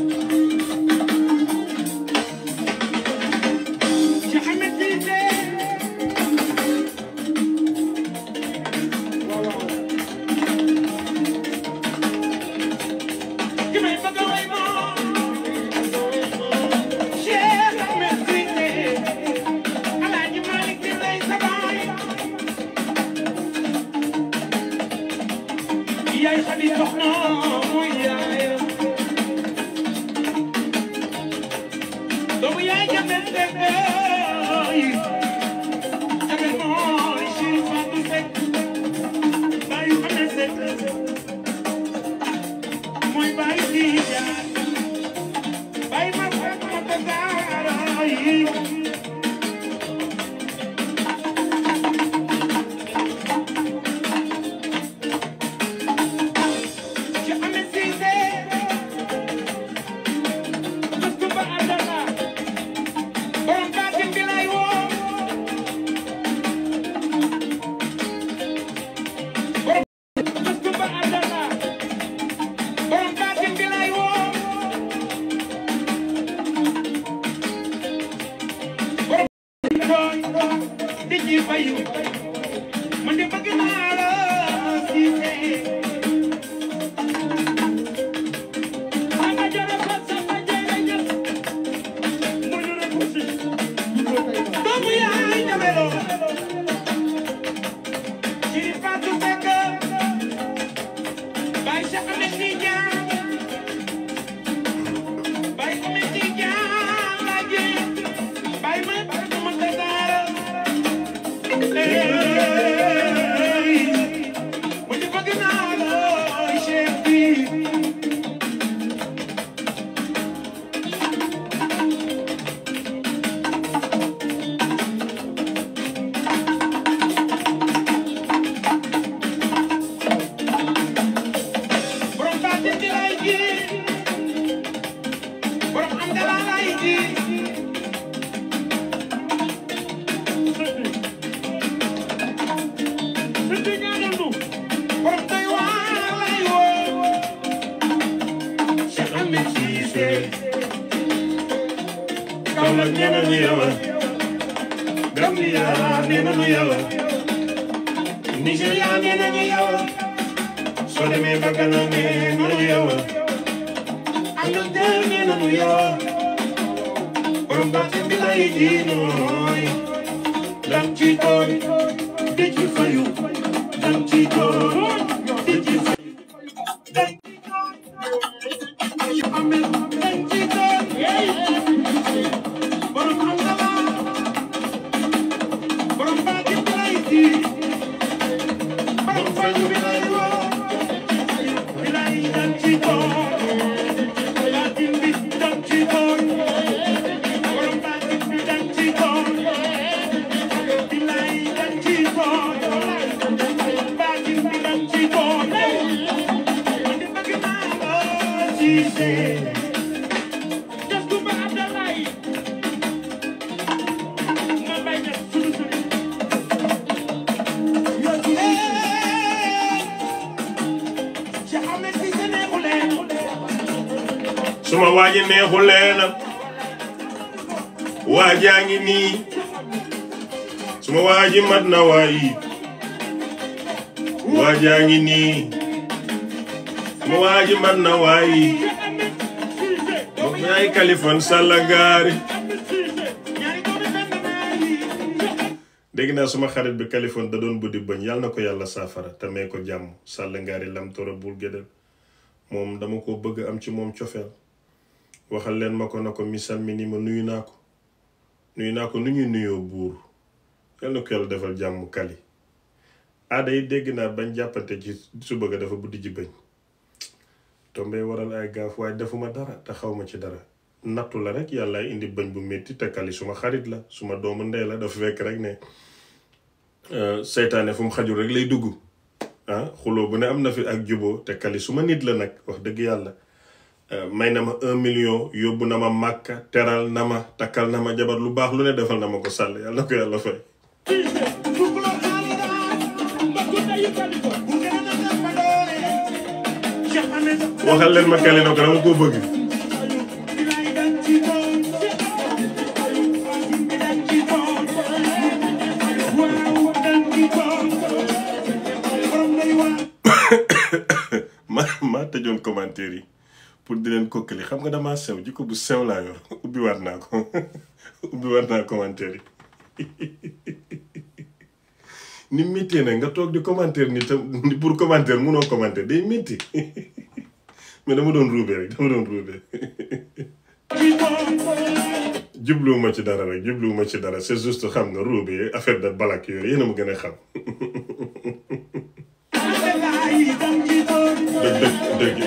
Thank you. na waay ngi nii mu waaji man na waay moom yaay Kaliphone Sall ngaari dégg naa suma xarit bi Kaliphone da doon buddi bañ yàlla na ko yàlla saafara te may ko jàmm Sall ngaari lam tora bul moom dama ko bëgg am ci moom cofeel waxal leen ma ko na ko misal mi ni ma nuyu naa ko nuyu naa ko nu ñuy nuyoo buur yàlla na ko yàlla defal jàmm kali aada yi dégg naa bañ jàppante ci suba ga dafa buddi ji bañ tombee waral ay gaaf waaye defuma dara te xaw ma ci dara nattu la rek yàlla indi bañ bu métti te kali suma xarit la suma doomu ndey la dafa fekk rek ne euh, seytaane fu mu xajul rek lay dugg ah xuloo bu ne am na fi ak juboo te kali suma nit la nag wax dëgg yàlla euh, may na ma un million yóbbu na ma màkka teral na ma takkal na ma jabar lu baax lu ne defal na ma ko sàll yàlla na ko waxal leen ma kële na ko dama ko bëgg. ma maa tëjoon commentaire yi pour di leen kokkali xam nga damaa sew jikko bu sew laa yor ubbiwaat naa ko ubbiwaat naa commentaire yi. ni métti nag nga toog di commentaire ni tam pour commentaire munoo commentaire day métti mais dama doon ruube rek dama doon ruube jubluwuma ci dara rek ma ci dara c'est juste xam nga ruube affaire de balak yooyu yéen a ma gën a xam dëgg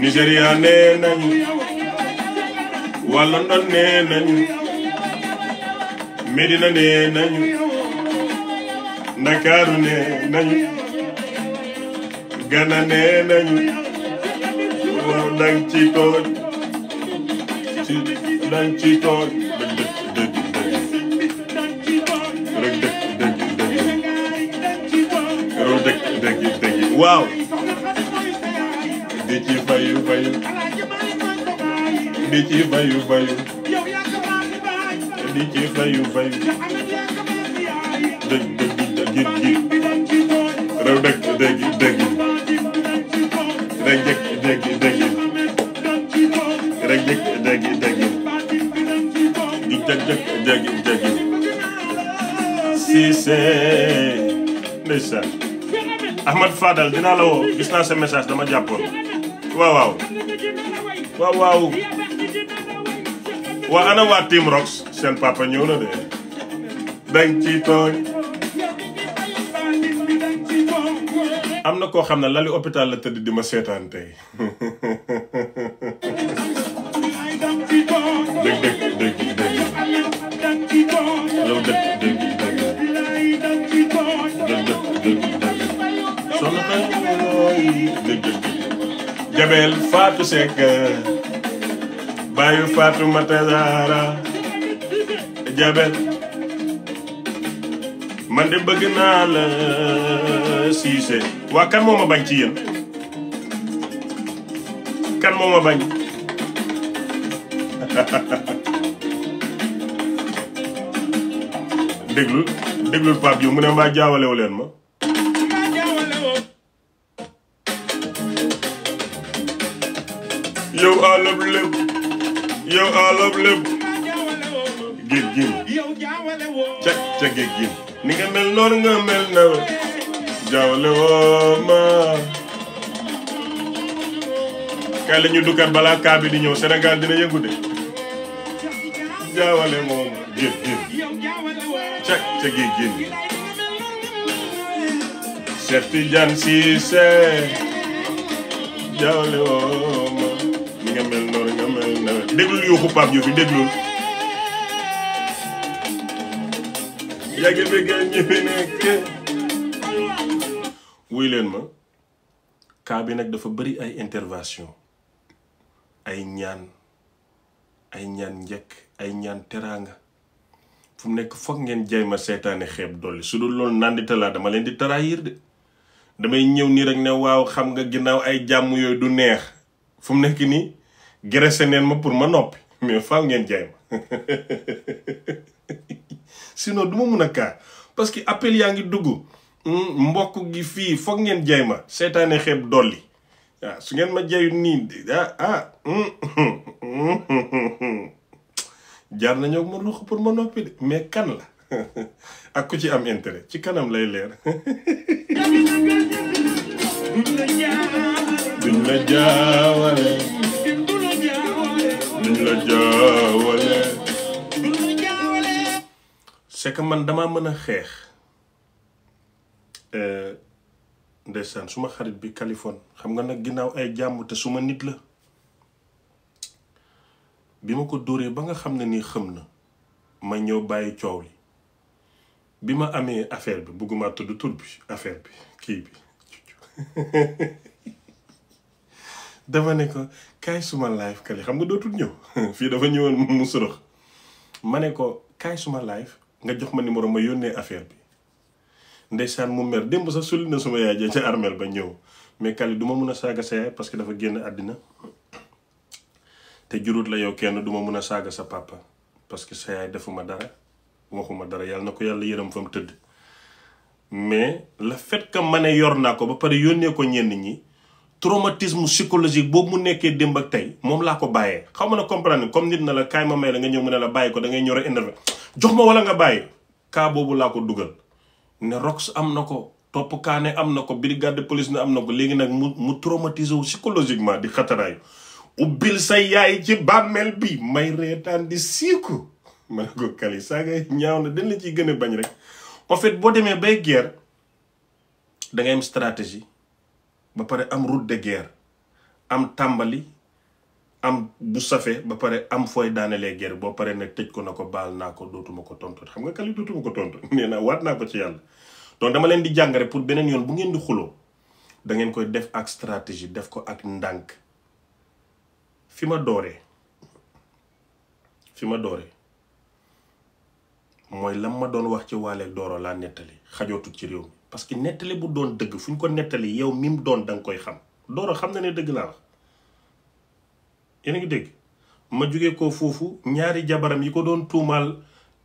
dëgg dëgg waa London nee nañu Medina nee nañu Ndakaaru nee nañu Gana nee nañu waaw dang ci tooñ ci dang ci tooñ dëgg dëgg dëgg waaw di ci fayu fayu di ci bayu bayu di ci bayu bayu dëgg dëgg git git rew Fadal dinaa la woo gis naa sa message dama jàppoon waaw waa ana waa Team Rox seen papa ñëw na de dañ ciy tooñ am na koo xam ne lali hôpital la tëdd di ma seetaan tey dëgg dëgg dëgg dëgg loolu dëgg dëgg dëgg dëgg dëgg Jabel Fatou Seck baayu Faatumata Zahra jabet man de bëgg naa la siise waa kan moo ma ci yéen kan moo ma bañ déglul déglul Pape Diouf mu ne maa jaawalewu leen ma love lépp géej gi ca ca géej gi ni nga mel noonu nga mel na jaawale woo ma kay la ñu dukkat balaa kaa bi di ñëw Sénégal dina yëngu de jaawale moom géej gi ca ca géej gi Cheikh Tidiane Cissé déglul yoo ko Pape Diouf bi déglul yàgg dëgg ñëwee nekk wuy leen ma cas bi nag dafa bari ay intervention ay ñaan ay ñaan njekk ay ñaan teraanga fu mu nekk foog ngeen jaay ma seetaane xeeb dolli su dul loolu naan di dama leen di trahir de damay ñëw nii rek ne waaw xam nga ginnaaw ay jàmm yooyu du neex fu mu nekk nii graissé neen ma pour ma noppi mais faaw ngeen jaay ma sinon du mun a kaa parce que appel yaa ngi dugg hmm, mbokk gi fii foog ngeen jaay ma seetaane xeeb dolli waaw ah, su ngeen ma jayu nii ah, ah, hmm, hmm. jaar nañoo ma noppi de mais kan la ak ku ci am intérêt ci kanam lay leer duñ la jaawale man damaa mën a xeex euh, ndeysaan suma xarit bi kalifon xam nga nag ginnaaw ay jàmm te suma nit la bi ma ko dóoree ba nga xam ne nii xëm na ma ñëw bàyyi coow li bi ma amee affaire bi bëgguma tudd tur bi affaire bi kii bi dafa ne ko kaay suma live kali xam nga dootul ñëw fii dafa ñëwoon mu sorox ma ne ko kaay suma live nga jox ma numéro ma yónnee affaire bi ndeysaan mu mer démb sax sulli na suma yaay ja ca armeel ba ñëw mais kali du ma mun a saaga sa parce que dafa génn àddina te jurut la yow kenn duma mun a saaga sa papa parce que sa yaay defuma dara waxuma dara yàlla na ko yàlla yërëm fa mu tëdd mais la fait que ma ne yor naa ko ba pare yónnee ko ñenn ñi traumatisme psychologique boobu mu nekkee démb ak tey moom laa ko bàyyee xaw ma ne comprendre comme nit na la kaay ma may la nga ñëw mu ne la bàyyi ko da ngay ñor jox ma wala nga bàyyi kaa boobu laa ko dugal ne rox am na ko topp kaane am na ko brigade de police ne am na ko léegi nag mu mu traumatisé wu psychologiquement di xataraayu ubbil sa yaay ci bàmmeel bi may reetaan di siiku ma ne ko kali saa ngay ñaaw na dañ la ciy gën a bañ rek en boo demee bay guerre da stratégie ba pare am route de am tàmbali am bu safee ba pare am fooy daanelee guerre boo pare ne tëj ko na ko baal naa ko dootuma ko tontu xam nga kali dootuma ko tontu nee naa waat naa ko ci yàlla donc dama leen di jàngare pour beneen yoon bu ngeen di xuloo da ngeen koy def ak stratégie def ko ak ndànk fi ma dooree fi ma dooree mooy lam ma doon wax ci waaleeg dooro laa nettali xajootul ci réew parce que nettali bu doon dëgg fu ñu ko nettali yow mi mu doon danga koy xam dooro xam na ne dëgg naa wax yéen a ngi dégg ma jóge ko foofu ñaari jabaram yi ko doon tuumaal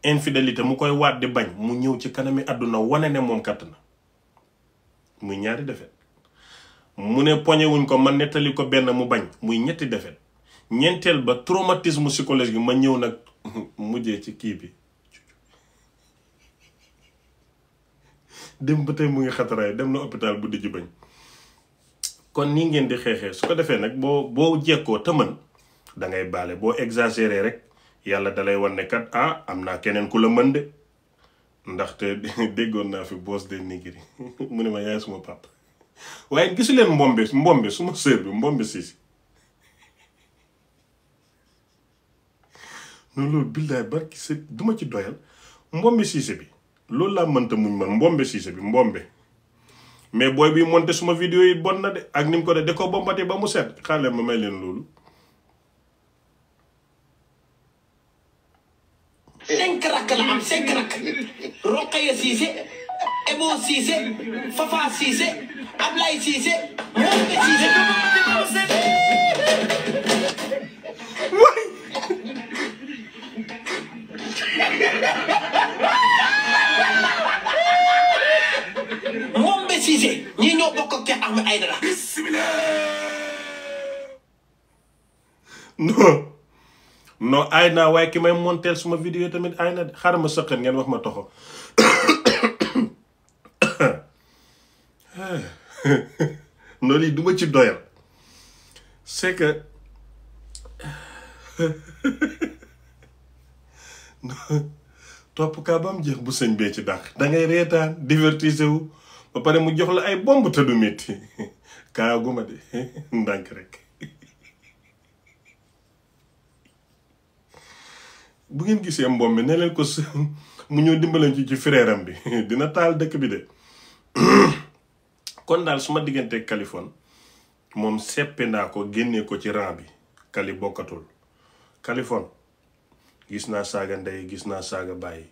infidélité mu koy waat di bañ mu ñëw ci kanami àdduna wane ne moom katt na muy ñaari defet mu ne poñewuñ ko ma nettali ko benn mu bañ muy ñetti defet ñeenteel ba traumatisme psychologique ma ñëw nag mujjee ci kii bi dem ba tey mu ngi xataraay dem na hôpital bu dijj bañ kon nii ngeen di xeexee su ko defee nag boo boo jekkoo te dangay baale boo exagéré rek yàlla dalay wane ne ah am naa keneen ku la mën de ndaxte déggoon naa fi boos de nigiri mu ne ma yaay suma papa waaye gisu leen mbombi mbombi suma sœur bi mbombi siisi noonu loolu billaay barki se duma ci doyal mbombi siise bi loolu laa mënta muñ man mbombe siise bi mbombe mais booy bi monté suma vidéo yi bon na de ak ni mu ko de da ko bombate ba mu set xaale ma may leen loolu cinq rakk la am cinq rakk Roqaya Siise Ebo Siise Fafa Siise Ablay Siise Mbombe Siise Ngombe Cissé ñii ñoo bokk ak Cheikh Ahmed Aïdara. bisimilah. non non ay naa waaye ki may monteel suma vidéo tamit ay na xaaral ma sëqat ngeen wax ma toxo noonu lii du ci doyal c'est que topp kaa ba mu jeex bu sëñ bee ci dàq dangay ngay reetaan divertise wu ba pare mu jox la ay bomb te du métti kaa guma de ndànk rek bu ngeen gisee mboom bi ne leen ko mu ñëw dimbaleen ci ci frèram bi dina taal dëkk bi de kon daal suma ma diggante Kaliphone moom seppe naa ko génnee ko ci rang bi Kali bokkatul Kaliphone gis naa saaga ndey gis naa saaga bàyyi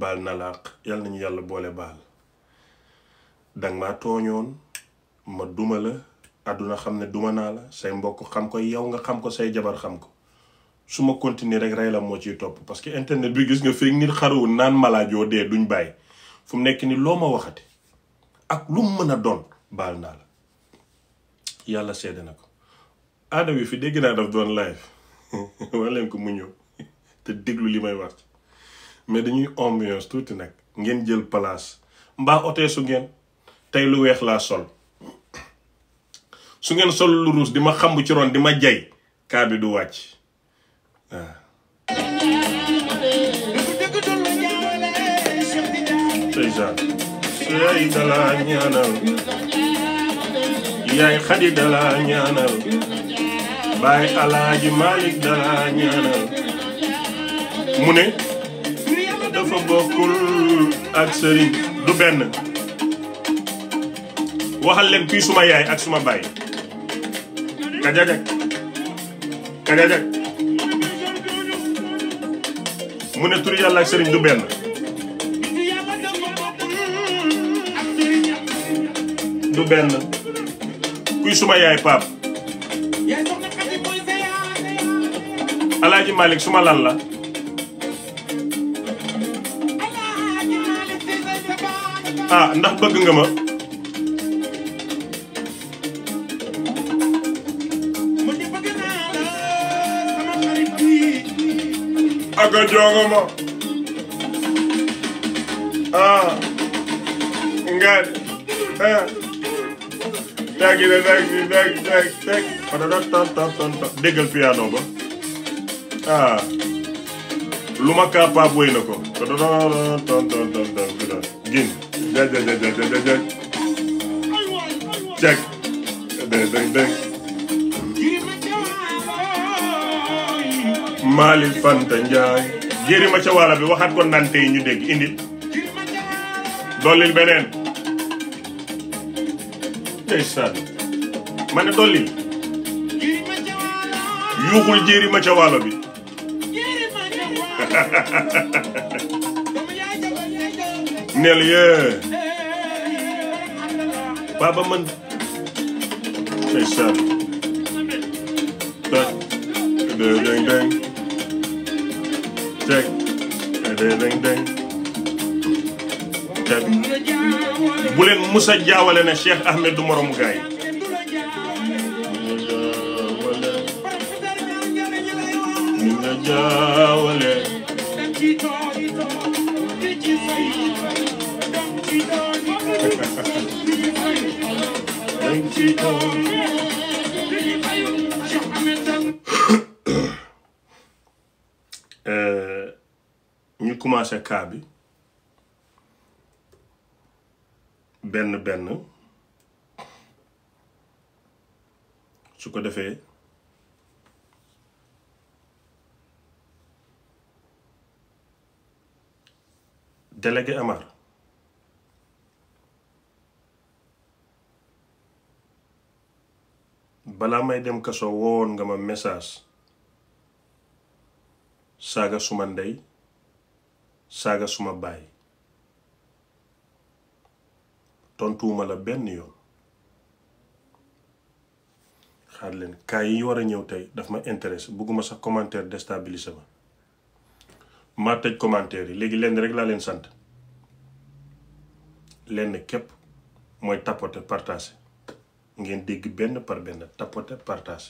baal na làq yal nañu yàlla boole baal danga maa tooñoon ma duma la àdduna xam ne duma naa la say mbokk xam ko yow nga xam ko say jabar xam ko su ma continuer rek rey la moo ciy topp parce que internet bi gis nga fii nit xaruwul naan malaajoo dee duñ bàyyi fu mu nekk nii loo ma waxate ak lu mu mën a doon baal naa la yàlla seede na ko aada wi fi dégg naa daf doon live wala leen ko mu ñëw te déglu li may wax mais dañuy ambiance tuuti nag ngeen jël place mbaa otee su ngeen tey lu weex laa sol su ngeen sol lu ruus di ma xamb ci ron di ma jay kaa bi du wàcc waaw yaay dalaa ñaanal yaay xadi dalaa ñaanal baay alaaji malik dalaa ñaanal mu ne dafa bokkul ak sëriñ du benn waxal leen kii suma yaay ak suma baay kajajak kajajak mu ne turi yàlla ak sëriñ du benn du benn kuy suma yaay paap alaaji Malick suma lan a ah, ndax bëgg nga ma a jongo ma nga dagi la dagi dagi dagi dagi padada tan kaa paap wéy na ko padada tan tan tan dégg dégg dégg dégg dégg cek dégg dégg dégg Mali Fanta ma ca waala bi waxaat ko nante ñu dégg indi dollil beneen ndeysaan ma ne dollil yuuxul jéeri ma ca waalo bi neel yee baba man ndeysaan tak dee deng deng tek dee deng deng tek bu leen musa jaawale ne Cheikh Ahmed du moromu gaay yi Eh, ñu commencé cas bi benn benn su ko defee délégué Amar balaa may dem kaso woowoon nga ma message saaga suma ndey saaga suma baay tontuwuma la benn yoon xaar leen kaay yi war a ñëw tey dafa ma intéressé bëgguma sax commentaire déstabilisé ma maa tëj commentaire yi léegi lenn rek laa leen sant lenn képp mooy tapoter partager ngeen dégg benn par benn tapote partage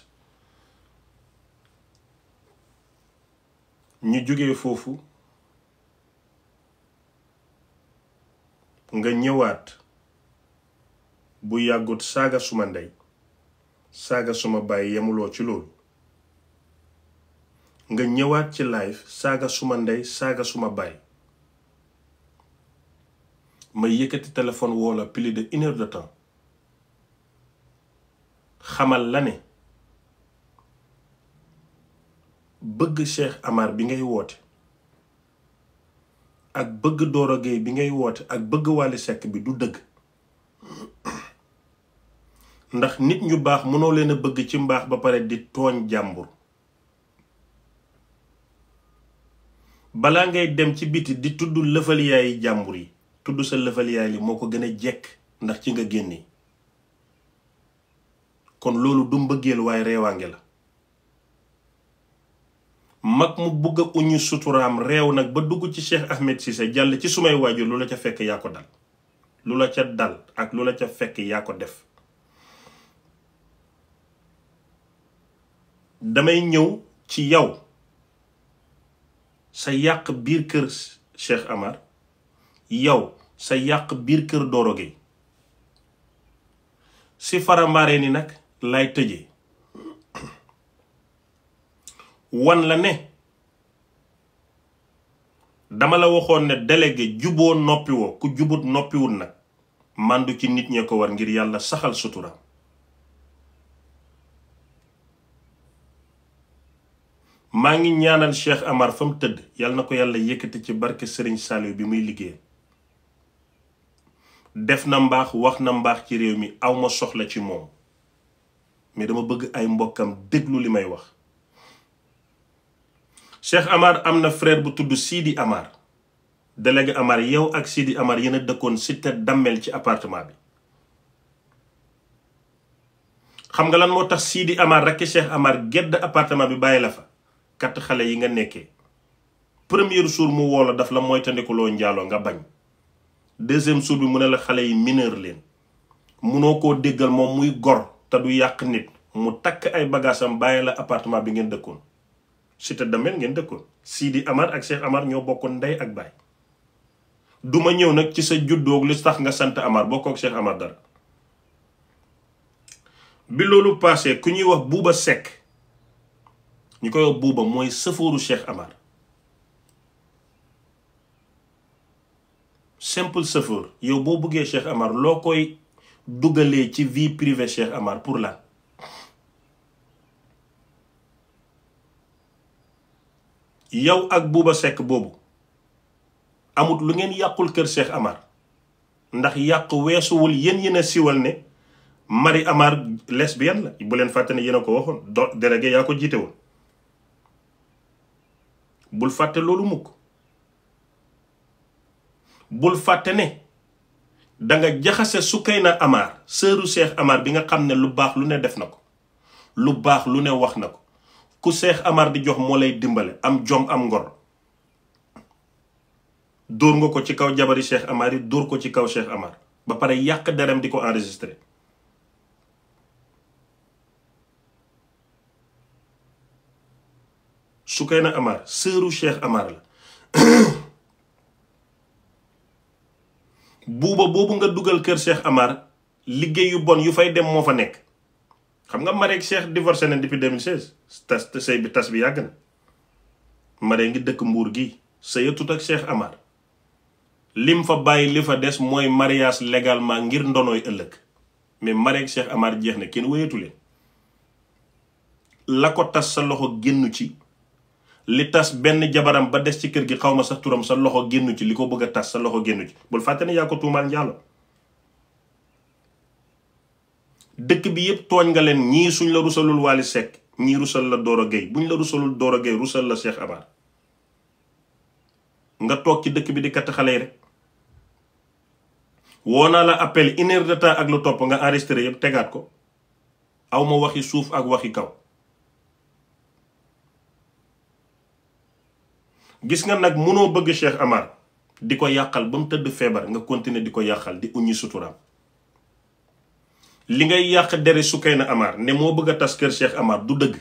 ñu jóge foofu nga ñëwaat bu yàggut saaga suma ndey saaga suma baay yemuloo ci loolu nga ñëwaat ci live saaga suma ndey saaga suma baay ma yëkkati téléphone woo la plus de une de temps xamal la ne bëgg Cheikh Amar bi ngay woote ak bëgg Doro Gueye bi ngay woote ak bëgg Wally Seck bi du dëgg ndax nit ñu baax mënoo leen a bëgg ci mbaax ba pare di tooñ jàmbur balaa ngay dem ci biti di tudd lëfal yaayi jàmbur yi tudd sa lëfal yaay li moo ko gën a jekk ndax ci nga génne kon loolu du mbëggeel waaye reewaange la mag mu bugg a uñu suturaam réew nag ba dugg ci Cheikh Ahmed Cissé jàll ci sumay waajur lu la ca fekk yaa ko dal lu la ca dal ak lu la ca fekk yaa ko def damay ñëw ci yow sa yàq biir kër Cheikh Amar yow sa yàq biir kër dooro gi si farambaare ni nag lay tëje wan la ne dama la waxoon ne délégué juboo noppiwoo ku jubut noppiwul nag màndu ci nit ñee ko war ngir yàlla saxal suturam maa ngi ñaanal Cheikh Amar fa tëdd yàlla na ko yàlla yëkkati ci barke sëriñ Saliou bi muy liggéey def na mbaax wax na mbaax ci réew mi awma soxla ci moom mais dama bëgg ay mbokkam déglu li may wax Cheikh Amar am na frère bu tudd siidi Amar délégué Amar yow ak Sidi Amar yéen a dëkkoon cité Damel ci apartement bi xam nga lan moo tax Sidi Amar rek Cheikh Amar gedd appartement bi bàyyi la fa katt xale yi nga nekkee premier jour mu woo la la moytandikuloo njaaloo nga bañ deuxième jour bi mu ne la xale yi mineur leen munoo koo déggal moom muy gor te du yàq nit mu takk ay bagaasam bàyyi la appartement bi ngeen dëkkoon cité Damel ngeen dëkkoon Sidi Amar ak Cheikh Amar ñoo bokkoon ndey ak baay duma ñëw nag ci sa juddoog li tax nga sant Amar bokkook Cheikh Amar dara bi loolu passé ku ñuy wax buuba sekk ñu koy wax buuba mooy sëfooru Cheikh Amar simple sëfoor yow boo buggee Cheikh Amar loo koy dugalee ci vie privée Cheikh Amar pour la yow ak Bouba Seck boobu amut lu ngeen yàqul kër Cheikh Amar ndax yàq weesuwul yéen yéen a siwal ne mari Amar lesbienne la bu leen fàtte ne yéen a ko waxoon do délégué yaa ko jiite woon bul fàtte loolu mukk bul fàtte ne da nga jaxase na Amar sëru Cheikh Amar bi nga xam ne lu baax lu ne def na ko lu baax lu ne wax na ko ku Cheikh Amar di jox moo lay dimbale am jom am ngor dóor nga ko ci kaw jabari Cheikh Amar yi dóor ko ci kaw Cheikh Amar ba pare yàq derem di ko enregistré Sukayna Amar sëru Cheikh Amar la buuba boobu nga dugal kër Cheikh Amar liggéey yu bon yu fay dem moo fa nekk xam nga Marie ak Cheikh divorcé nañ depuis 2016 tas sëy bi tas bi yàgg na Marie ngi dëkk mbuur gi sëyatut ak Cheikh Amar lim fa bàyyi li fa des mooy mariage légalement ngir ndonooy ëllëg mais Marie ak Cheikh Amar jeex na kenn wéyatu leen la ko tas sa loxo génnu ci li tas benn jabaram ba des ci kër gi xaw ma sax turam sa loxo génn ci li ko bëgg a tas sa loxo génnu ci bul fàtte ne yaa ko tuumaal njaalo dëkk bi yëpp tooñ nga leen ñii suñ la rusalul Wally Seck ñii rusal la Doro Gueye buñ la rusalul Doro géy rusal la Cheikh Abaar nga toog ci dëkk bi di katt xale yi rek woo naa la appel une heure ak lu topp nga enregistré yëpp tegaat ko aw ma waxi suuf ak waxi kaw gis nga nag mënoo bëgg Cheikh Amar di ko yàqal ba mu tëdd feebar nga continuer di ko yàqal di uñi suturaam li ngay yàq dere Soukeyna Amar ne moo bëgg a tas kër Cheikh Amar du dëgg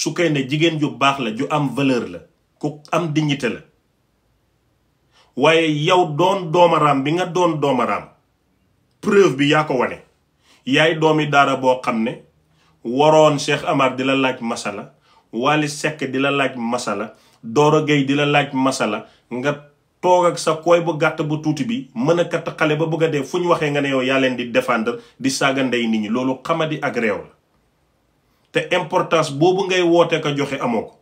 Soukeyna jigéen ju baax la ju am valeur la ku am dignité la waaye yow doon doomaraam bi nga doon doomaraam preuve bi yaa ko wane yaay doomi daara boo xam ne waroon Cheikh Amar di la laaj la Wally Seck di la laaj la Doro Gueye di la laaj masala nga toog ak sa koy bu gàtt bu tuuti bi mën a katt xale ba bëgg a dee fu ñu waxee nga ne yow yaa leen di defander di saaga ndey nit ñi loolu xamadi ak réew la te importance boobu ngay woote ko joxe amoo ko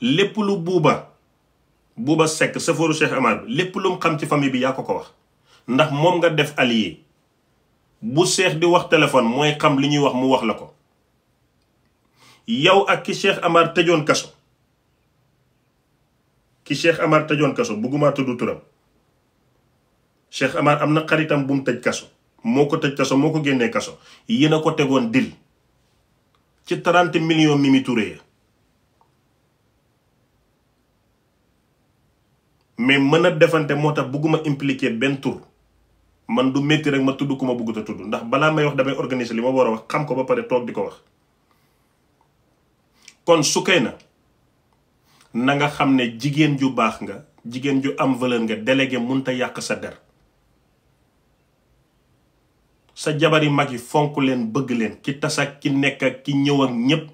lépp lu buuba buuba sekk safaru Cheikh Amar bi lépp lum xam ci famille bi yaa ko ko wax ndax moom nga def allié bu seex di wax téléphone mooy xam li ñuy wax mu wax la ko yow ak ki Cheikh Amar tëjoon kaso ki Cheikh Amar tëjoon kaso bëgguma tudd turam Cheikh Amar am na xaritam bu mu tëj kaso moo ko tëj kaso moo ko génnee kaso yéen a ko tegoon dil ci trente millions Mimi Touré ya mais mën a defante moo tax bëgguma impliqué benn tur man du métti rek ma tudd ku ma bëggut a tudd ndax balaa may wax damay organiser li ma war a wax xam ko ba pare toog di ko wax kon Soukeyna na nga xam ne jigéen ju baax nga jigéen ju am valeur nga délégué munta yàq sa der sa jabar yi mag yi fonk leen bëgg leen ki tas ki nekk ki ñëw ak ñépp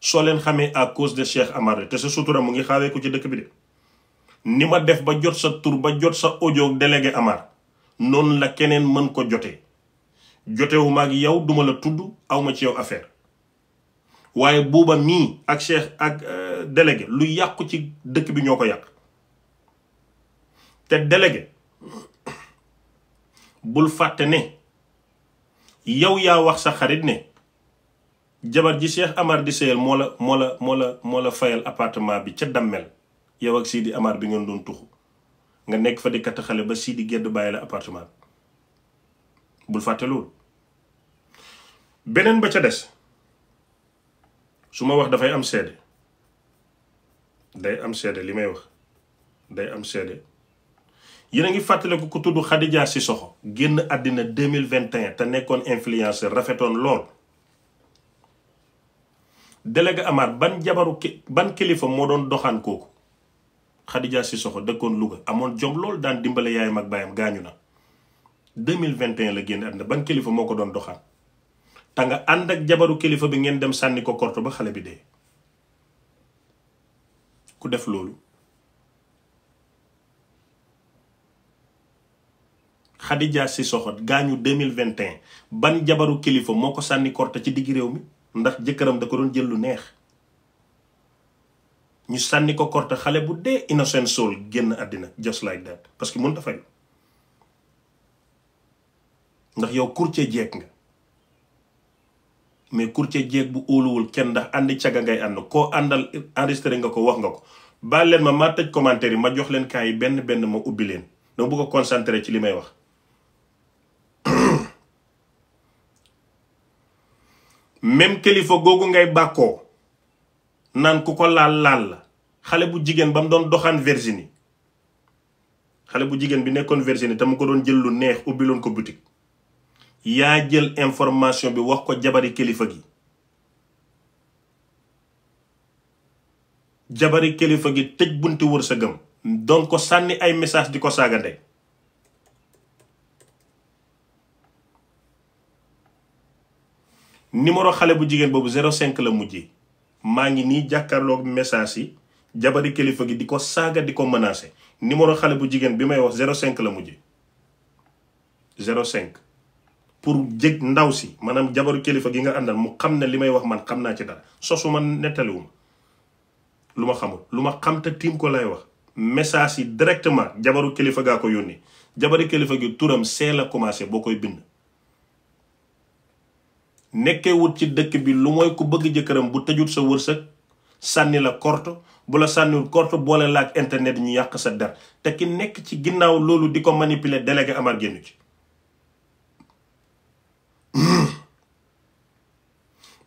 soo leen xamee à cause de Cheikh Amar te sa sutura mu ngi xawee ko ci dëkk bi de ni ma def ba jot sa tur ba jot sa ojoog délégué Amar noonu la keneen mën ko jotee jotewu ma ak yow duma la tudd awma ci yow affaire waaye buuba mii ak cheikh ak euh, délégué lu yàqu ci dëkk bi ñoo ko yàq te délégué bul fàtte ne yow yaa wax sa xarit ne jabar ji Cheikh Amar di seyal moo la moo la moo la moo la fayal appartement bi ca dammel yow ak di Amar bi ngeen doon tuxu nga nekk fa di katt xale ba sii Sidi gedd bàyyi la appartement bi bul fàtte loolu beneen ba ca des su ma wax dafay am seede day am seede li may wax day am seede yéen a ngi fàttaliku ko tudd si soxo génn àddina 2021 te nekkoon influenceur rafetoon lool délégué Amar ban jabaru ban kilifa moo doon doxaan kooku Khadija Sissoko dëkkoon Louga amoon jom lool daan dimbale yaayam ak baayam gaañu na 2021 la génn àddina ban kilifa moo ko doon doxaan te nga ànd ak jabaru kilifa bi ngeen dem sànni ko korte ba xale bi dee ku def loolu Khadija Sissoko gaañu 2021 ban jabaru kilifa moo ko sànni korte ci diggu réew mi ndax jëkkëram da ko doon jël lu neex ñu sànni ko korte xale bu dee innocent sol génn àddina just like that parce que mënut a ndax yow courtier jeeg nga mais courtier jéeg bu óoluwul kenn ndax àndi caga ngay ànd koo àndal enregistré nga ko wax nga ko baal leen ma maa tëj commentaire yi ma jox leen kaa yi benn benn ma ubbi leen dama bëgg a concentré ci li may wax kilifa googu ngay bàkkoo naan ko laal laal la xale bu jigéen ba mu doon doxaan Virginie xale bu jigéen bi nekkoon Virginie te mu ko doon jël lu neex ubbi loon ko boutique yaa jël information bi wax ko jabari kilifa gi jabari kilifa gi tëj bunti wërsëgam doon ko sànni ay message di ko saagande numéro xale bu jigéen boobu 05 la mujjee maa ngi nii jàkkaarloog message yi jabari kilifa gi di ko saaga di ko menacé numéro xale bu jigéen bi may wax cinq la mujjee 05 pour jég ndaw si maanaam jabaru kilifa gi nga àndal mu xam ne li may wax man xam naa ci dara sosu ma nettaliwuma lu ma xamul lu ma xam te tiim ko lay wax message yi directement jabaru kilifa gaa ko yónnee jabaru kilifa gi turam see la commencé boo koy bind nekkee ci dëkk bi lu mooy ku bëgg jëkkëram bu tëjut sa wërsëg sànni la korte bu la sànniwul korte boole laaj internet ñu yàq sa der te ki nekk ci ginnaaw loolu di ko manipuler délégué amar génn ci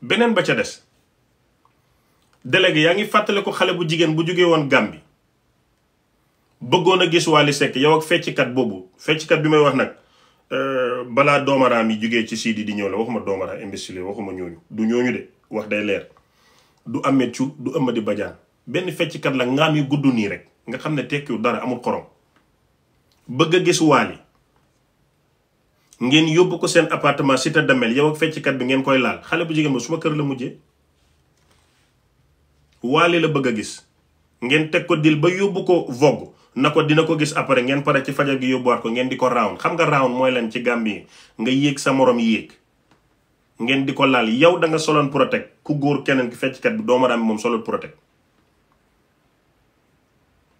beneen ba ca des délégué yaa ngi fàttale ko xale bu jigéen bu jógee woon Gàmbi bëggoon a gis Wally Seck yow ak fecckat boobu fecckat bi may wax nag euh, balaa doomaraam yi jógee ci Sidi di ñëw la waxuma doomaraam imbécile waxuma ñooñu du ñooñu de wax day leer du amee cu du Amady Badiane benn fecckat la ngaam yi gudd nii rek nga xam ne tekkiwul dara amul xorom bëgg a gis Wally ngeen yóbbu ko seen appartement cité Damel yow ak fecckat bi ngeen koy laal xale bu jigéen ba ma kër la mujjee waale la bëgg a gis ngeen teg ko dil ba yóbbu ko vogue na ko dina ko gis après ngeen pare ci fajar gi yóbbu waat ko ngeen di ko round xam nga round mooy lan ci yi nga yéeg sa moroom yéeg ngeen di ko laal yow danga nga soloon protect ku góor keneen ki fecckat bi doomaraam bi moom soloon protect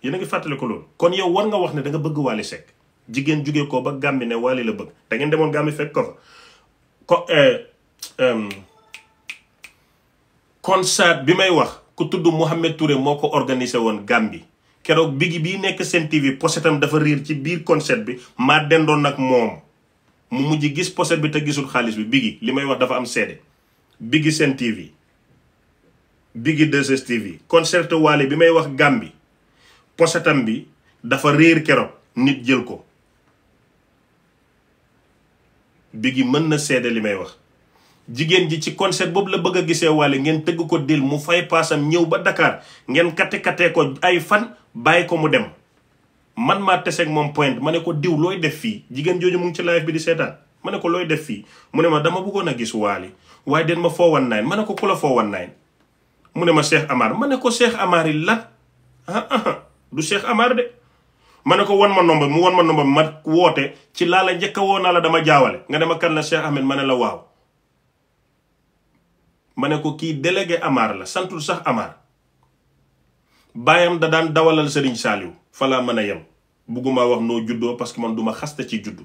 yéen a ngi fàttali ko loolu kon yow war nga wax ne da bëgg Wally Seck jigéen jugee ko ba gàmbi ne Wally la bëgg da ngeen demoon gàmbi fekk ko fa ko eh, concert bi may wax ku tudd Mouhamed Touré moo ko organisé woon gàmbi keroog bigi bii nekk seen TV posetam dafa riir ci biir concert bi maa dendoon nag moom mu mujj gis poset bi te gisul xaalis bi bigi li may wax dafa am seede bigi seen TV bigi 2STV concert Wally bi may wax gàmbi posetam bi dafa réer keroog nit jël ko Biggi mën na seede li may wax jigéen ji ci concert boobu la bëgg a gisee Wally ngeen tëgg ko dil mu fay paasam ñëw ba dakaar ngeen kate kate ko ay fan bàyyi ko mu dem man maa teseeg moom point ma ne ko diw looy def fii jigéen jooju mu ngi ci live bi di seetaan ma ne ko looy def fii mu ne ma dama bëggoon a gis Wally waaye den ma foo wan naan ma ne ko ku la foo wan naan mu ne ma Cheikh Amar ma ne ko Cheikh Amar yi lan ah, ah, ah. du Cheikh Amar de ma ne ko wan ma nomba mu wan ma nomba ma woote ci laa la njëkk a woo naa la dama jaawale nga dema kan la Cheikh Ahmed ma ne la waaw ma ne ko kii délégué Amar la santul sax Amar baayam da daan dawalal Serigne Saliou fa mën a yem bugguma wax noo juddoo parce que man duma xasta ci juddu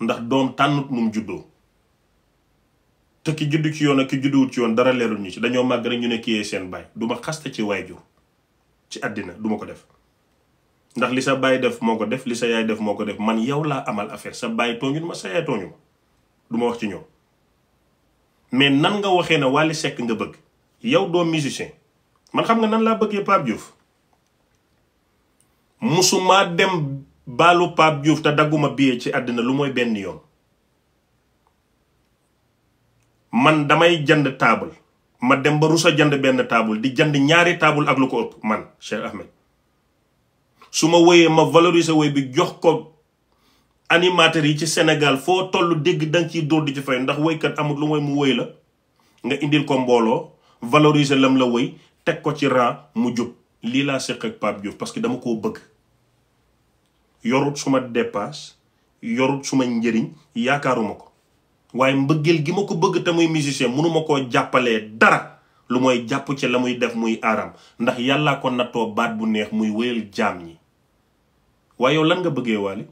ndax doom tànnut num juddoo te ki juddu ci yoon ak ki judduwut ci yoon dara leerul ñu ci dañoo màgg rek ñu ne kii seen baay duma xasta ci waajur ci àddina duma ko def ndax li sa baay def moo ko def li sa yaay def moo ko def man yow laa amal affaire sa baay tooñul ma sa yaay tooñu ma du wax ci ñoom mais nan nga waxee ne Wally Seck nga bëgg yow doo musicien man xam nga nan laa bëggee Pape Diouf mosuma dem baalu Pape juuf te dagguma billet ci àddina lu mooy benn yoon man damay jënd taabul ma dem ba rusa jënd benn taabul di jënd ñaari taabul ak lu ko ëpp man Cheikh Ahmed su ma woyee ma valoriser woy bi jox ko animateurs yi ci Sénégal foo tollu dégg danga ciy dóor di ci fay ndax woykat amul lu mooy mu woy la nga indil ko mbooloo valoriser lam la woy teg ko ci rang mu jub lii laa séq ak Pape Diouf parce que dama koo bëgg yorut suma dépasse yorut suma njëriñ yaakaaruma ko waaye mbëggeel gi ma ko bëgg te muy musicien mënuma koo jàppalee dara lu mooy jàpp ci la muy def muy aaram ndax yàllaa ko nattoo baat bu neex muy wéyal jaam ñi waaye yow lan nga bëggee waali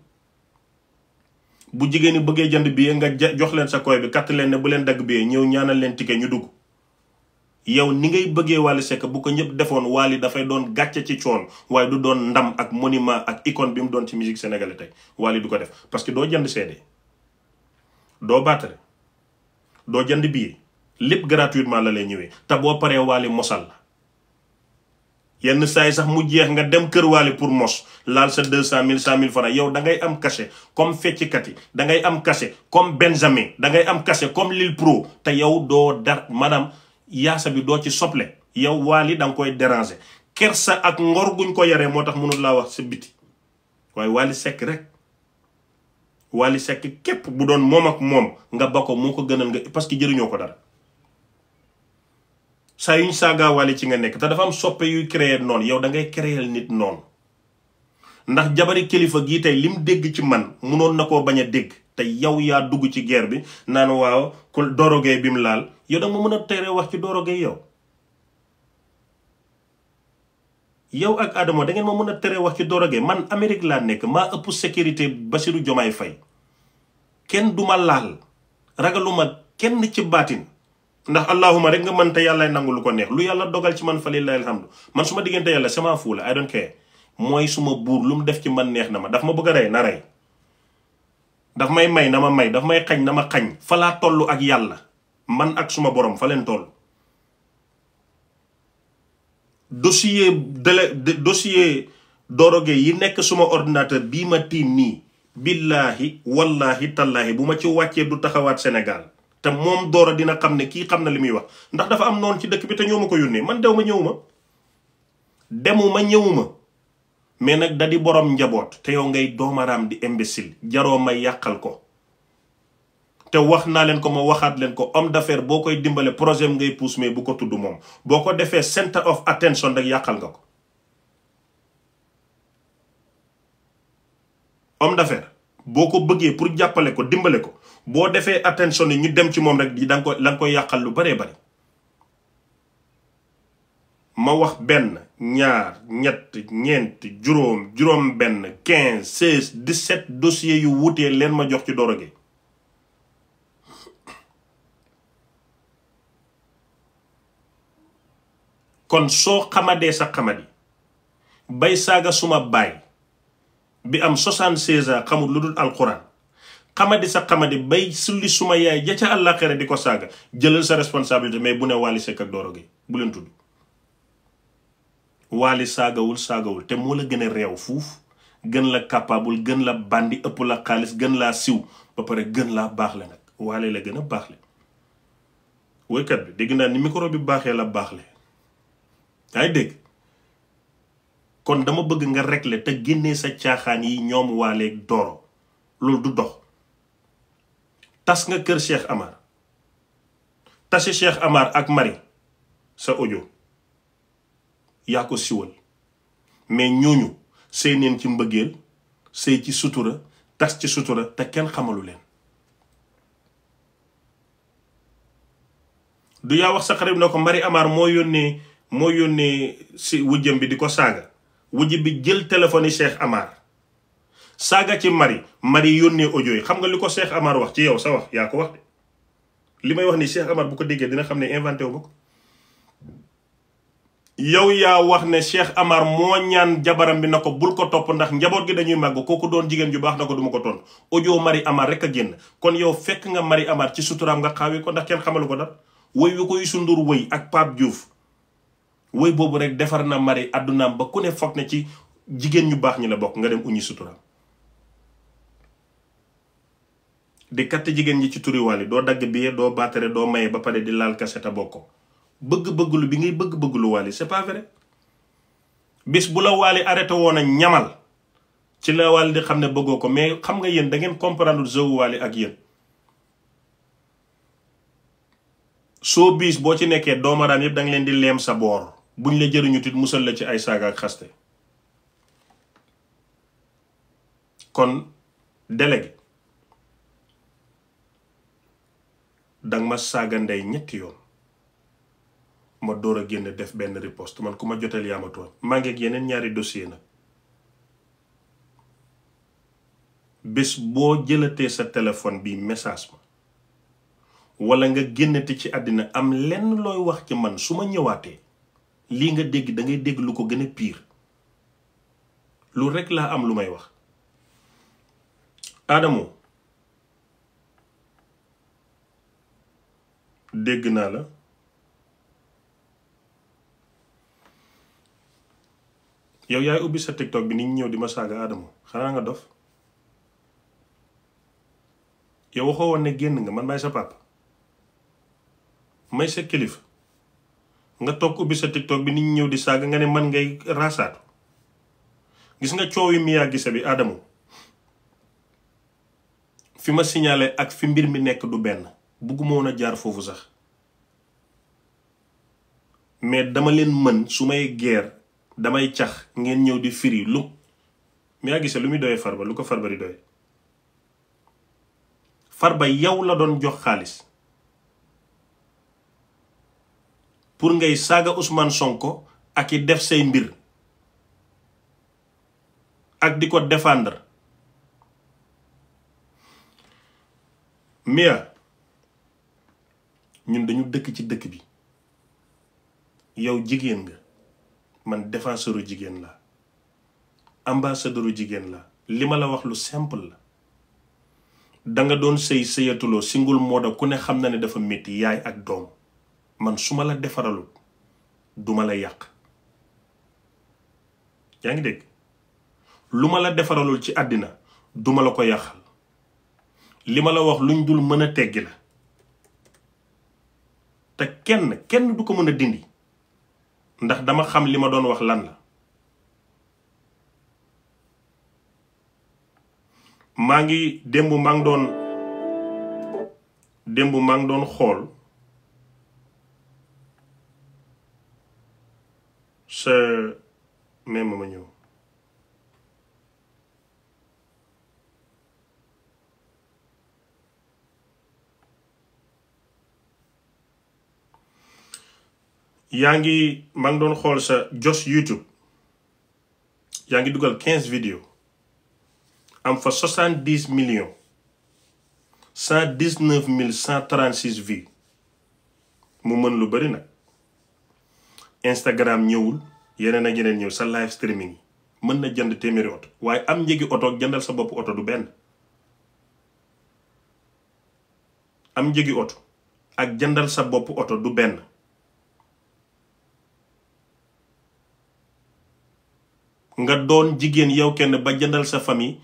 bu jigéen ñi bëggee jënd billet nga jox leen sa koy bi katt leen ne bu leen dagg billet ñëw ñaanal leen ticket ñu dugg yow ni ngay bëggee Wally Seck bu ko ñëpp defoon Wally dafay doon gàcce ci coon waaye du doon ndam ak monument ak icône bi mu doon ci musique sénégalais tey Wally du ko def parce que doo jënd CD doo batterie doo jënd billet lépp gratuitement la lay ñëwee te boo paree Wally mosal yenn saa yi sax mu jeex nga dem kër waale pour mos laal sa deux cent mille cent mille francs yow da ngay am cachet comme fecckat yi dangay am kase comme Benjamin da ngay am kase comme Lil Pro te yow doo dar maanaam yaasa bi doo ci sople yow waali danga nga koy déranger kersa ak ngor guñ ko yaree moo tax mënul laa wax sa biti waaye waali sekk rek waali sekk képp bu doon moom ak moom nga ba ko moo ko gënal nga parce que jëriñoo ko dara saa yuñ saagaawaale ci nga nekk te dafa am soppe yuy créer noonu yow dangay ngay nit noonu ndax jabari kilifa gii tey lim dégg ci man munoon na koo bañ a dégg te yow yaa dugg ci geer bi naan waaw ku dorogee bi mu laal yow da mën a tere wax ci dorogee yow. yow ak Adama da ma mën a teree wax ci dorogee man Amérique laa nekk maa ëpp sécurité Bassirou Diomaye Faye kenn du ma laal ragaluma kenn ci baatin. ndax allahuma rek nga mën te yàlla nangu lu ko neex lu yàlla dogal ci man fa lillahi alhamdu man su ma diggante yàlla sama fuula I don't care mooy suma buur lu mu def ci man neex na ma daf ma bëgg a rey na rey daf may may na ma may daf may xañ na ma xañ fa laa toll ak yàlla man ak suma borom fa leen toll dossier délai yi nekk suma ordinateur bii ma tiim nii billaahi wallaahi tallaahi bu ma ci wàccee du taxawaat senegal te moom dooro dina xam ne kii xam na li muy wax ndax dafa am noonu ci dëkk bi te ñoo ma ko yónnee man dew ma ñëw ma demu ma ñëw ma mais nag da di borom njaboot te yow ngay doomaraam di imbécile jaroo ma yàqal ko te wax naa leen ko ma waxaat leen ko homme d'affaires boo koy dimbale projet ngay pousse mais bu ko tudd moom boo ko defee center of attention rek yàqal nga ko homme d'affaires boo ko bëggee pour jàppale ko dimbale ko boo defee attention yi ñu dem ci moom rek da nga ko da nga koy yàqal lu baree bari ma wax benn ñaar ñett ñeent juróom juróom benn quinze seize dix-sept dossiers yu wutee leen ma jox ci Doro Gaye kon soo xamadee sa xamadi bay saaga suma baay bi am soixante-seize ans xamul lu dul alxuraan xamadi sa xamadi bay sulli suma yaay ja ca àllaaxira di ko saaga jëlal sa responsabilité mais bu ne Wally Seck ak Doro Gueye bu leen tudd Wally saagawul saagawul te moo la gën a réew fuuf gën la capable gën la bandi ëpp la xaalis gën laa siw ba pare gën laa baax le nag Wally la gën a baax le woykat bi dégg naa ni micro bi baaxee la baax le yaay dégg kon dama bëgg nga régler te génnee sa caaxaan yi ñoom Wally ak Doro loolu du dox tas nga kër Cheikh Amar tase Cheikh Amar ak Marie sa ojo yaa ko siwal mais ñooñu sëy neen ci mbëggeel sëy ci sutura tas ci sutura te kenn xamalu leen du yaa wax sa xarit na ko Marie Amar moo yónnee moo yónnee si wujjam bi di ko saaga wujj bi jël téléphone yi Cheikh Amar saaga ci mari mari yónnee audio yi xam nga li ko Cheikh Amar wax ci yow sa wax yaa ko wax de li may wax ni Cheikh Amar bu ko déggee dina xam ne inventé wu ko yow yaa wax ne Cheikh Amar moo ñaan jabaram bi na ko bul ko topp ndax njaboot gi dañuy màgg kooku doon jigéen ju baax na ko duma ko tontu audio mari Amar rek génn kon yow fekk nga mari Amar ci suturaam nga xaawi ko ndax kenn xamalu ko dara woy wi ko Youssou Ndour ak Pape juuf woy boobu rek defar na mari àddunaam ba ku ne foog ne ci jigéen ñu baax ñi la bokk nga dem uñi suturaam di katt jigéen ñi ci turi wàll doo dagg billet doo baatare doo maye ba pare di laal kase te bokko bëgg-bëgglu bi ngay bëgg-bëgglu wàll c'est pas vrai bis bu la waali arrêté woon a ñamal ci la waali di xam ne bëggoo ko mais xam nga yéen da ngeen comprendre jeu waali ak yéen soo biis boo ci nekkee doomaraam yëpp danga leen di leem sa boor bu ñu la jëriñu tit musal la ci ay saaga ak xaste kon délégué danga ma saaga ndey ñetti yoon ma dóor a génn def benn riposte man ku ma joteel yaa ma tooñ maa yeneen ñaari dossier nag bés boo jëlatee sa téléphone bi message ma wala nga génnati ci àddina am lenn looy wax ci man su ma ñëwaatee lii nga dégg dangay ngay dégg lu ko gën a pire lu rekk laa am lu may wax Adamo dégg naa la yow yaay ubbi sa tiktok bi nit ñëw di ma saaga Adamo xanaa nga dof yow waxoo woon génn nga man maay sa papa may sa kilifa nga toog ubbi sa tiktok bi nit ñëw di saaga nga ne man ngay raasaatu gis nga coow yi Mia Guissé bi fi ma signalé ak fi mbir mi nekk du benn bugguma woon a jaar foofu sax mais dama leen mën su may geer damay cax ngeen ñëw di firi lu mi yaa gisee lu muy doyee farba lu ko farba di doyee farba yow la doon jox xaalis pour ngay saaga Ousmane Sonko ak i def say mbir ak di ko défendre Mia ñun dañu dëkk ci dëkk bi yow jigéen nga man défenseuru jigéen la ambassadeuru jigéen la li ma la wax lu simple la danga doon sëy sëyatuloo singul mooda ku ne xam na ne dafa métti yaay ak doom man su ma la defaralut duma la yàq yaa ngi dégg lu ma la defaralul ci àddina duma la ko yàqal li ma la wax luñ dul mën a teggi la te kenn kenn du ko mën a dindi ndax dama xam li ma doon wax lan la maa ngi démb maa ngi doon démb maa ngi doon xool sa même ma ñëw yaa ngi maa ngi doon xool sa jos YouTube yaa ngi dugal quinze vidéo am fa soixante dix million cent dix neuf mille cent trente six vues mu mën lu bari nag Instagram ñëwul yeneen a yeneen ñëw sa live streaming yi mën na jënd téeméeri oto waaye am njëgi oto ak jëndal sa bopp oto du benn am njëgi oto ak jëndal sa bopp oto du benn nga doon jigéen yow kenn ba jëndal sa famille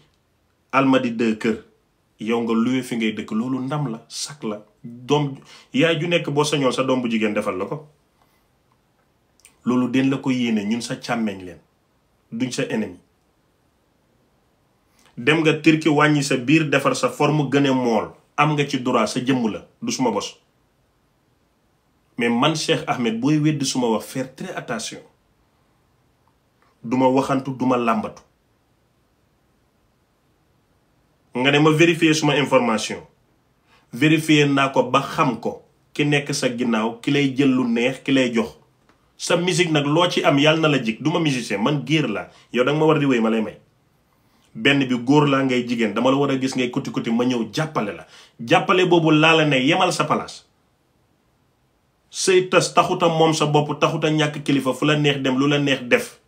almadi deux kër yow nga luwe fi ngay dëkk loolu ndam la sak la doom yaay ju nekk boo sañoon sa doom bu jigéen defal la ko loolu den la ko yéene ñun sa càmmeñ leen duñ sa ennemi dem nga tirki wàññi sa biir defar sa forme gën a mool am nga ci droit sa jëmm la du suma bos mais man Cheikh Ahmed booy weddi suma wax faire très attention duma waxantu duma làmbatu nga ne ma vérifier suma information vérifier naa ko ba xam ko ki nekk sa ginnaaw ki lay jël lu neex ki lay jox sa musique nag loo ci am yàlla na la jig du ma musicien man géer la yow danga ma war di wéy ma lay may benn bi góor laa ngay jigéen dama la war a gis ngay kuti kuti ma ñëw jàppale la jàppale boobu laa la ne yemal sa palaas say tas taxuta moom sa bopp a ñàkk kilifa fu la neex dem lu la neex def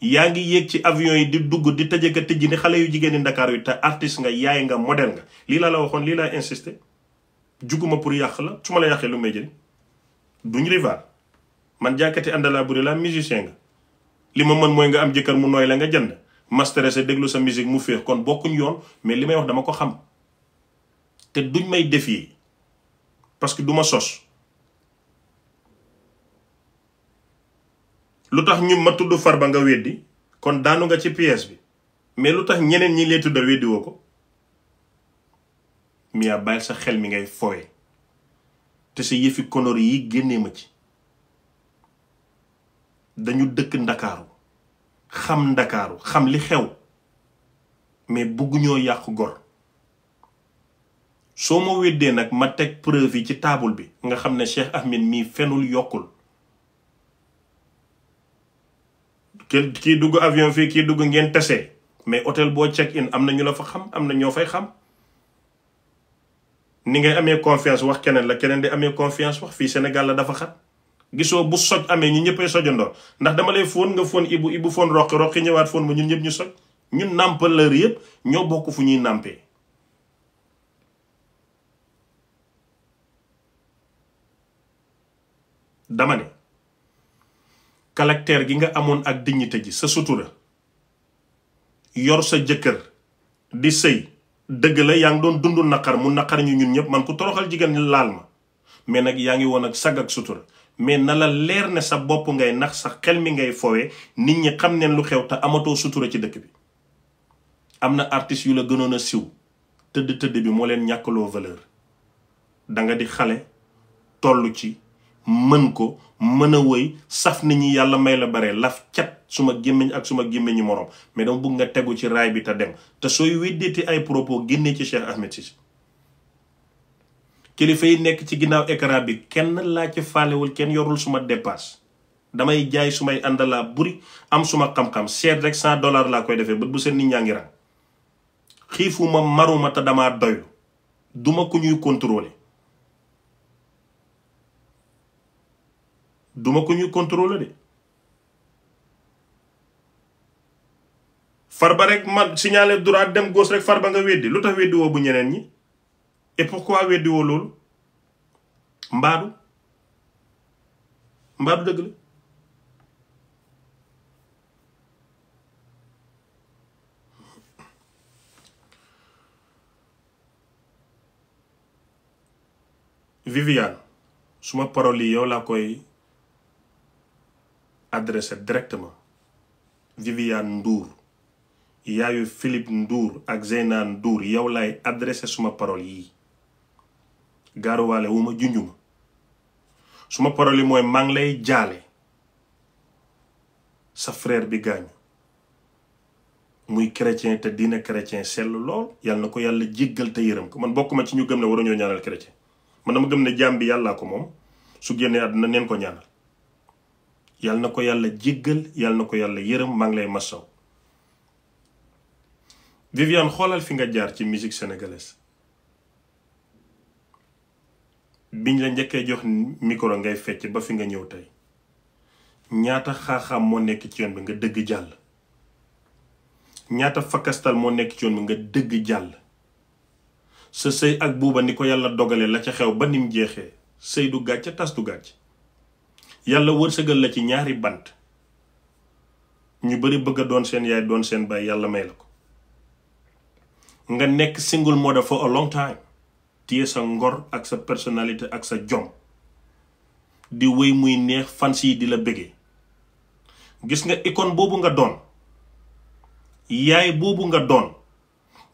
yaa ngi yéeg ci avion yi di dugg di tëjee ka tëjji ni xale yu jigéen ñi Dakar yu te artiste nga yaay nga modèle nga lii laa la waxoon lii laa insisté juguma pour yàq la su ma la yàqee lu may jëriñ duñ rival man jàkkati àndalaa buri laa musicien nga li ma mën mooy nga am jëkkër mu nooy la nga jënd master sa déglu sa musique mu féex kon bokkuñ yoon mais li may wax dama ko xam te duñ may défier parce que du ma sos lu tax ñu ma tudd ba nga weddi kon daanu nga ci pièce bi mais lu tax ñeneen ñi lay tudd weddi ko Mia bàyyil sa xel mi ngay fooy te sa yëfi konor yi génnee ma ci dañu dëkk ndakaaru xam ndakaaru xam li xew mais bugguñoo yàqu gor soo ma weddee nag ma teg preuve yi ci taabul bi nga xam ne Cheikh Ahmed mii fenul yokkul ki kii dugg avion fii kii dugg ngeen tase mais hôtel boo check in am na ñu la fa xam am na ñoo fay xam ni ngay amee confiance wax keneen la keneen di amee confiance wax fii senegal la dafa xat gisoo bu soj amee ñu ñëppay sojandoo ndax dama lay fóon nga fóon ibu ibu fóon roqi roqi ñëwaat fóon ma ñun ñëpp ñu soj ñun nàmpaleur yëpp ñoo bokk fu ñuy nàmpee dama ne caractère gi nga amoon ak dignité ji sa sutura yor sa jëkkër di sëy dëgg la yaa ngi doon dund naqar mu naqar ñu ñun ñëpp man ku toroxal jigéen laal ma mais nag yaa ngi woon ak sag ak sutura mais na la leer ne sa bopp ngay nax sa xel mi ngay foowe nit ñi xam neen lu xew te amatoo sutura ci dëkk bi am na artiste yu la gënoon a siw tëdd tëdd bi moo leen ñàkkaloo valeur danga di xale tollu ci mën ko mën a woy saf nit ñi yàlla may la bare laf cat suma gémmiñ ak suma gémmiñu moroom mais dama bugg nga tegu ci raay bi te dem te sooy weddeeti ay propos génnee ci Cheikh Ahmed Cissé kilifa yi nekk ci ginnaaw écran bi kenn laa ci faalewul kenn yorul suma dépasse damay jaay sumay àndalaa buri am suma xam-xam seet rek sant dollars laa koy defee bët bu seen nit ñaa ngi ran xiifuma maruma te dama doylu duma ku ñuy contrôler duma ko ñu contrôler de ba rek man signaler droit dem gauche rek ba nga weddi lu tax weddi woo bu ñeneen ñi et pourquoi weddi woo loolu mbaadu mbaadu dëgg la Viviane suma parole yi yow laa koy adressé directement Viviane nduur yaayu Philippe nduur ak Zeyna Ndour yow laay adressé suma parole yii gaaruwaale wu ma junj ma suma parole yi mooy maa ngi lay jaale sa frère bi gaañu muy chrétien te diina chrétien sell lool yal na ko yàlla jéggal te yërëm ko man bokk ma ci ñu gëm ne ñoo ñaanal chrétien man dama gëm ne jaam bi yàllaa ko moom su génnee àdduna neen ko ñaanal yal na ko yàlla jéggal yal na ko yàlla yërëm mag ngi lay masaw Viviane xoolal fi nga jaar ci musique sénégalaise biñ la njëkkee jox micro ngay fecc ba fi nga ñëw tey ñaata xaaxaam moo nekk ci yoon bi nga dëgg jàll ñaata fakastal moo nekk ci yoon bi nga dëgg jàll sa sëy ak buuba ni ko yàlla dogale la ca xew ba nim jeexee sëy du gàcce tas du gàcce yàlla wërsëgal la ci ñaari bant ñu bari bëgg a doon seen yaay doon seen baay yàlla may la ko nga nekk single mother for a long time téye sa ngor ak sa personalité ak sa jom di wéy muy neex fans yi di la bëggee gis nga icône boobu nga doon yaay boobu nga doon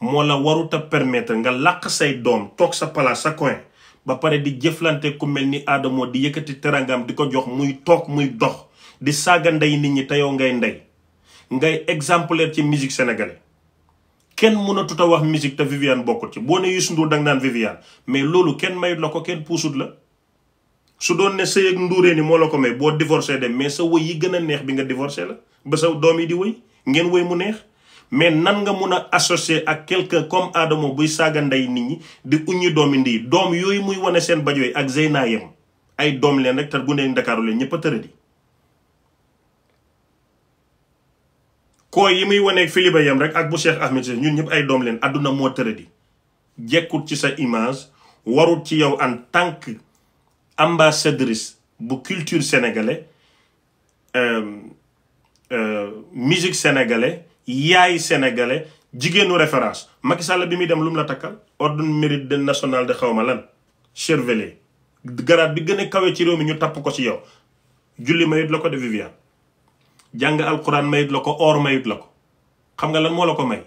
moo la warut a permettre nga làq say doom toog sa palaas sa coin ba pare di jëflante ku mel ni Adamo di yëkkati terangam di ko jox muy toog muy dox di saaga ndey nit ñi teyoo ngay ndey ngay exemplaire ci musique sénégalais kenn mënatut a wax musique te Viviane bokkut ci boo ne Youssou Ndour danga naan Viviane mais loolu kenn mayut la ko kenn puusut la su doon ne sëy ak nduuree ni moo la ko may boo divorcé dem mais sa wëy yi gën a neex bi nga divorcé la ba sa doom yi di wëy ngeen wëy mu neex mais nan nga mun a associer ak quelque comme Adamo buy saaga ndey nit ñi di uññi doomi ndey doom yooyu muy wane seen bajo ak Zeyna yem ay doom leen rek te bu nee Ndakaaru leen ñëpp a tëradi koo yi muy waneeg Philippe yem rek ak bu Cheikh Ahmed Cissé ñun ñëpp ay doom leen adduna moo tëradi jekkut ci sa image warut ci yow en tant que ambassadrice bu culture sénégalaise euh, euh, musique sénégalaise yaay sénégalais jigéenu référence Macky Sall bi muy dem lu mu la takkal ordre de national de xawma lan Cervelé garab bi gën a kawee ci réew mi ñu tapp ko ci yow julli mayut la ko de Viviane jàng alquran mayut la ko or mayut la ko xam nga lan moo la ko may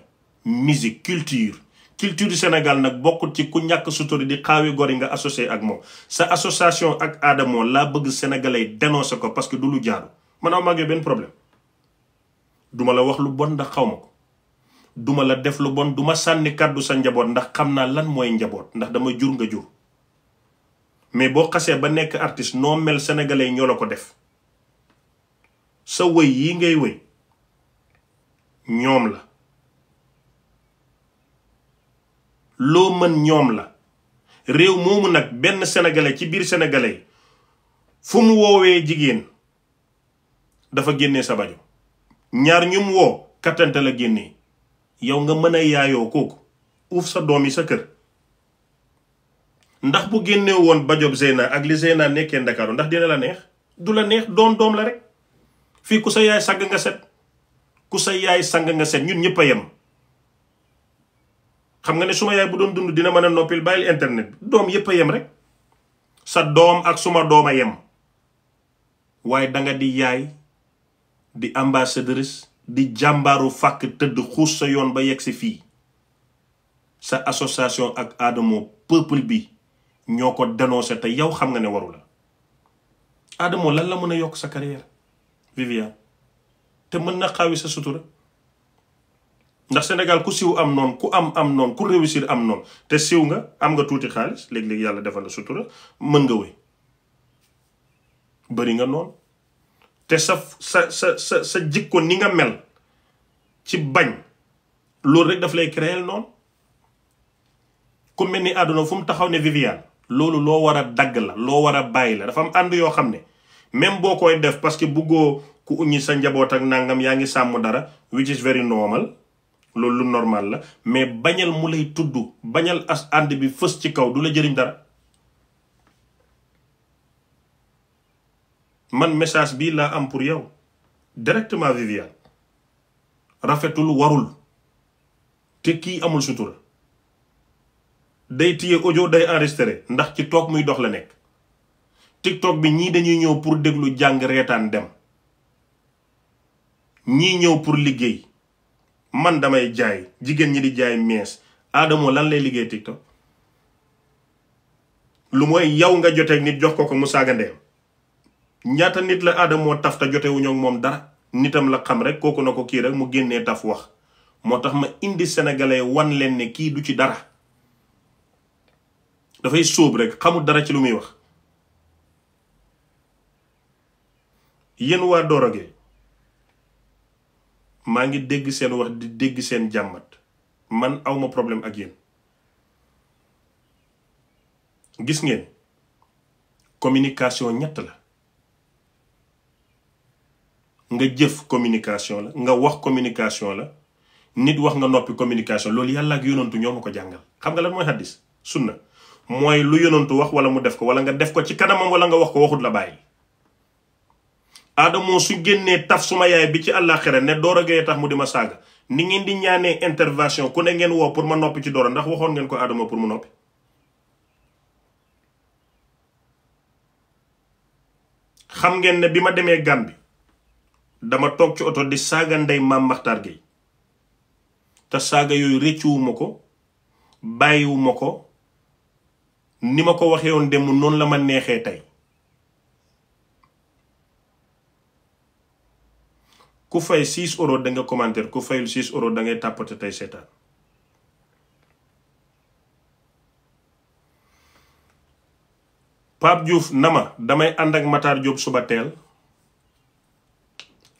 musique culture culture du Sénégal nag bokkut ci ku ñàkk sutori di xaawi gor yi nga associé ak moom sa association ak Adamo laa bëgg sénégalais dénoncé ko parce que du lu jaaru man aw maa ngi benn problème duma la wax lu bon ndax xaw ma ko duma la def lu bon duma sànni kàddu sa njaboot ndax xam naa lan mooy njaboot ndax dama jur nga jur mais boo xasee ba nekk artiste noo mel sénégalais ñoo la ko def sa wëy yi ngay wëy ñoom la loo mën ñoom la réew moomu nag benn sénégalais ci biir sénégalais fu mu woowee jigéen dafa génnee sa bajo ñaar ñum woo kattante la génnee yow nga mën a yaayoo kooku uuf sa doom yi sa kër ndax bu génnee woon Bajob Zeyna ak li Zeyna nekkee Ndakaaru ndax dina la neex du la neex doom doom la rek fii ku sa yaay sang nga set ku sa yaay sang nga set ñun ñëpp a yem xam nga ne suma yaay bu doon dund dina mën a noppil bàyyil internet doom yëpp a yem rek sa doom ak suma doom a yem waaye danga di yaay di ambassadrice di jàmbaaru fàkk tëdd xuus sa yoon ba yegg si fii sa association ak Adamo peuple bi ñoo ko dénoncé te yow xam nga ne waru la Adamo lan la mën a yokk sa carrière Viviane te mën na xawi sa sutura ndax Sénégal ku siw am noonu ku am am noonu ku réussir am noonu te siw nga am nga tuuti xaalis léeg-léeg yàlla defal la sutura mën nga wéy bëri nga noonu te sa sa sa sa sa jikko ni nga mel ci bañ loolu rek daf lay créer noonu ku mel ni àdduna fu mu taxaw ne Viviane loolu loo war a dagg la loo war a bàyyi la dafa am ànd yoo xam ne même boo koy def parce que buggoo ku uñi sa njaboot ak nangam yaa ngi sàmm dara which is very normal loolu lu normal la mais bañal mu lay tudd bañal as ànd bi fës ci kaw du la jëriñ dara man message bii laa am pour yow directement Viviane rafetul warul te kii amul sutura day téye ojo day enregistré ndax ci toog muy dox la nekk TikTok bi ñii dañuy ñëw pour déglu jàng reetaan dem ñii ñëw pour liggéey man damay jaay jigéen ñi di jaay mees Adamo lan lay liggéey TikTok lu mooy yow nga joteeg nit jox ko ko mu saaga ndeyam ñaata nit la aadam moo taf te jotewuñu moom dara nitam la xam rek kooku na ko kii rek mu génnee taf wax moo tax ma indi sénégalais wan leen ne kii du ci dara dafay sóob rek xamul dara ci lu muy wax yéen waa Doroge maa ngi dégg seen wax di dégg seen jàmmat man awma problème ak yéen gis ngeen communication ñett la nga jëf communication la nga wax communication la nit wax nga noppi communication loolu yàlla ak yonantu ñoo ma ko jàngal xam nga lan mooy xaddis sunna mooy lu yonantu wax wala mu def ko wala nga def ko ci kanamam wala nga wax ko waxut la bàyyi aadamoo su génnee taf suma yaay bi ci àllaaxira ne door Doro Gueye tax mu di ma saaga ni ngeen di ñaanee intervention ku ne ngeen woo pour ma noppi ci Doro ndax waxoon ngeen ko aadamoo pour mu noppi ngeen ne bi ma demee Gàmbi dama toog ci oto di saaga ndey maam Makhtar gi te saaga yooyu rëccuwuma ko bàyyiwuma ko ni ma ko waxee woon démb noonu la ma neexee tey ku fay 6 euros da nga commentaire ku fayul 6 euros da ngay tàppate tey seetaan Pape Diouf na ma damay ànd ak Matar Diop suba teel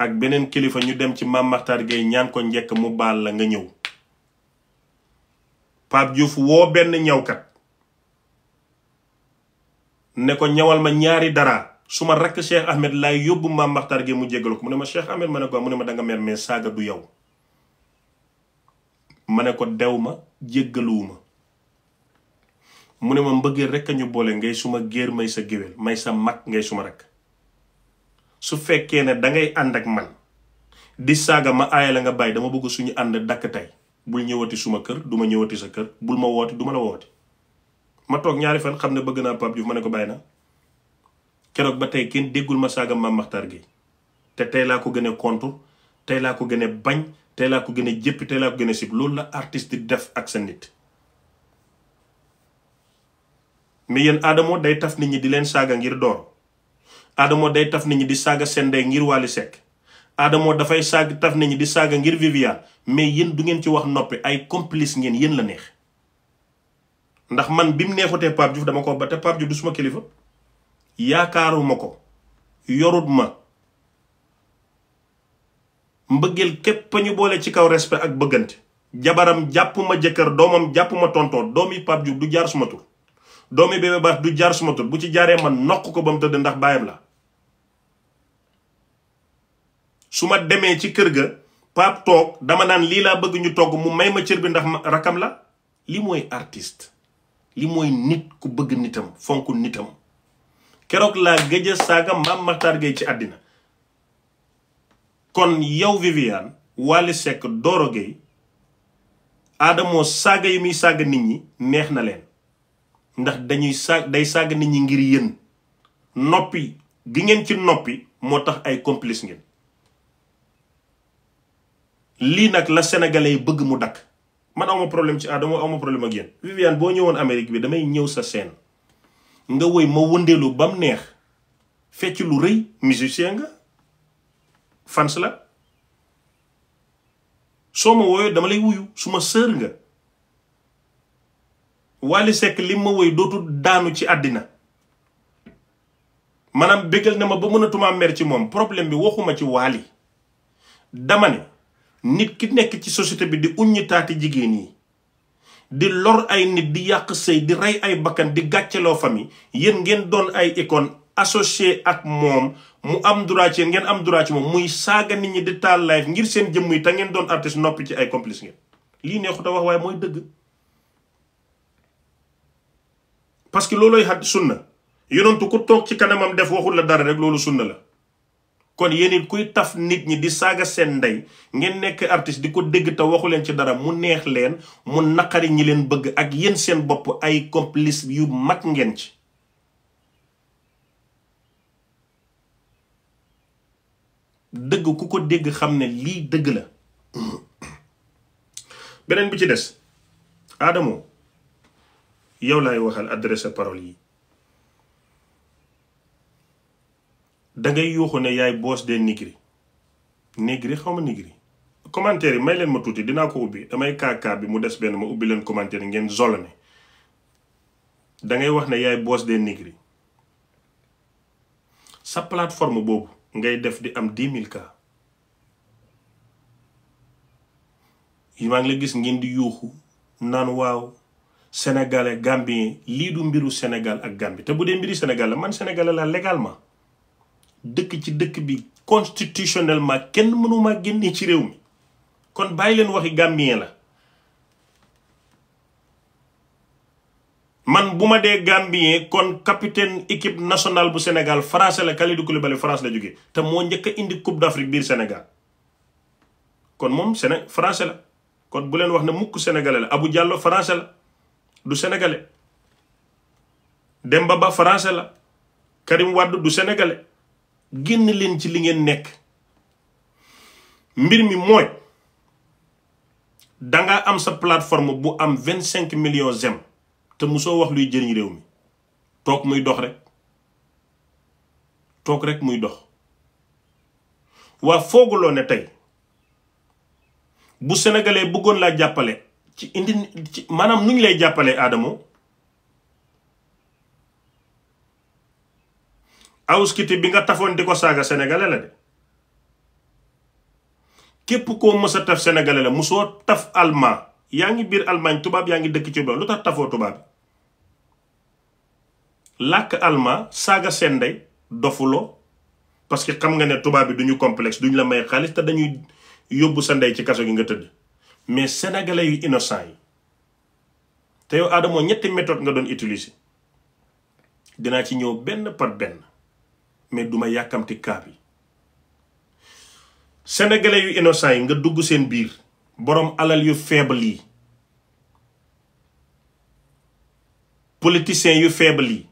ak beneen kilifa ñu dem ci Mame Makhtar Gueye ñaan ko njekk mu baal la nga ñëw Pape Diouf woo benn ñawkat ne ko ñawal ma ñaari dara su ma rakk Cheikh Ahmed laay yóbbu Mame Makhtar Gueye mu jégalu ko mu ne ma Cheikh Ahmed ma ne ko mu ne ma danga mer mais saaga du yow ma ne ko dew ma jéggaluwuma mu ne ma mbëggeel rekk a ñu boole ngay suma géer may sa géwél may sa mag ngay suma rakk su fekkee ne dangay ànd ak man di saaga ma aaya la nga bàyyi dama bëgg suñu ànd dakk tey bul ñëwati suma kër duma ñëwati sa kër bul ma wooti duma la wooti ma toog ñaari fan xam ne bëgg naa Pape Diouf ma ne ko bàyyi na keroog ba tey kenn déggul ma saaga Mame Makhtar Gueye te tey laa ko gën a contre tey laa ko gën a bañ tey laa ko gën a jéppi tey laa ko gën a sib loolu la artiste di def ak sa nit mais yéen aadamoo day taf nit ñi di leen saaga ngir door Adamo day taf nit ñi di saaga seen ndey ngir Wally Seck Adamo dafay saag taf nit ñi di saaga ngir Vivia mais yéen du ngeen ci wax noppi ay complice ngeen yéen la neex ndax man bi mu neexutee Pape Diouf dama ko ba te Pape Diouf du suma kilifa yaakaaruma ko yorut ma mbëggeel képp ñu boole ci kaw respe ak bëggante jabaram jàpp ma jëkkër doomam jàpp ma tontoo doomi Pape Diouf du jaar suma tur doomi Bébé baax du jaar suma tur bu ci jaaree man noq ko ba mu tëdd ndax baayam la su ma demee ci kër ga paap toog dama naan lii laa bëgg ñu togg mu may ma cër bi ndax rakam la li mooy artist li mooy nit ku bëgg nitam fonk nitam keroog laa gëj a saaga maam Makhtar Gueye ci àddina kon yow Viviane Wally Seck dooro Gueye aadamoo saaga yi muy saaga nit ñi neex na leen ndax dañuy saag day sàgg nit ñi ngir yéen noppi gi ngeen ci noppi moo tax ay complice ngeen lii nag la sénégalais yi bëgg mu dakk man awma problème ci Adamo awma problème ak yéen Viviane boo ñëwoon Amérique bi damay ñëw sa scène nga woy ma wëndeelu ba neex fecc lu rëy musicien nga fans la soo ma wooyoo dama lay wuyu suma sër nga Wally Seck li ma woy dootul daanu ci àddina maanaam bégal na ma ba mënatuma mer ci moom problème bi waxuma ci Wally dama ne nit ki nekk ci société bi di uññi taati jigéen yi di lor ay nit di yàq sëy di rey ay bakkan di gàcceloo famille yéen ngeen doon ay icône associé ak moom mu am droit ci ngeen am droit ci moom muy saaga nit ñi di taal live ngir seen jëmm yi te ngeen doon artiste noppi ci ay complice ngeen lii neexut a wax waaye mooy dëgg parce que loolooy xadd sunna yonentu ku toog ci kanamam def waxul la dara rek loolu sunna la kon yéen kuy taf nit ñi di saaga seen ndey ngeen nekk artiste di ko dégg te waxu leen ci dara mu neex leen mu naqari ñi leen bëgg ak yéen seen bopp ay complice yu mag ngeen ci dëgg ku ko dégg xam ne lii dëgg la beneen bi ci des Adamo yow laay waxal adressé parole yi dangay yuuxu ne yaay boos de nigri nigri xaw ma nigri commentaire yi may leen ma tuuti dinaa ko ubbi damay kaakaa bi mu des benn ma ubbi leen commentaire yi ngeen zolo ne dangay wax ne yaay boos de nigri sa plateforme boobu ngay def di am 10 000 cas maa ngi la gis ngeen di yuuxu naan waaw sénégalais gambien lii du mbiru sénégal ak gambie te bu dee mbiru sénégal la man sénégalais la légalement dëkk ci dëkk bi constitutionnellement kenn mënuma génne ci réew mi kon bàyyi leen waxi gambien la man bu ma dee gambien kon capitaine équipe nationale bu Sénégal français la Kalidou Koulibaly France la jógee te moo njëkk indi coupe d'Afrique biir Sénégal kon moom Séné france la kon bu leen wax ne mukk sénégalais la Abou Diallo français la du sénégalais Demba Ba français la Karim Wade du sénégalais génn leen ci li ngeen nekk mbir mi mooy danga am sa plateforme bu am vingt cinq million j'aime te musoo wax luy jëriñ réew mi toog muy dox rek toog rek muy dox waa fooguloo ne tey bu sénégalais bëggoon laa jàppale ci indi ci maanaam nu ñu lay jàppale Adamo awuskiti bi nga tafoon di ko saaga sénégalais la de képp koo mës a taf sénégalais la musoo taf allemand yaa ngi biir Allemagne tubaab yaa ngi dëkk ci lu tax tafoo tubaab bi làkk allemand saaga seen ndey dofuloo parce que xam nga ne tubaab bi duñu du ñu la may xaalis te dañuy yóbbu sa ndey ci kaso gi nga tëdd mais sénégalais yu innocent yi te yow Adamo ñetti méthode nga doon utiliser dinaa ci ñëw benn pat benn mais duma yàkkamti kaa yi sénégalais yu innocent yi nga dugg seen biir boroom alal yu faible yi politiciens yu faible yi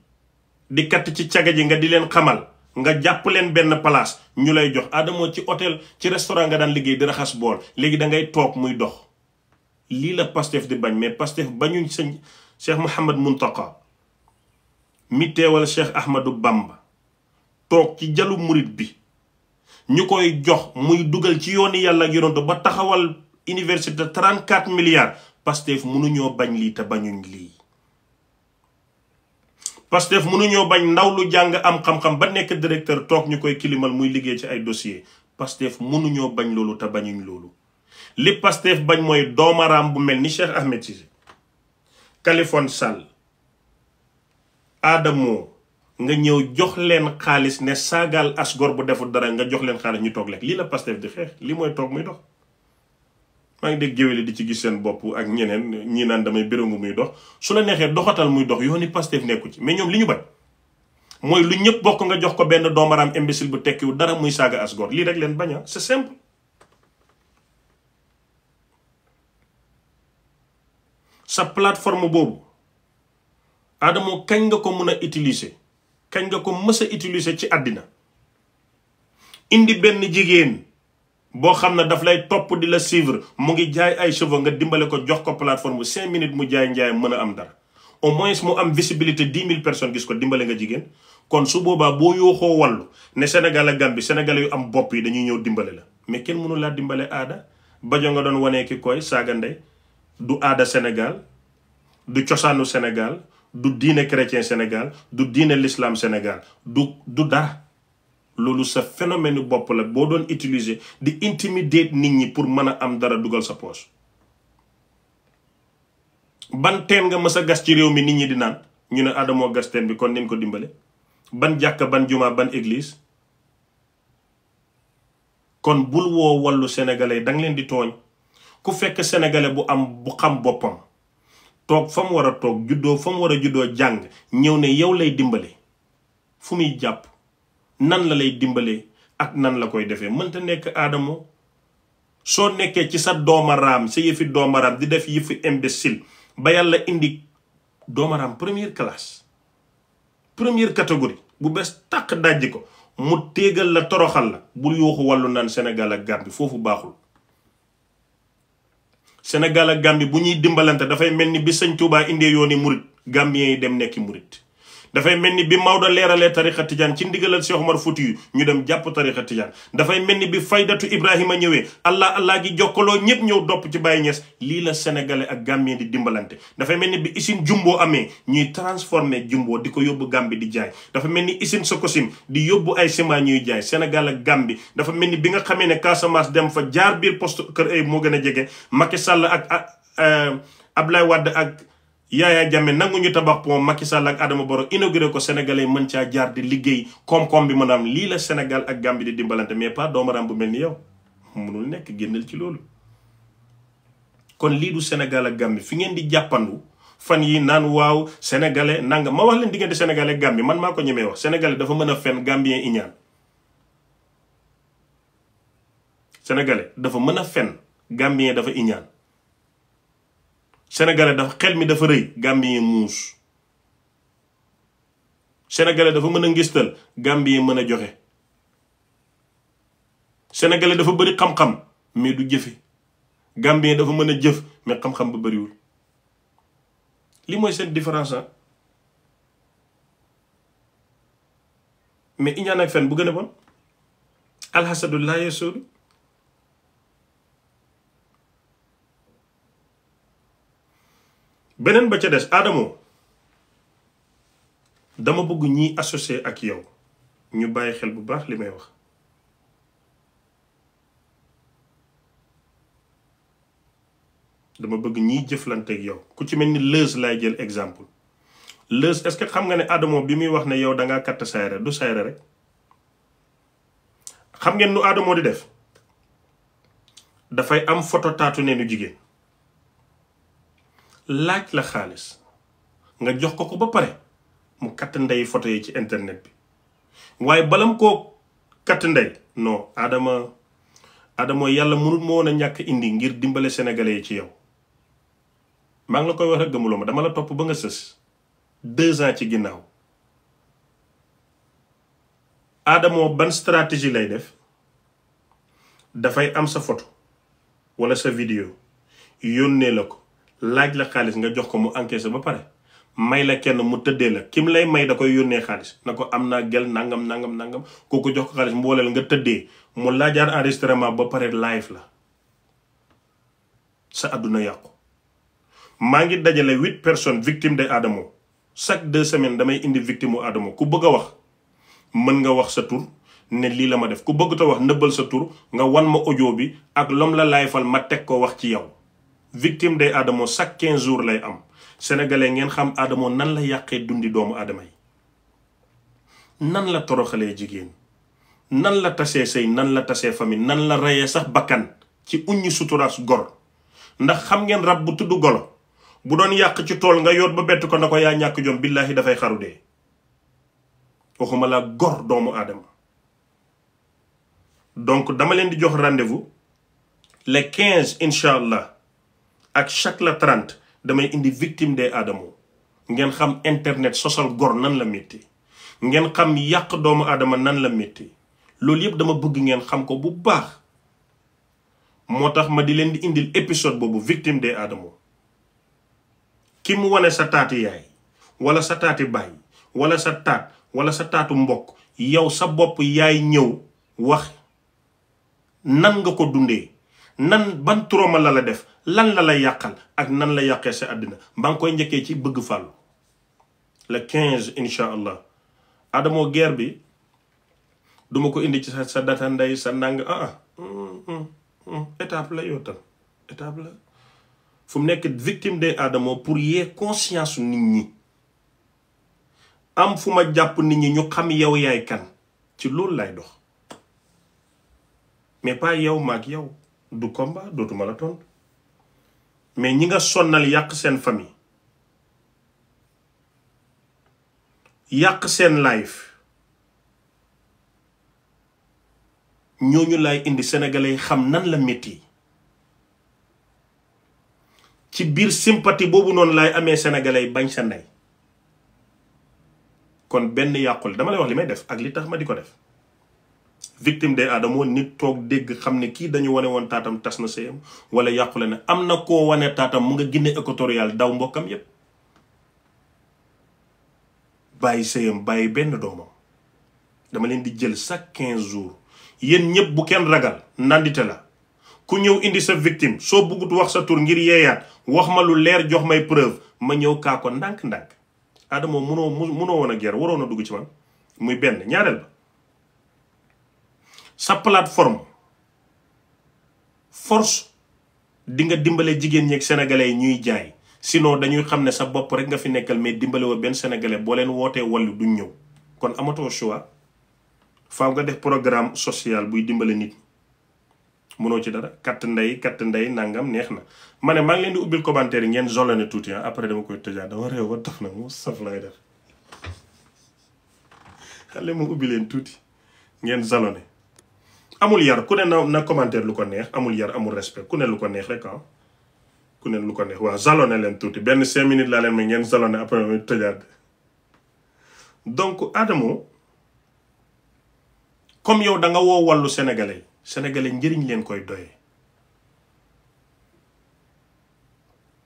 di katt ci caga ji nga di leen xamal nga jàpp leen benn place ñu lay jox Adamo ci hôtel ci restaurant nga daan liggéey di raxas bool léegi da ngay toog muy dox lii la Pastef di bañ mais Pastef bañuñ sëñ Cheikh Mouhamad Muntaka mi teewal Cheikh Ahmadou Bamba toog ci jalu murit bi ñu koy jox muy dugal ci yoon yàlla ak yononto ba taxawal université 34 milliards Pastef ñoo bañ lii te bañuñ lii Pastef mënuñoo bañ ndaw lu jàng am xam-xam ba nekk directeur toog ñu koy kilimal muy liggéey ci ay dossier Pastef mënuñoo bañ loolu te bañuñ loolu li Pastef bañ mooy doomaraam bu mel ni Cheikh Ahmed Cissé Kaliphone Sall Adamo nga ñëw jox leen xaalis ne saagaal asgor bu deful dara nga jox leen xaalis ñu toog lekk lii la Pastef di xeex lii mooy toog muy dox maa ngi dégg di ci gis seen bopp ak ñeneen ñii naan damay béréngu muy dox su la neexee doxatal muy dox yooni Pastef nekku ci mais ñoom li ñu bañ mooy lu ñëpp bokk nga jox ko benn doomaraam imbécile bu tekkiwu dara muy saaga as góor lii rek leen baña sa simple sa plateforme boobu aadamoo kañ nga ko mën a utiliser kañ nga ko mës a utiliser ci àddina indi benn jigéen boo xam ne daf lay topp di la suivre mu ngi jaay ay cheveux nga dimbale ko jox ko plateforme bu cinq minutes mu jaay njaay mën a am dara au moins mu am visibilité dix mille personnes gis ko dimbale nga jigéen kon su boobaa boo yooxoo wallu ne Sénégal ak Gambie sénégal yu am bopp yi dañuy ñëw dimbale la mais kenn mënu laa dimbale aada bajo nga doon wanee ki koy saaga ndey du aada Sénégal du cosaanu Sénégal du diine chrétien Sénégal du diine lislaam Sénégal du du dara loolu sa phénomène bopp la boo doon utiliser di intimidate nit ñi pour mën a am dara dugal sa poche ban teen nga mësa gas ci réew mi nit ñi di naan ñu ne Adamo gas teen bi kon nañ ko dimbale ban jàkka ban jumaa ban église kon bul woo wallu sénégalais danga leen di tooñ ku fekk sénégalais bu am bu xam boppam toog fa mu war a toog juddoo fa mu war a juddoo jàng ñëw ne yow lay dimbale fu muy jàpp nan la lay dimbalee ak nan la koy defee mënta nekk aadamo soo nekkee ci sa doomaraam sa yëfi doomaraam di def yëfi imbécile ba yàlla indi doomaraam première classe première catégorie bu bees tàq dajji ko mu téegal la toroxal la bul yuuxu wàllu naan Sénégal ak Gambie foofu baaxul Sénégal ak Gambie bu ñuy dimbalante dafay mel ni bi sëñ Tuubaa indee yooni murit Gambien yi dem nekki murit dafay mel ni bi Maodo leeralee tarixa tijaan ci ndigalal Cheikh Omar Fouti ñu dem jàpp tarixa tijaan dafay mel ni bi faydatu Ibrahima ñëwee allah allah gi jokkaloo ñëpp ñëw dopp ci Baye Niass lii la sénégalais ak gambien di dimbalante dafay mel ni bi usine jumbo amee ñuy transformé di ko yóbbu Gambie di jaay dafa mel ni usine Sokosim di yóbbu ay ciment ñuy jaay Sénégal ak Gambie dafa mel ni bi nga xamee ne Casamance dem fa jaar biir poste kër ay eh, moo gën a jege Macky Sall ak ah, eh, Abdoulaye Wade ak Yaya Jammeh nanguñu tabax pont Macky Sall ak Adama Barrow inauguré ko sénégalais mën caa jaar di liggéey koom-koom bi am lii la Sénégal ak Gambie di dimbalante mais pas doomaram bu mel ni yow mënul nekk génnal ci loolu. kon lii du Sénégal ak Gambie fi ngeen di jàppandu fan yi naan waaw sénégalais nanga ma wax leen diggante sénégalais ak man maa ko ñemee wax sénégalais dafa mën a fen gambien iñaan sénégalais dafa mën a fen gambien dafa iñaan sénégalais dafa xel mi dafa rëy gambien muus sénégalais dafa mën a ngistal gambien mën a joxe sénégalais dafa bari xam-xam mais du jëfe gambien dafa mën a jëf mais xam-xam ba bëriwul li mooy seen différence ah mais iñaan ak fen bu gën a bon alxasadu laa yasuudu beneen ba ca des Adamo dama bëgg ñii associé ak yow ñu bàyyi xel bu baax li may wax dama bëgg ñiy jëflanteeg yow ku ci mel ni Leuz laay jël exemple Leuz est-ce que xam nga ne Adamo bi muy wax ne yow da ngaa katt du sayre rek xam ngeen nu Adamo di def dafay am photo taatu neenu jigéen laaj la xaalis nga jox ko ko ba pare mu katt ndey photo yi ci internet bi waaye balam koo katt ndey non Adama Adama yàlla mënul ma woon a ñàkk indi ngir dimbale sénégalais yi ci yow maa ngi la koy wax rek gëmuloo ma dama la topp ba nga sës deux ans ci ginnaaw Adama ban stratégie lay def dafay am sa photo wala sa vidéo yónnee la ko laaj la xaalis nga jox ko mu encaissé ba pare may la kenn mu tëddee la kim lay may da koy yónnee xaalis na ko am naa gel nangam nangam nangam kooku jox ko xaalis mu nga tëddee mu laajaar enregistrement ba pare live la sa àdduna yàqu maa ngi dajale huit personnes victim de Adamo chaque deux semaines damay indi victime u Adamo ku bëgg a wax mën nga wax sa tur ne lii la ma def ku bëgg ta wax nëbbal sa tur nga wan ma audio bi ak lom la laayfal ma teg ko wax ci yow victime de Adamo chaque quinze jours lay am sénégalais ngeen xam Adamo nan la yàqee dundi doomu aadama yi nan la toroxalee jigéen nan la tasee sëy nan la tasee famille nan la reyee sax bakkan ci uññi suturaas gor ndax xam ngeen rab bu tudd golo bu doon yàq ci tool nga yoot ba bett ko na ko yaa ñàkk jom billaahi dafay xaru dee waxuma la gor doomu aadama donc dama leen di jox rendez-vous le quinze incha allah ak chaque la trente damay indi victime des Adamo ngeen xam internet sosal gor nan la métti ngeen xam yàq doomu aadama nan la métti loolu yëpp dama bëgg ngeen xam ko bu baax moo tax ma di leen di indil épisode boobu victime des Adamo ki mu wane sa taati yaay wala sa taati baay wala sa taat wala sa taatu mbokk yow sa bopp yaay ñëw wax nan nga ko dundee nan ban ma la la def lan la la yàqal ak nan la yàqee si àddina mbaa nga koy njëkkee ci bëgg fàllu le 15 incha allah Adamo guerre bi duma ko indi ci sa sa data ndey sa ndàng ah ah étape la yow tam la fu mu nekk victime de Adamo pour yee conscience nit ñi am fu ma jàpp nit ñi ñu xam yow yaay kan ci loolu lay dox mais pas yow maag yow du komba dootuma la tontu mais ñi nga sonnal yàq seen famille yàq seen life ñooñu lay indi sénégalais yi xam nan la métti ci biir simpati boobu noonu laay amee sénégalais yi bañ sa ndey kon benn yàqul dama lay wax li may def ak li tax ma di ko def victime day aadamoo nit toog dégg xam ne kii dañu wane woon taatam tas na sëyam wala yàqule na am na koo wane taatam mu nga Guinée équatoriale daw mbokkam yépp bàyyi sëyam bàyyi benn doomam dama leen di jël chaque quinze jours yéen ñëpp bu kenn ragal nandite la ku ñëw indi sa victime soo buggut wax sa tur ngir yeeyaat wax ma lu leer jox may preuve ma ñëw kaa ko ndànk-ndànk aadamoo munoo munoo woon a ger waroon a dugg ci man muy benn ñaareel ba sa plateforme force di nga dimbale jigéen ñi ak sénégalais yi ñuy jaay sinon dañuy xam ne sa bopp rek nga fi nekkal mais dimbale woo benn sénégalais boo leen wootee wallu duñ ñëw kon amatoo choix faaw nga def programme social buy dimbale nit mënoo ci dara katt ndey katt ndey nangam neex na ma ne maa leen di ubbil commentaire yi ngeen zole ne tuuti ah après dama koy tëjaat dama réew ba taf na mu saf lay def xale mu ubbi leen tuuti ngeen zalone amul yar ku ne na na commentaire lu ko neex amul yar amul respect ku ne lu ko neex rek ah ku ne lu ko neex waaw zalone leen tuuti benn cinq minutes laa leen may ngeen zalone après ma tëjaat donc Adamo comme yow da nga woo wàllu sénégalais sénégalais njëriñ leen koy doyee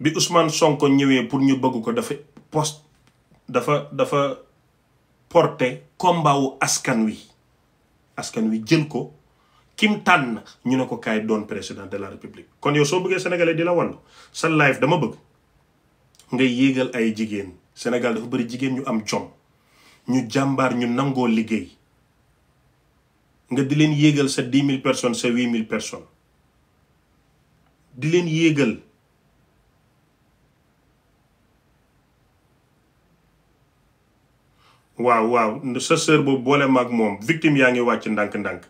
bi Ousmane Sonko ñëwee pour ñu bëgg ko dafa post dafa dafa porte combat wu askan wi askan wi jël ko kim tànn ñu ne ko kaay doon président de la république kon yow soo bëggee sénégalais di la wàllu sa life dama bëgg nga yéegal ay jigéen Sénégal dafa bëri jigéen ñu am jom ñu jàmbaar ñu nangoo liggéey nga di leen yéegal sa dix mille personnes sa huit mille personnes di leen yéegal waaw waaw sa sœur boobu boole maag moom victime yaa ngi wàcc ndànk-ndànk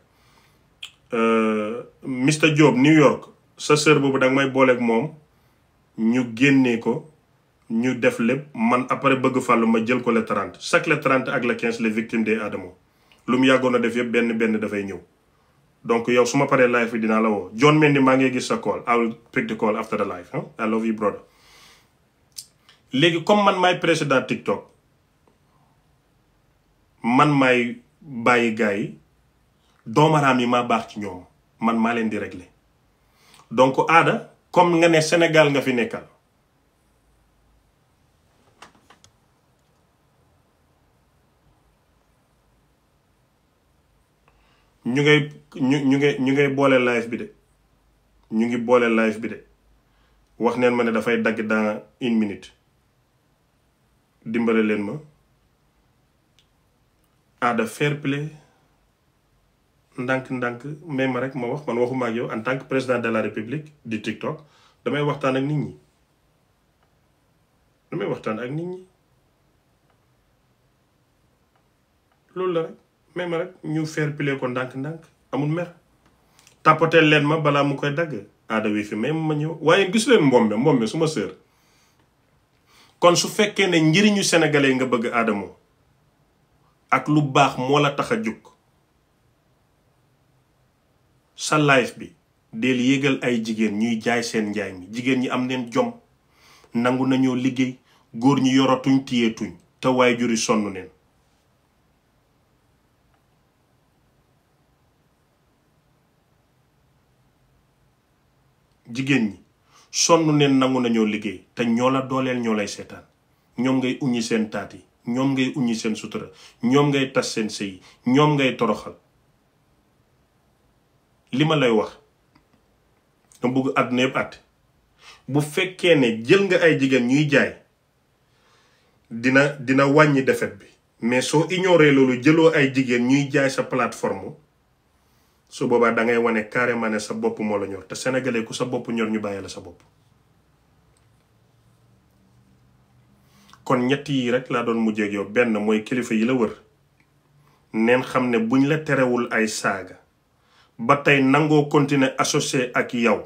Euh, Mr Diop New York sa sœur boobu danga may booleek moom ñu génnee ko ñu def lépp man après bëgg fàllu ma jël ko le 30 chaque le 30 ak le 15 les victimes des lu mu yàggoon a def yëpp benn benn dafay ñëw donc yow su ma paree live bi dinaa la woo John Mendy maa ngi gis sa call I will pick the call after the live ah I love you brother. léegi comme man maay président TikTok man maay bàyyi gars yi doomaraam yi maa baax ci ñoom man maa leen di regle donc aada comme nga ne Sénégal nga fi nekkal ñu ngay ñu ñu ngay ñu ngay boole live bi de ñu ngi boole live bi de wax neen ma ne dafay dagg dans une minute dimbale leen ma aada fair play ndànk-ndànk may ma rek ma wax man waxu ak yow en tant que président de la république du TikTok damay waxtaan ak nit ñi damay waxtaan ak nit ñi loolu la rek may ma rek ñu fair play ko ndànk-ndànk amul mer tappateel leen ma balaa mu koy dagg aada wi fi may ma ñëw waaye gis leen mbombe mbombe su ma sœur kon su fekkee ne njëriñu sénégalais nga bëgg aadamoo ak lu baax moo la tax a jóg sa live bi del yégal ay jigéen ñuy jaay seen njaay mi jigéen ñi am neen jom nangu nañoo liggéey góor ñi yoratuñ téyeetuñ te waay juri sonn neen jigéen ñi sonn neen nangu nañoo liggéey te ñoo la dooleel ñoo lay seetaan ñoom ngay uñi seen taat ñoom ngay uñi seen sutura ñoom ngay tas seen sëy ñoom ngay toroxal li ma lay wax dama bëgg àdduna yëpp àtte bu fekkee ne jël nga ay jigéen ñuy jaay dina dina wàññi defet bi mais soo ignoré loolu jëloo ay jigéen ñuy jaay sa plateforme su boobaa dangay wane carrément sa bopp moo la ñor te sénégalais ku sa bopp ñor ñu bàyyi la sa bopp. kon ñett yi rek laa doon mujjee ak yow benn mooy kilifa yi la wër neen xam ne buñ la terewul ay saaga. ba tey nangoo continuer associé ak yow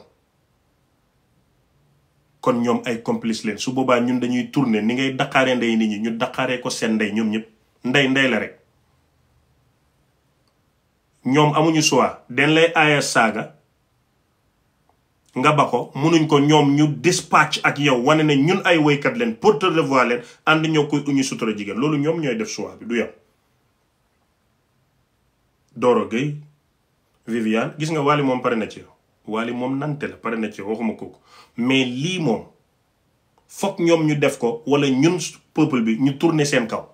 kon ñoom ay complice leen su boobaa ñun dañuy tourner ni ngay daqaare ndey nit ñi ñu daqaaree ko seen ndey ñoom ñëpp ndey ndey la rek ñoom amuñu choix den lay aaya saaga nga ba ko munuñ ko ñoom ñu dispatch ak yow wane na ñun ay woykat leen porteur de voix leen ànd ñoo koy uñu sutura jigéen loolu ñoom ñooy def choix bi du yow Doro Gueye Viviane gis nga Wally moom pare na ci Wally moom nante la pare na ci waxuma kooku mais lii moom foog ñoom ñu def ko wala ñun peuple bi ñu tourner seen kaw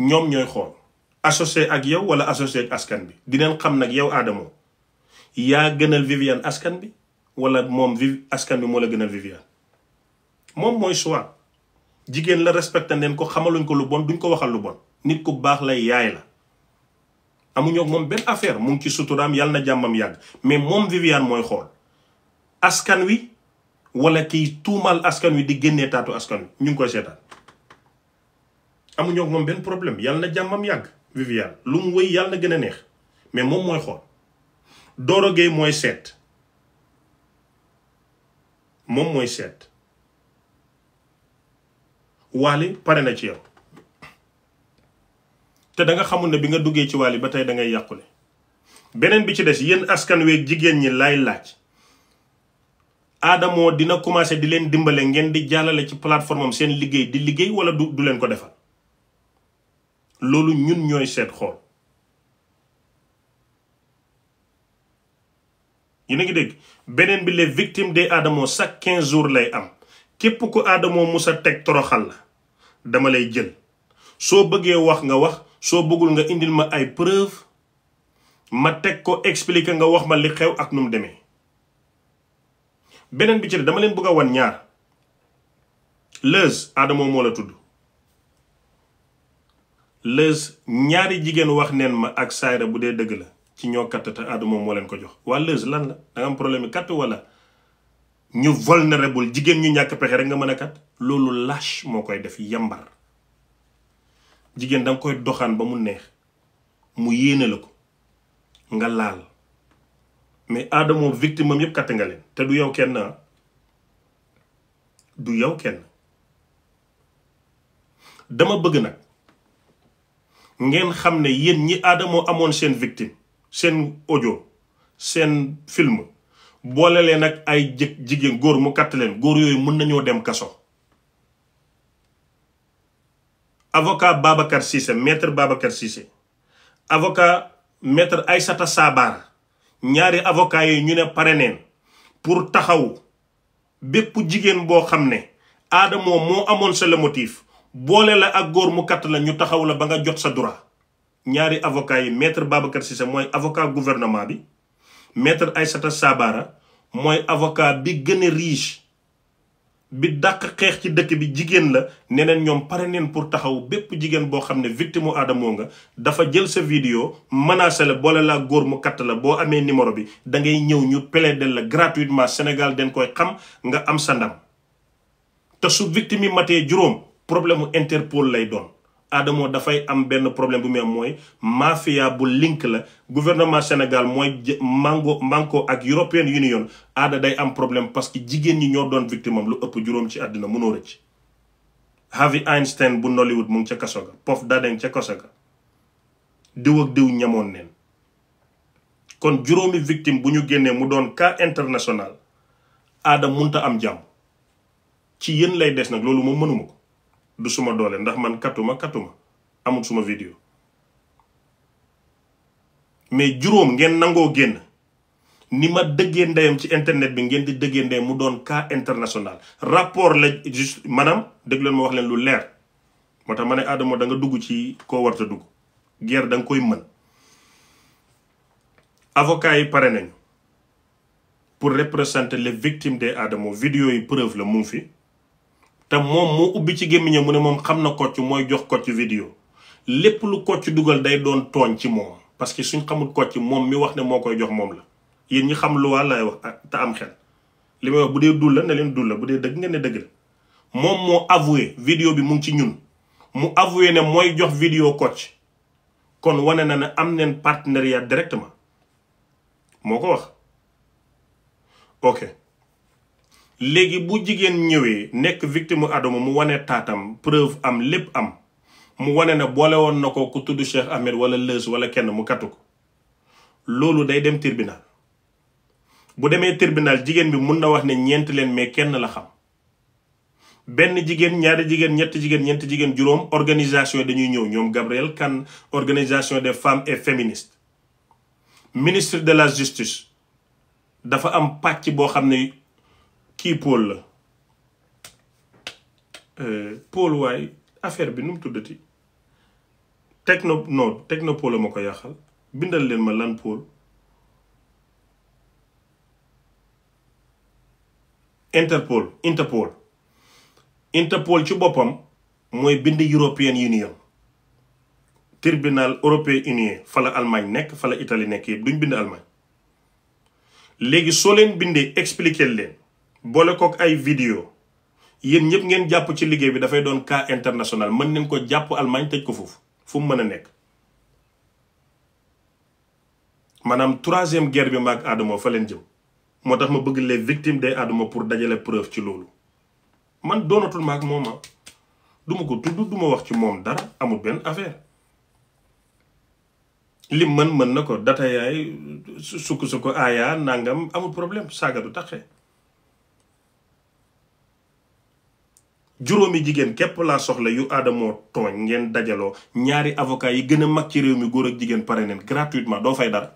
ñoom ñooy xool associé ak yow wala associé ak askan bi dineen xam nag yow Adamo yaa gënal Viviane askan bi wala moom vi askan bi moo la gënal Viviane moom mooy choix jigéen la respecté neen ko xamaluñ ko lu bon duñ ko waxal lu bon nit ku baax lay yaay la amuñoo moom benn affaire mu ci suturaam yàlla na jàmmam yàgg mais moom Viviane mooy xool askan wi wala kiy tuumal askan wi di génnee taatu askan wi ñu ngi koy seetaan amuñoo moom benn problème yàlla na jàmmam yàgg Viviane lu mu wëy yàlla na gën a neex mais moom mooy xool dooro Gueye mooy seet moom mooy seet Wally pare na ci yow te danga nga xamul ne bi nga duggee ci wàll yi ba tey da ngay yàqule beneen bi ci des yéen askan weeg jigéen ñi laay laaj aadamoo dina commencé di leen dimbale ngeen di jàllale ci plateforme am seen liggéey di liggéey wala du du leen ko defal loolu ñun ñooy seet xool yéen a ngi dégg beneen bi les victimes des aadamoo chaque quinze jours lay am képp ku aadamoo musa teg toroxal la dama lay jël soo bëggee wax nga wax soo bëggul nga indil ma ay preuve ma teg ko expliquer nga wax ma li xew ak nu mu demee beneen bi ci dama leen bëgg a wan ñaar Leuz Adamo moo la tudd Leuz ñaari jigéen wax neen ma ak Saayra bu dee dëgg la ci ñoo katt te Adamo moo leen ko jox waa Leuz lan la da nga am problème yi katt wala ñu vulnérable jigéen ñu ñàkk pexe rek nga mën a kat loolu lâche moo koy def yambar jigéen danga koy doxaan ba mu neex mu yéene la ko nga laal mais aadamoo victime am yëpp katte nga leen te du yow kenn ah. du yow kenn dama bëgg nag ngeen xam ne yéen ñi aadamoo amoon seen victime seen ojo seen film boole leen ak ay jë jigéen góor mu katt leen góor yooyu mën nañoo dem kaso avocat Babacar Cissé maître Babacar Cissé avocat maître Aïssata Sabar ñaari avocat yi ñu ne pare neen pour taxaw bépp jigéen boo xam ne aadamoo moo amoon sa le boole la ak góor mu katt la ñu taxaw la ba nga jot sa droit ñaari avocat yi maître Babacar Cissé mooy avocat gouvernement bi maître Aïssata Sabara mooy avocat bi gën a riche bi dàq xeex ci dëkk bi jigéen la ne neen ñoom pare neen pour taxaw bépp jigéen boo xam ne victime mu aadamoo nga dafa jël sa vidéo menacé la boole laa góor mu katt la boo amee numéro bi da ngay ñëw ñu plaider la gratuitement Sénégal den koy xam nga am sa te su victime yi matee juróom problème mu Interpol lay doon. Adamo dafay am benn problème bu mu am mooy mafia bu link la gouvernement Sénégal mooy mango mànko ak European Union aada day am problème parce que jigéen ñi ñoo doon victime am lu ëpp juróom ci àddina mënoo rëcc Harvey Einstein bu Nollywood mu ngi ca kaso ga Puff Dadeng ca kaso ga diw ak diw ñamoon neen kon juróomi victime bu ñu génnee mu doon cas international aada munta am jàmm ci yéen lay des nag loolu moom mënuma ko du suma doole ndax man katuma katuma amul suma vidéo mais juróom ngeen nangoo génn ni ma dëggee ndeyam ci internet bi ngeen di dëggee ndeyam mu doon cas international rapport la juste maanaam dégg leen ma wax leen lu leer moo tax ma ne Adamo da nga dugg ci koo warta dugg guerre danga koy mën avocat yi pare nañu pour représenter les victimes des Adamo vidéo yi preuve la mu ngi fi te moom moo ubbi ci gémmiñam mu ne moom xam na kocc mooy jox kocc vidéo lépp lu kocc dugal day doon tooñ ci moom parce que suñ xamul kocc moom mi wax ne moo koy jox moom la yéen ñu xam lu waa lay wax ah, te am xel li ma wax bu dee dul la ne leen dul la bu dee dëgg ngeen ne dëgg la moom moo avoué vidéo bi mu ngi ci ñun mu avoué ne mooy jox vidéo kocc kon wane na ne am neen partenariat directement moo ko wax ok léegi bu jigéen ñëwee nekk victime Adamo mu wane taatam preuve am lépp am mu wane na boole woon na ko ku tudd Cheikh Ahmed wala Leuz wala kenn mu kattu ko loolu day dem tribunal bu demee tribunal jigéen bi mun na wax ne ñeenti leen mais kenn la xam benn jigéen ñaari jigéen ñetti jigéen ñeenti jigéen juróom organisation dañuy ñëw ñoom Gabriel kann organisation des femmes et féministes ministre de la justice dafa am pàcc boo xam ne kii Paul la euh, Paul waaye affaire bi nu mu tuddati techno non technopole ma ko yàqal bindal leen ma lan Paul interpol interpol interpol ci boppam mooy bind European Union tribunal européen union fa la Allemagne nekk fa la Italie nekk yëpp duñ bind Allemagne léegi soo leen bindee expliquer leen boole kook ay vidéo yéen ñëpp ngeen jàpp ci liggéey bi dafay doon cas international mën nañ ko jàpp Allemagne tëj ko foofu fu mu mën a nekk maanaam troisième guerre bi maag Adamo fa leen jëm moo tax ma bëgg les victimes de Adamo pour dajale preuve ci loolu man doonatul maag mooma ah. duma ko tudd duma wax ci moom dara amul benn affaire li mën mën na ko data yaay sukk su ko aayaa nangam amul problème saaga du taxee juróomi jigéen képp laa soxla yu aadamoo tooñ ngeen dajaloo ñaari avocat yi gën a mag ci réew mi góor ak jigéen pare neen gratuitement doo fay dara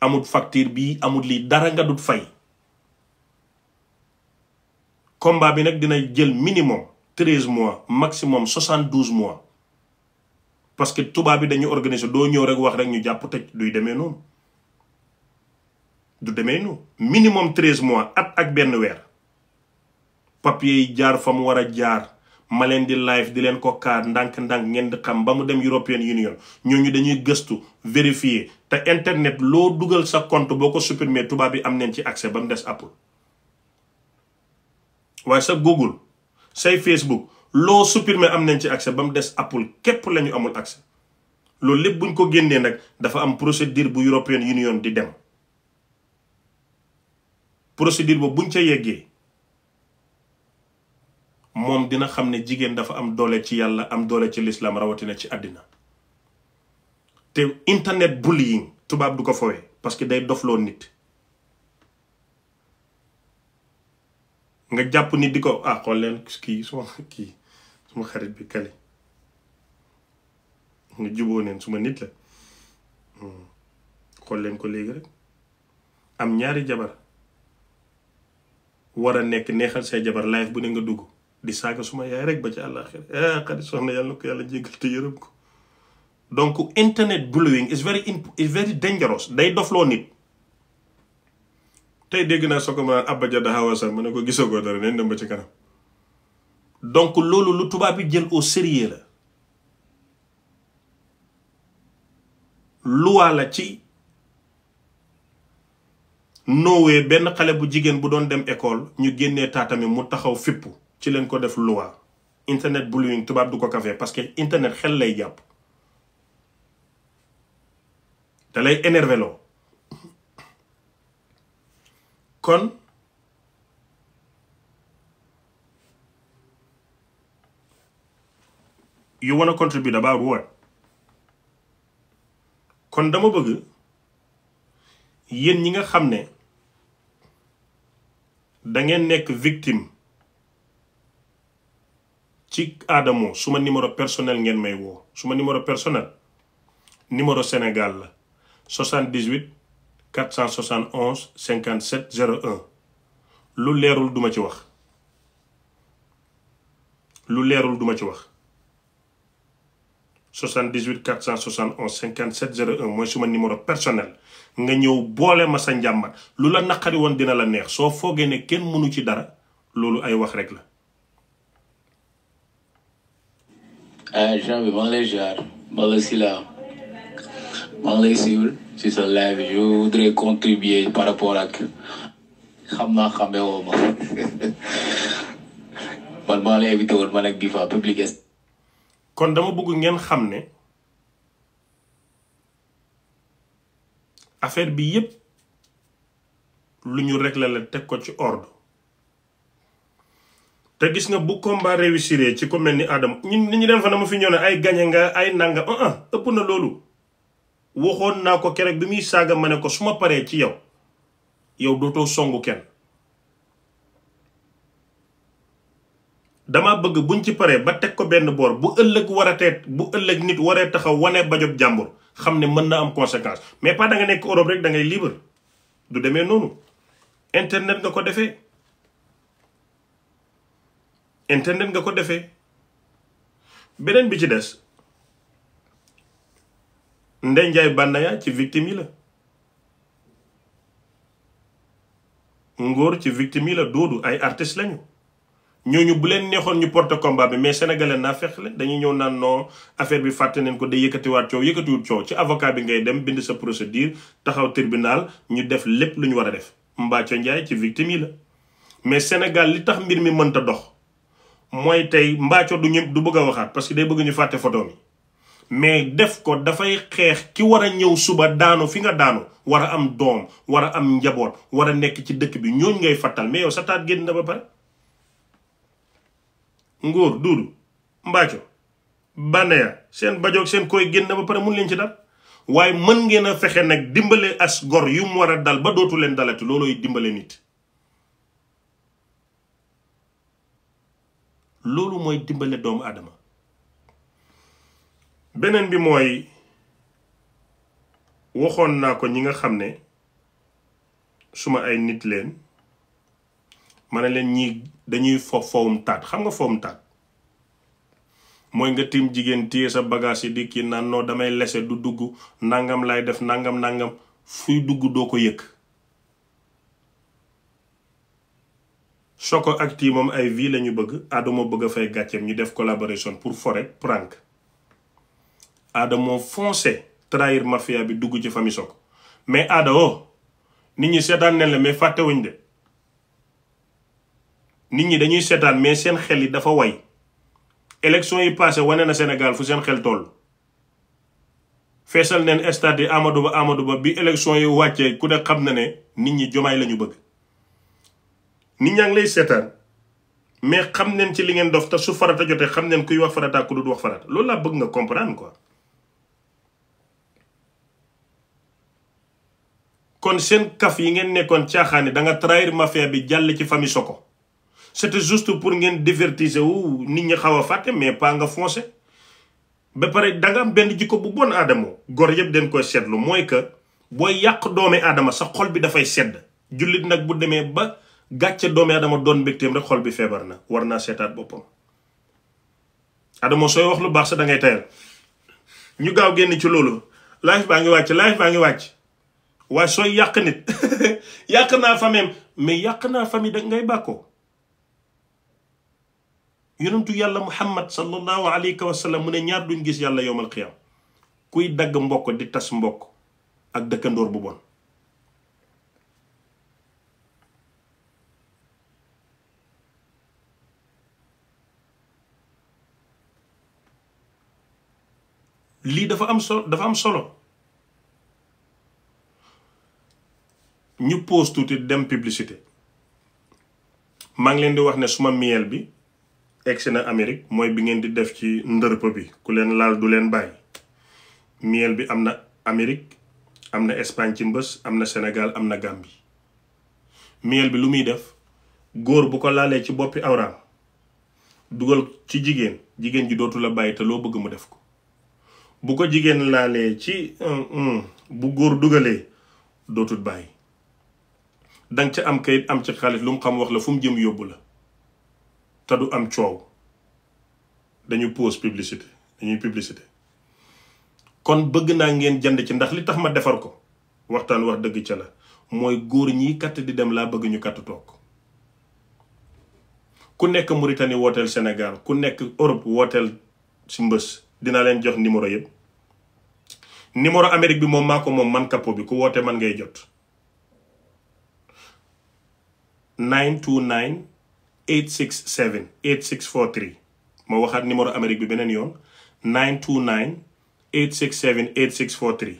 amut facture bi amut lii dara nga dut fay combat bi nag dina jël minimum treize mois maximum soixante douze mois parce que tubaab bi dañu organiser doo ñëw rek wax rek ñu jàpp tëj duy demee noonu du demee noonu minimum treize mois at ak benn weer papier yi jaar fa mu war a jaar ma leen di live di leen ko car ndànk-ndànk ngeen di xam ba mu dem European Union ñooñu dañuy gëstu vérifier te internet loo dugal sa compte boo ko supprimer tubaab bi am neen ci accès ba mu des Apple waaye sa Google say Facebook loo supprimer am nañ ci accès ba mu des Apple képp la ñu amul accès loolu lépp buñ ko génnee nag dafa am procédure bu European Union di dem procédure boobu buñ ca yeggee moom dina xam ne jigéen dafa am doole ci yàlla am doole ci lislaam rawatina ci àddina te internet bullying tubaab du ko fowee parce que day dofloo nit nga jàpp nit di ko ah xool leen kii suma kii suma xarit bi kale nga juboo neen suma nit la hmm. xool leen ko léegi rek am ñaari jabar war a nekk neexal say jabar live bu ne nga dugg di saaga suma yaay rek ba ci àllaaxira ah xarit soxna yàlla na ko yàlla jéggal te yërëm ko donc internet bullying is very is very dangerous day dofloo nit tey dégg naa soo ko ma Abba Jada Hawasa ma ne ko gisagoo dara neen dem ba ci kanam donc loolu lu tubaab bi jël au sérieux la luwaa ci noowee benn xale bu jigéen bu doon dem école ñu génnee taatami mu taxaw fippu ci leen ko def loi internet bullying tubaab du ko kafe parce que internet xel lay jàpp dalay lay kon you wanna contribute about what kon dama bëgg yéen ñi nga xam ne da ngeen nekk victim ci Adamo suma numéro personnel ngeen may woo suma numéro personnel numéro Sénégal la 78 471 57 01 lu leerul duma ci wax lu leerul duma ci wax 78 471 57 01 mooy suma numéro personnel nga ñëw boole ma sa njàmbat lu la naqari woon dina la neex soo foogee ne kenn mënu ci dara loolu ay wax rek la agent ah, bi maa ngi lay jaar maa ngi lay si laa maa ngi lay suivre si sa live je voudrais contribuer par rapport ak xam naa xame woo ma man maa lay invité e woon man ak Difa public kon dama bëgg ngeen xam ne affaire bi yépp lu ñu régler la teg ko ci ordre te gis nga bu combat réussir ci ko mel ni Adama ñun nit ñi dem fa dama fi ñëw ay gañe nga ay nanga ah ah ëpp na loolu waxoon naa ko keroog bi muy saaga ma ne ko su paree ci yow yow dootoo songu kenn dama bëgg buñ ci paree ba teg ko benn boor bu ëllëg war a teet bu ëllëg nit waree taxaw wane bajob jàmbur xam ne mën na am conséquence mais pas da nga nekk Europe rek da ngay libre du demee noonu internet nga ko defee internet nga ko defee beneen bi ci des Ndeye Ndiaye Banaya ci victime yi la ngoor ci victime yi la Doudou ay artistes lañu ñooñu bu leen neexoon ñu porte combat bi mais sénégalais naa fex la dañuy ñëw naan non affaire bi fàtte neen ko day yëkkatiwaat coow yëkkatiwul coow ci avocat bi ngay dem bind sa procédure taxaw tribunal ñu def lépp lu ñu war a def Mbathio Ndiaye ci victime yi la mais Sénégal li tax mbir mi mënta dox mooy tey mbaaco du ñëpp du bëgg a waxaat parce que day bëgg ñu fàtte photo mi mais def ko dafay xeex ki war a ñëw suba daanu fi nga daanu war a am doom war a am njaboot war a nekk ci dëkk bi ñooñ ngay fàttal mais yow sa taat génn na ba pare ngóor duudu mbaaco banneya seen bajoog seen kooy génn na ba pare mun leen ci dal waaye mën ngeen a fexe nag dimbale as gor yu mu war a dal ba dootu leen dalati loolooy dimbale nit loolu mooy dimbale doomu aadama beneen bi mooy waxoon naa ko ñi nga xam ne suma ay nit leen ma ne leen ñii dañuy fo fowum taat xam nga fowum taat mooy nga tiim jigéen téye sa bagage yi di kii naan noo damay lese du dugg nangam laay def nangam nangam fuy dugg doo ko yëkk Choco ak Tii moom ay vie la ñu bëgg Adamo bëgg a fay gàcceem ñu def collaboration pour fore forer aada moo foncé trair mafia bi dugg ci famille Choco mais Adamo nit ñi seetaan nañ la mais fàttewuñ de nit ñi dañuy seetaan mais seen xel yi dafa woy élection yi passé wane na Sénégal fu seen xel toll feesal neen stade yi Amadou Ba Amadou Ba bi élection yi wàccee ku ne xam na ne nit ñi jomaay la ñu bëgg nit ñaa ngi lay seetaan mais xam neen ci li ngeen dof te su farata jotee xam neen kuy wax farata ku dul wax farata loolu laa bëgg nga comprendre quoi. kon seen kaf yi ngeen nekkoon caaxaane da nga trahir mafia bi jàll ci famille Soko c'était juste pour ngeen divertise wu nit ñi xaw a fàtte mais pas nga foncé ba pare da am benn jikko bu bon aadamoo gor yëpp dañ koy seetlu mooy que booy yàq doome aadama sa xol bi dafay sedd jullit nag bu demee ba gàcce doomi adama doon mbégteem rek xol bi feebar na war naa seetaat boppam adama sooy wax lu baax sa dangay ngay tayal ñu gaaw génn ci loolu life baa ngi wàcc life baa ngi wàcc waaye sooy yàq nit yàq naa fameem mais yàq naa fami da ngay bàkkoo yonentu yàlla muhammad sallallahu alayhi wa sallam mu ne ñaar duñ gis yàlla yowmal qiyaam kuy dagg mbokk di tas mbokk ak dëkkandoor bu bon lii dafa am solo dafa am solo ñu pause tuuti dem publicité maa ngi leen di wax ne suma miel bi egsi na Amérique mooy bi ngeen di def ci ndërp bi ku leen laal du leen bàyyi miel bi am na Amérique am na Espagne ci mbës am na Sénégal am na gàmbi miel bi lu muy def góor bu ko laalee ci boppi awraam dugal ci jigéen jigéen ji dootul la bàyyi te loo bëgg mu def ko bu ko jigéen laalee ci bu góor dugalee dootul bàyyi danga ca am kayit am ci xaalis lu mu xam wax la fu mu jëm yóbbu la te du am coow dañu pause publicité dañuy publicité kon bëgg naa ngeen jënd ci ndax li tax ma defar ko waxtaan wax dëgg ca la mooy góor ñi katt di dem laa bëgg ñu katt toog ku nekk Mauritanie wooteel senegal ku nekk Europe wooteel si mbës dinaa leen jox numéro yëpp numéro Amérique bi moom maa ko moom man capot bi ku woote man ngay jot 929 867 8643 ma waxaat numéro Amérique bi beneen yoon 929 867 8643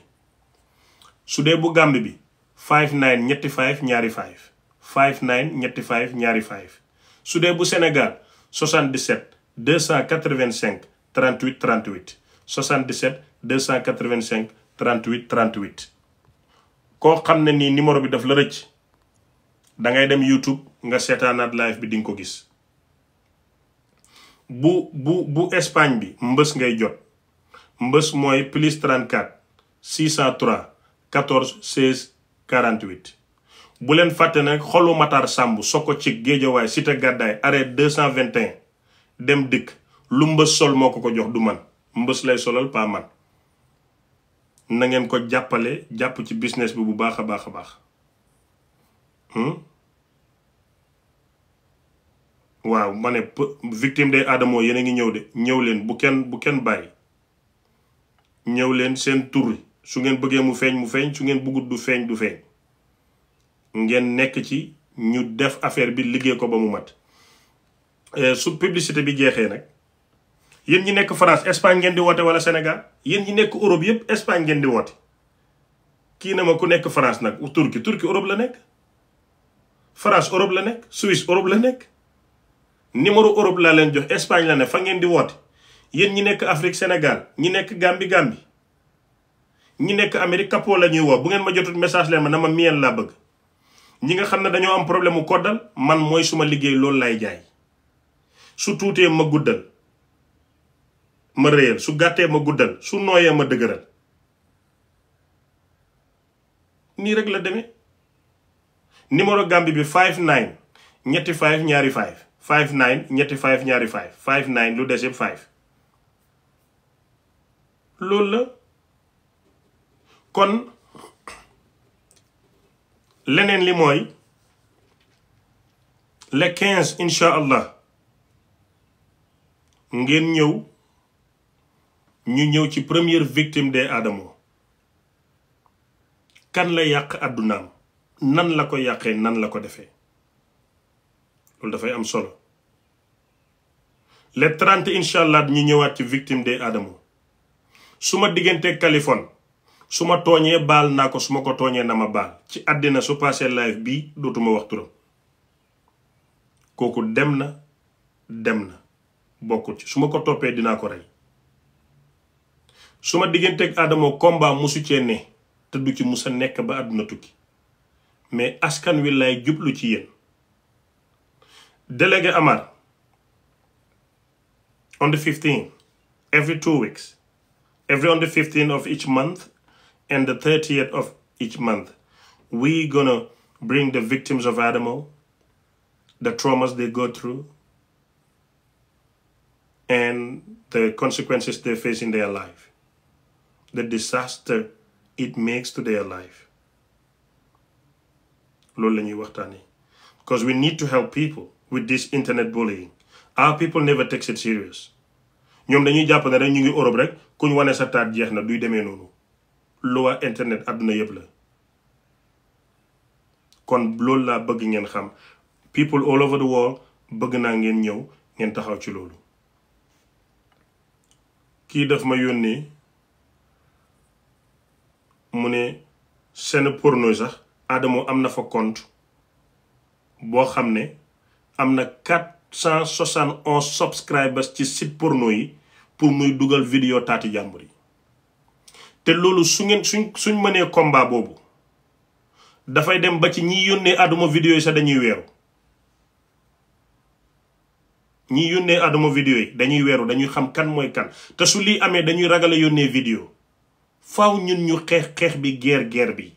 su dee bu gàmb bi 59 ñetti 5 ñaari 5 59 ñetti 5 ñaari 5 su dee bu senegal Sénégal 77 285 38 38 77 285 38 38 koo xam ne nii numéro bi daf la rëcc da ngay dem YouTube nga seetaanaat live bi di nga ko gis bu bu bu Espagne bi mbës ngay jot mbës mooy plus 34 603 14 16 bu leen fàtte nag xolu Matar Samb ko ci géejawaay cité gàddaay arrêt 221 dem dikk lu mbës sol moo ko ko jox du man mbës lay solal pas man nangeen ko jàppale jàpp ci business bi bu baax a baax a baax hum waaw ma ne victime day aadamoo yéen a ngi ñëw de ñëw leen bu kenn bu kenn bàyyi ñëw leen seen tur su ngeen bëggee mu feeñ mu feeñ su ngeen bëggut du feeñ du feeñ ngeen nekk ci ñu def affaire bi liggéey ko ba mu mat eh, su publicité bi jeexee nag yéen ñi nekk France Espagne ngeen di woote wala Sénégal yéen ñi nekk Europe yëpp Espagne ngeen di woote kii na ma ku nekk France nag Turquie Turquie Europe la nekk France Europe la nekk Suisse Europe la nekk numéro Europe laa leen jox Espagne la ne fa ngeen di woote yéen ñi nekk Afrique Sénégal ñi nekk Gambie Gambie ñi nekk Amérique Capo la ñuy woo bu ngeen ma jotut message leen ma na ma miel laa bëgg ñi nga xam ne dañoo am problème mu koddal man mooy suma liggéey loolu lay jaay su tuutee ma guddal ma réyal su gàttee ma guddal su nooyee ma dëgëral nii rek la deme numéro Gambie bi 59 ñetti 5 ñaari 5 59 ñetti 5 ñaari 5 59 lu des yëpp 5 loolu la kon leneen li mooy le 15 incha allah ngeen ñëw. ñu ñëw ci première victime de Adamo kan la yàq àddunaam nan la ko yàqee nan la ko defee loolu dafay am solo les trente incha allah ñu ñëwaat ci victim de Adamo su ma diggante kalifon su ma tooñee baal naa ko su ma ko tooñee na ma baal ci àddina su passé live bi dootuma wax turam kooku dem na dem na bokkul ci su ma ko toppee dinaa ko rey suma ma digganteeg Adamo combat mosu cee te du ci musa nekk ba àdduna tukki mais askan wi lay jublu ci yéen délégué Amar on the 15 every two weeks every on the 15 of each month and the 30th of each month we gonna bring the victims of Adamo the traumas they go through and the consequences they face in their life the disaster it makes to their life loolu la ñuy waxtaanee because we need to help people with this internet bullying our people never takes it serious ñoom dañuy jàpp ne rek ñu ngi Europe rek kuñ wane sa taat jeex na duy demee noonu lu waa internet àdduna yëpp la kon loolu laa bëgg ngeen xam people all over the world bëgg naa ngeen ñëw ngeen taxaw ci loolu kii daf ma yónnee mu ne seen porno sax Adamo am na fa compte boo xam ne am na quatre cent soixante onze subscribers ci site porno yi pour muy dugal vidéo taati jàmbur yi te loolu su ngeen suñ suñ mënee combat boobu dafay dem ba ci ñiy yónnee Adamo vidéo yi sax dañuy weeru ñiy yónnee Adamo vidéo yi dañuy weeru dañuy xam kan mooy kan te su lii amee dañuy ragale yónnee vidéo faaw ñun ñu xeex xeex bi guerre guerre bi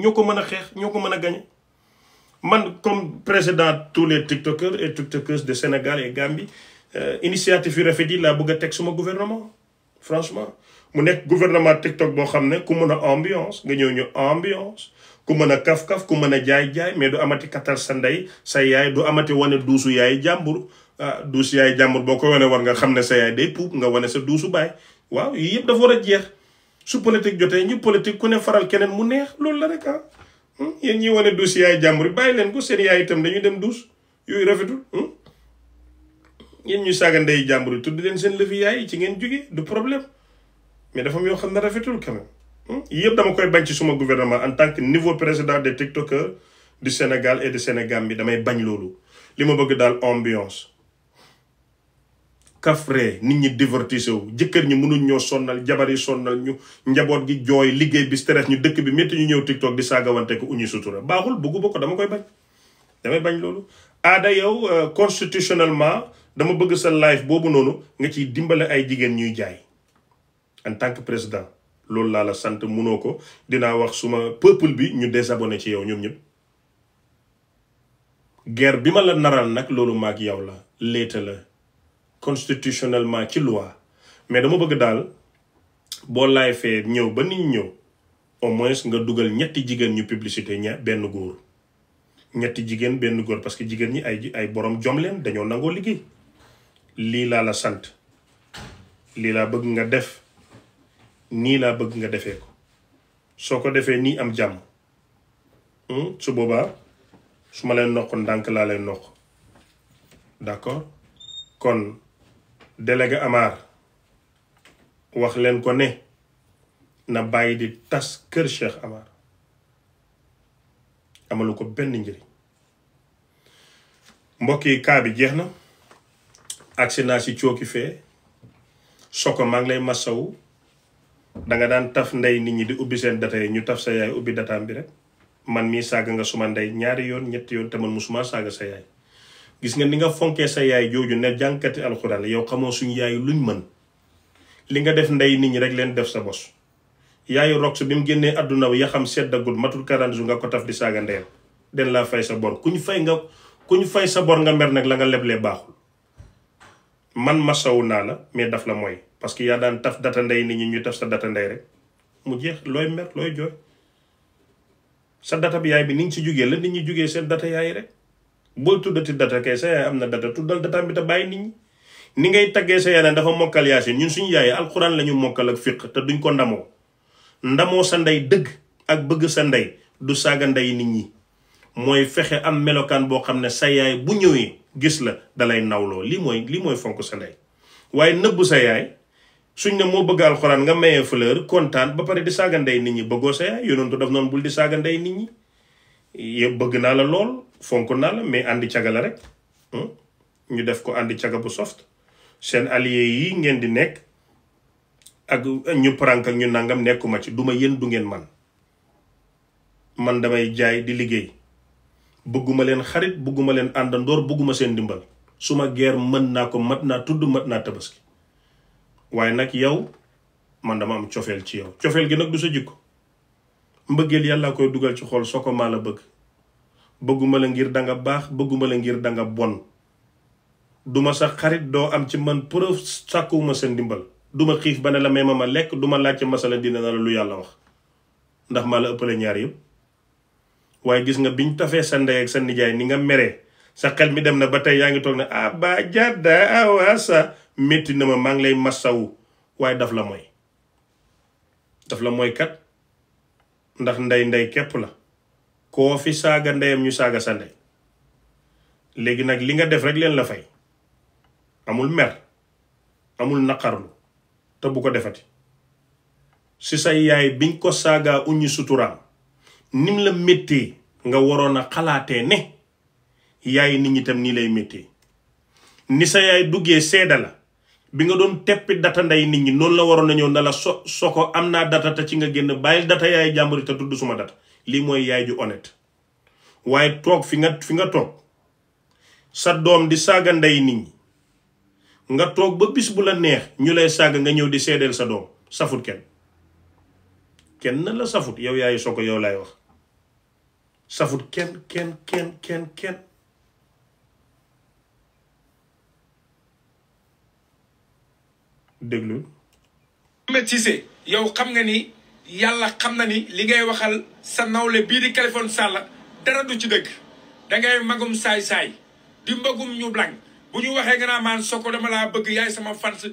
ñoo ko mën a xeex ñoo ko mën a gañe man comme président tous les tiktokers et tiktokeuses de Sénégal et Gambie euh, initiative yu rafet yi laa bëgg a teg suma gouvernement franchement mu nekk gouvernement tiktok boo xam ne ku mën a ambiance nga ñëw ñu ambiance ku mën a kaf-kaf ku mën a jaay-jaay mais du amati katal sa ndey sa yaay du amati wane duusu yaay jàmbur ah duusu yaay jàmbur boo ko wane war nga xam ne sa yaay nga wane sa duusu baay waaw yëpp dafa a jeex su politique jotee ñu politique ku ne faral keneen mu neex loolu la rek ah. Hmm? yéen ñi wane duus yaay jàmbur yi bàyyi leen bu seen yaay itam dañuy dem duus yooyu rafetul. Hmm? yéen ñuy saaga ndey jàmbur yi tudd leen seen lëfi yaay ci ngeen jóge du problème mais dafa am yoo xam ne rafetul quand même. Hmm? yëpp dama koy bañ ci suma gouvernement en tant que niveau président de tiktokers du Sénégal et de Sénégambie bi damay bañ loolu li ma bëgg daal ambiance. kafre nit ñi divertissé wu jëkkër ñi mënuñ ñoo sonnal jabar yi sonnal ñu njaboot gi jooy liggéey bi stress ñu dëkk bi métti ñu ñëw tiktok di saagawante ko uñu sutura baaxul bëgguma ko dama koy bañ damay bañ loolu aada yow euh, constitutionnellement dama bëgg sa live boobu noonu nga ciy dimbale ay jigéen ñuy jaay en tant que président loolu laa la sant mënoo ko dinaa wax suma peuple bi ñu désabonné ci yow ñoom ñëpp ger bi ma la naral nag loolu maag yow la léeta la constitutionnellement ci loi mais dama bëgg daal boo laay fee ñëw ba nit ñëw au moins nga dugal ñetti jigéen ñu publicité ña benn góor ñetti jigéen benn góor parce que jigéen ñi ay ay borom jom leen dañoo nangoo liggéey lii laa la sant lii laa bëgg nga def nii laa bëgg nga defee ko soo ko defee nii am jàmm hmm? su boobaa su ma leen noq ndànk laa leen noq d'accord kon délégué Amar wax leen ko ne na bàyyi di tas kër Cheikh Amar amalu ko benn njëriñ mbokk yi kaa bi jeex na agsi naa si cooki fee soko maa ngi lay masawu danga daan taf ndey nit ñi di ubbi seen data yi ñu taf sa yaay ubbi dataam bi rek man mii saaga nga suma ndey ñaari yoon ñetti yoon te man mu musuma saaga sa yaay gis nga ni nga fonkee sa yaay jooju ne jànkati alxuraan yow xamoo suñu yaay luñ mën li nga def ndey nit ñi rek leen def sa bos yaayu rox bi mu génnee àdduna ya xam seddagut matul quarante jours nga ko taf di saaga ndeyam laa fay sa bor ku ñu fay nga ku ñu fay sa bor nga mer nag la nga leblee baaxul man masawu naa la mais daf la mooy parce que yaa daan taf data ndey nit ñi ñu taf sa data ndey rek mu jeex looy mer looy jooy sa data bi yaay bi ni ñu si jógee la nit ñi jógee seen data yaay rek bul tuddati data kay sa yaay am na data tuddal data bi te bàyyi nit ñi ni ngay taggee sa yaay ndafa mokkal yaasin ñun suñu yaay alxuraan la ñu mokkal ak fiq te duñ ko ndamoo ndamoo sa ndey dëgg ak bëgg sa ndey du saaga ndey nit ñi mooy fexe am melokaan boo xam ne sa yaay bu ñëwee gis la dalay nawloo li mooy lii mooy fonk sa ndey waaye nëbbu sa yaay suñ ne moo bëgg alxuraan nga mayee fleur kontaan ba pare di saaga ndey nit ñi bëggoo sa yaay yonentu daf noonu di saaga ndey nit ñi bëgg naa la lool fonk naa la mais àndi caga la rek hmm? ñu def ko ànd caga bu soft seen allié yi ngeen di nekk ak ñu prank ak ñu nangam nekkuma ci duma yéen du ngeen man man damay jaay di liggéey bëgguma leen xarit bëgguma leen àndandoor bëgguma seen dimbal suma geer mën naa ko mat naa tudd mat naa tabaski waaye nag yow man dama am cofeel ci yow cofeel gi nag du sa jikko mbëggeel yàllaa koy dugal ci xool soo ko maa la bëgg bëgguma la ngir danga baax bëgguma la ngir danga bon duma sa xarit doo am ci man preuve sàkkuwuma sa ndimbal duma xiif ba ne la may ma ma lekk duma laaj ci masala dina na la lu yàlla wax ndax maa la ëppale ñaar yëpp waaye gis nga biñ tafee sa ndey ak sa nijaay ni nga meree sa xel mi dem na ba tey yaa ngi toog ne ah ba jàdda ah, sa metti na ma maa ngi lay masawu waaye daf la mooy daf la mooy ndax ndey ndey képp la koo fi saaga ndeyam ñu saaga sa ndey léegi nag li nga def rek leen la fay amul mer amul naqarlu te bu ko defati si sa yaay biñ ko saagaa uññi suturaam nim la méttee nga waroon a xalaatee ne yaay nit ñi tam nii lay méttee ni sa yaay duggee seeda la bi nga doon teppi data ndey nit ñi noonu la waroon na ñëw na la so soko am naa data te ci nga génn bàyyil data yaay jàmbur te tudd suma data lii mooy yaay ju honnête waaye toog fi nga fi nga toog sa doom di saaga nday nit ñi nga toog ba bis bu la neex ñu lay saaga nga ñëw di seedeel sa doom safut kenn kenn safut yow yaayu soko yow laay wax safut kenn kenn kenn kenn kenn déglu. Ahmed Cissé yow xam nga ni yàlla xam na ni li ngay waxal sa nawle bii di Khalifa Sall dara du ci dëgg dangay magum saay-saay di mbagum ñu blanc bu ñu waxee nga naa maan soko dama laa bëgg yaay sama fans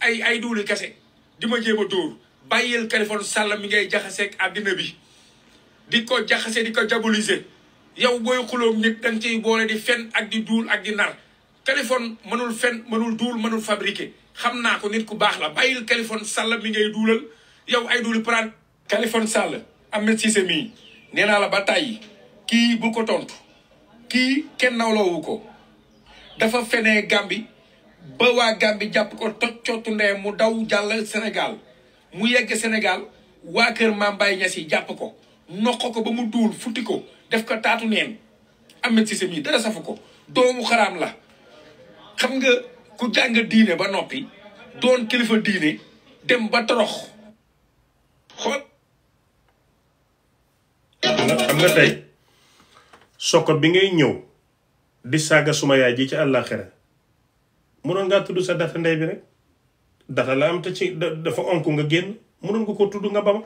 ay ay duuli kese di ma jéem a dóor bàyyil Khalifa Sall mi ngay jaxaseeg àddina bi di ko jaxase di ko diaboliser yow booy xulóom nit danga ciy boole di fen ak di duul ak di nar Khalifa mënul fenn mënul duul mënul fabriquer xam naa ko nit ku baax la bàyyil Kaliphone Sall mi ngay duulal yow ay duuli prate Kaliphone Sall Ahmed Cissé mii nee naa la ba tàyyi kii bu ko tontu kii kenn nawloowu ko dafa fenee Gàmbi ba waa Gàmbi jàpp ko toj cootu ndee mu daw jàll senegal mu yegg senegal waa kër Mame Baye Niass jàpp ko noq ko ba mu duul futti ko def ko taatu neen Ahmed Cissé mii dara safu ko doomu xaraam la xam nga ku jàng diine ba noppi doon kilifa diine dem ba torox xool. am na tey sokko bi ngay ñëw di saaga suma yaay ji ci àllaaxira mënoon ngaa tudd sa data ndey bi rek data la am te ci dafa onk nga génn mënoon nga ko tudd nga bam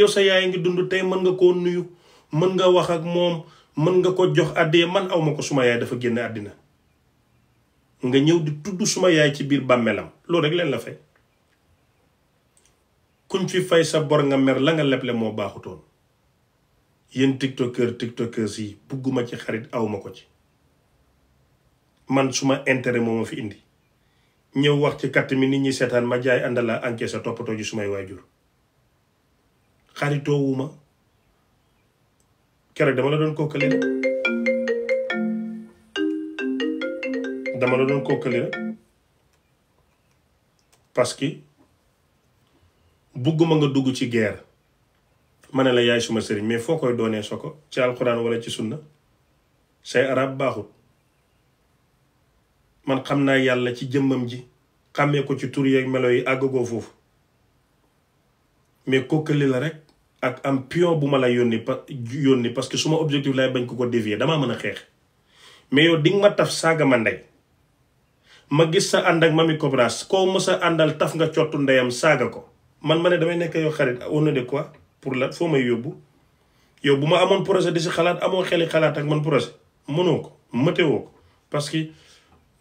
yow sa yaay ngi dund tey mën nga koo nuyu mën nga wax ak moom mën nga koo jox àddee man awma ko suma yaay dafa génn àddina nga ñëw di tudd suma yaay ci biir bàmmeelam loolu rek leen la fay kuñ fi fay sa bor nga mer la nga leble moo baaxutoon yéen tiktokeur tiktokeurs si bugguma ci xarit awma ko ci man suma intérêt moo ma fi indi ñëw wax ci katt mi nit ñi seetaan ma jaay àndalaa encaisse toppatoo ji sumay waajur xaritoowuma keroog dama la doon kokkaleen dama la doon kookali rek parce que bugguma nga dugg ci guerre ma ne la yaay suma sëriñ mais foo koy doonee so ko ci alxuraan wala ci sunna say arab baaxut man xam naa yàlla ci jëmmam ji xàmmee ko ci tour yeeg melo yi àggagoo foofu mais kookali la rek ak am pion bu ma la yónni pa yónni parce que suma objectif laay bañ ko ko dévier damaa mën a xeex mais yow di nga ma taf saaga ma ndey ma gis sa ànd ak ma mami Cobras koo mës a àndal taf nga cottu ndeyam saaga ko man ma ne damay nekk yow xarit on est de quoi pour la foo may yóbbu yow bu ma amoon projet di si xalaat amoo xeli xalaat ak man projet mënoo ko mëtewoo ko parce que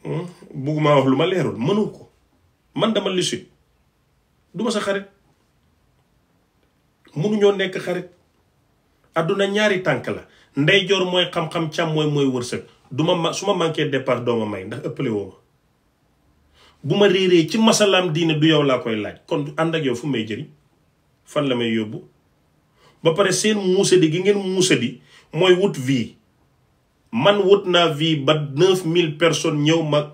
hmm, bugguma wax lu ma leerul mënoo ko man dama lissu du sa xarit mënuñoo nekk xarit àdduna ñaari tànk la ndeyjoor mooy xam-xam càmmooñ mooy wërsëg du ma ma su ma manqué dépense doo ma may ndax ëppale woo ma bu ma réeree ci masalaam diine du yow laa koy laaj kon ànd ak yow fu may jëriñ fan la may yóbbu ba pare seen muusadi gi ngeen muusadi mooy wut vie man wut naa vie ba mille personnes ñëw mag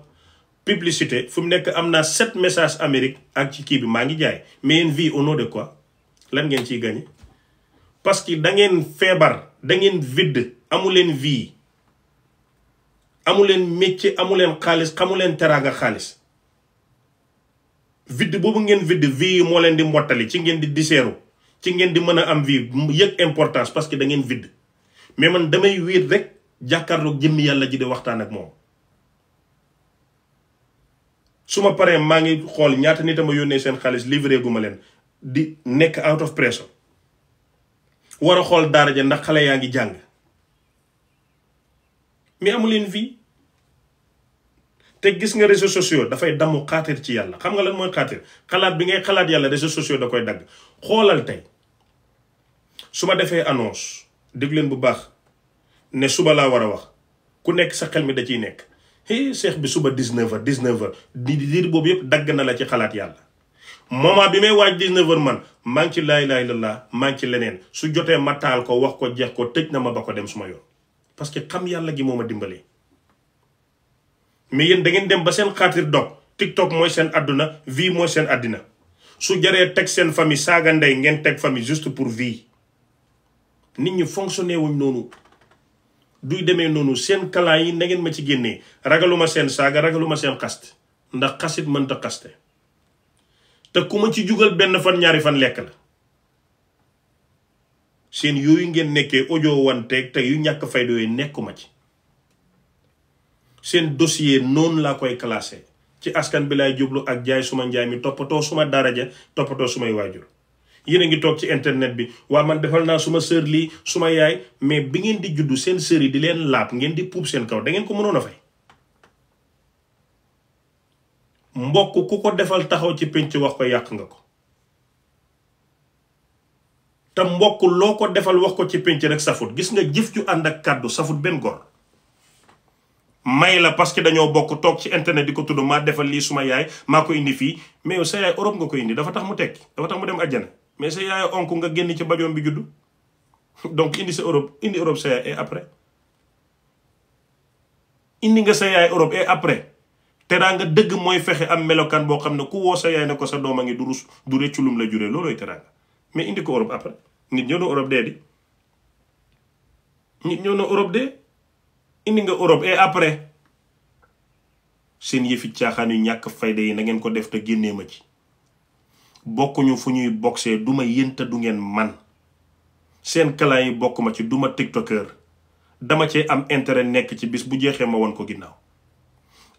publicité fu mu nekk am naa sept message Amérique ak ci kii bi maa ngi jaay mais vii vie au nom de quoi lan ngeen ciy gagné parce que da ngeen feebar da ngeen vide amu leen vie amu leen métier amu leen xaalis xamu leen teraanga xaalis. vidde boobu ngeen vidde vie yi moo leen di mottali ci ngeen di diseeru ci ngeen di mën a am vie yëg importance parce que da ngeen vidde mais man damay wiir rek jàkkaarloog jëmmi yàlla ji di waxtaan ak moom su paree maa ngi xool ñaata nit a yónnee seen xaalis livré gu ma leen di nekk out of pressure war a xool daara ja ndax xale yaa ngi jàng mais amu leen vie te gis nga réseaux sociaux dafay damu xaatir ci yàlla xam nga lan mooy xaatir xalaat bi ngay xalaat yàlla réseaux sociaux da koy dagg xoolal tey su ma defee annonce déglu leen bu baax ne suba laa war a wax ku nekk sa xel mi da ciy nekk hé seex bi suba 19h 19h di diir boobu yëpp dagg na la ci xalaat yàlla moment bi may waaj 19h man maa ngi ci laa ilaaha illallaah maa ngi ci leneen su jotee ma taal ko wax ko jeex ko tëj na ma ba ko dem suma yoon parce que xam yàlla gi moo ma dimbalee mais yéen da ngeen dem ba seen xaatir dog tiktok mooy seen àdduna vie mooy seen àddina su jaree teg seen famille saaga ndey ngeen teg famille juste pour vie nit ñi fonctionné wuñ noonu duy demee noonu seen kalaan yi na ngeen ma ci génnee ragaluma seen saaga ragaluma seen xast ndax xasit mënta xaste te ku ma ci jugal benn fan ñaari fan lekk la seen yooyu ngeen nekkee audio wanteeg te yu ñàkk faydo yooyu nekkuma ci seen dossier noonu laa koy classé ci askan bi laay jublu ak jaay suma njaay mi toppatoo suma daraja toppatoo sumay waajur yéen a ngi toog ci internet bi waa man defal naa suma sër lii suma yaay mais bi ngeen di juddu seen séri yi di leen laab ngeen di puub seen kaw da ko mënoon a fay. mbokk ku ko defal taxaw ci pénc wax ko yàq nga ko te mbokk loo ko defal wax ko ci pénc rek safut gis nga jëf ju ànd ak kàddu safut benn góor may la parce que dañoo bokk toog ci internet di ko tudd maa defal lii suma yaay maa ko indi fii mais sa yaay Europe nga ko indi dafa tax mu tekki dafa tax mu dem àjjana mais sa yaay nga génn ci bajoom bi juddu donc indi sa Europe indi Europe sa yaay après indi nga sa yaay Europe et après nga dëgg mooy fexe am melokaan boo xam ne ku woo sa yaay ne ko sa doom a ngi du rus du rëccu lum la juree loolooy teraanga mais indi ko Europe après nit ñëw na Europe dee di nit ñëw na Europe dee indi nga Europe et après seen yëfi caaxaan yu ñàkk fayde yi na ngeen ko def te génnee ma ci bokkuñu fu ñuy boxee duma yénta du ngeen man seen kalaan yi bokk ma ci duma tiktokeur dama cee am intérêt nekk ci bis bu jeexee ma won ko ginnaaw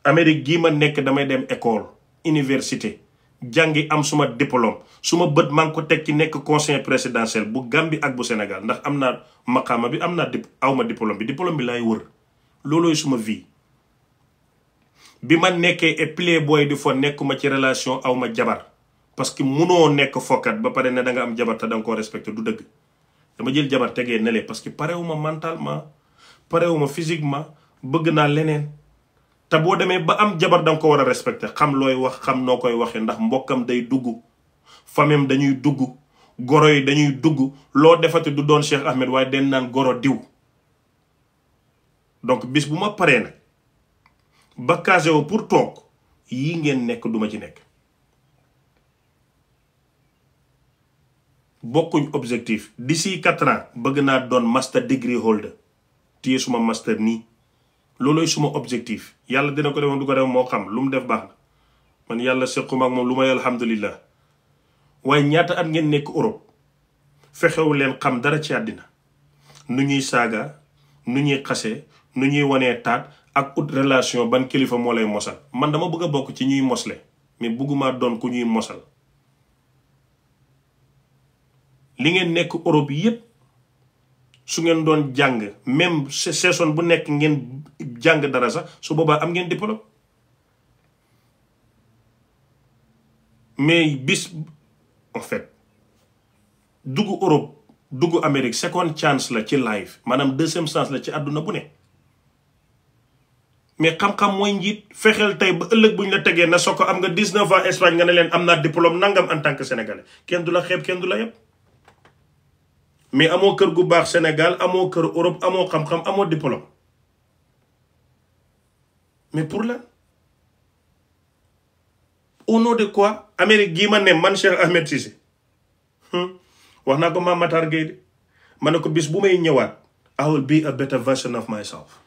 Amérique gii ma nekk damay dem école université jàngi am suma diplôme suma bët maa ngi ko teg nekk conseil présidentiel bu Gambie ak bu Sénégal ndax am naa maqaama bi am naa dip aw ma diplôme bi diplôme bi laay wër loolooy suma vie bi ma nekkee et playboy di fo nekkuma ci relation aw ma jabar parce que munoo nekk fokkat ba paree ne danga am jabar te da nga koo du dëgg dama jël jabar tegee nele parce que parewuma mentalement parewuma physiquement bëgg naa leneen te boo demee ba am jabar da ko war a respecté xam looy wax xam noo koy waxee ndax mbokkam day dugg famem dañuy dugg goro yi dañuy dugg loo defati du doon Cheikh Ahmed waaye den naan goro diw donc bis bu ma paree nag ba casé pour toog yii ngeen nekk duma ci nekk bokkuñ objectif d'ici quatre ans bëgg naa doon master degree holder téye suma master nii loolooy suma objectif yàlla dina ko defam du ko def moo xam lu mu def baax na man yàlla sequma ak moom lu may alhamdulillah waaye ñaata at ngeen nekk Europe fexewu leen xam dara ci àddina nu ñuy saaga nu ñuy xase nu ñuy wanee taat ak ut relation ban kilifa moo lay mosal man dama bëgg a bokk ci ñuy mosle mais bëgguma doon ku ñuy mosal li ngeen nekk Europe yépp su ngeen doon jàng même saison bu nekk ngeen jàng dara sax su boobaa am ngeen diplôme mais bis en fait dugg Europe dugg Amérique second chance la ci life maanaam deuxième chance la ci àdduna bu ne mais xam-xam mooy njiit fexeel tey ba ëllëg bu ñu la tegee na soo ko am nga 19 ans Espagne nga ne leen am naa diplôme nangam en tant que sénégalais kenn du la xeeb kenn du la yëpp. mais amoo kër gu baax Sénégal amoo kër Europe amoo xam-xam amoo diplôme mais pour la au nom de quoi Amérique gii ma ne man Cheikh Ahmed Cissé hmm? wax naa ko ma Matar Gueye de ma ne ko bis bu may ñëwaat I will be a better version of myself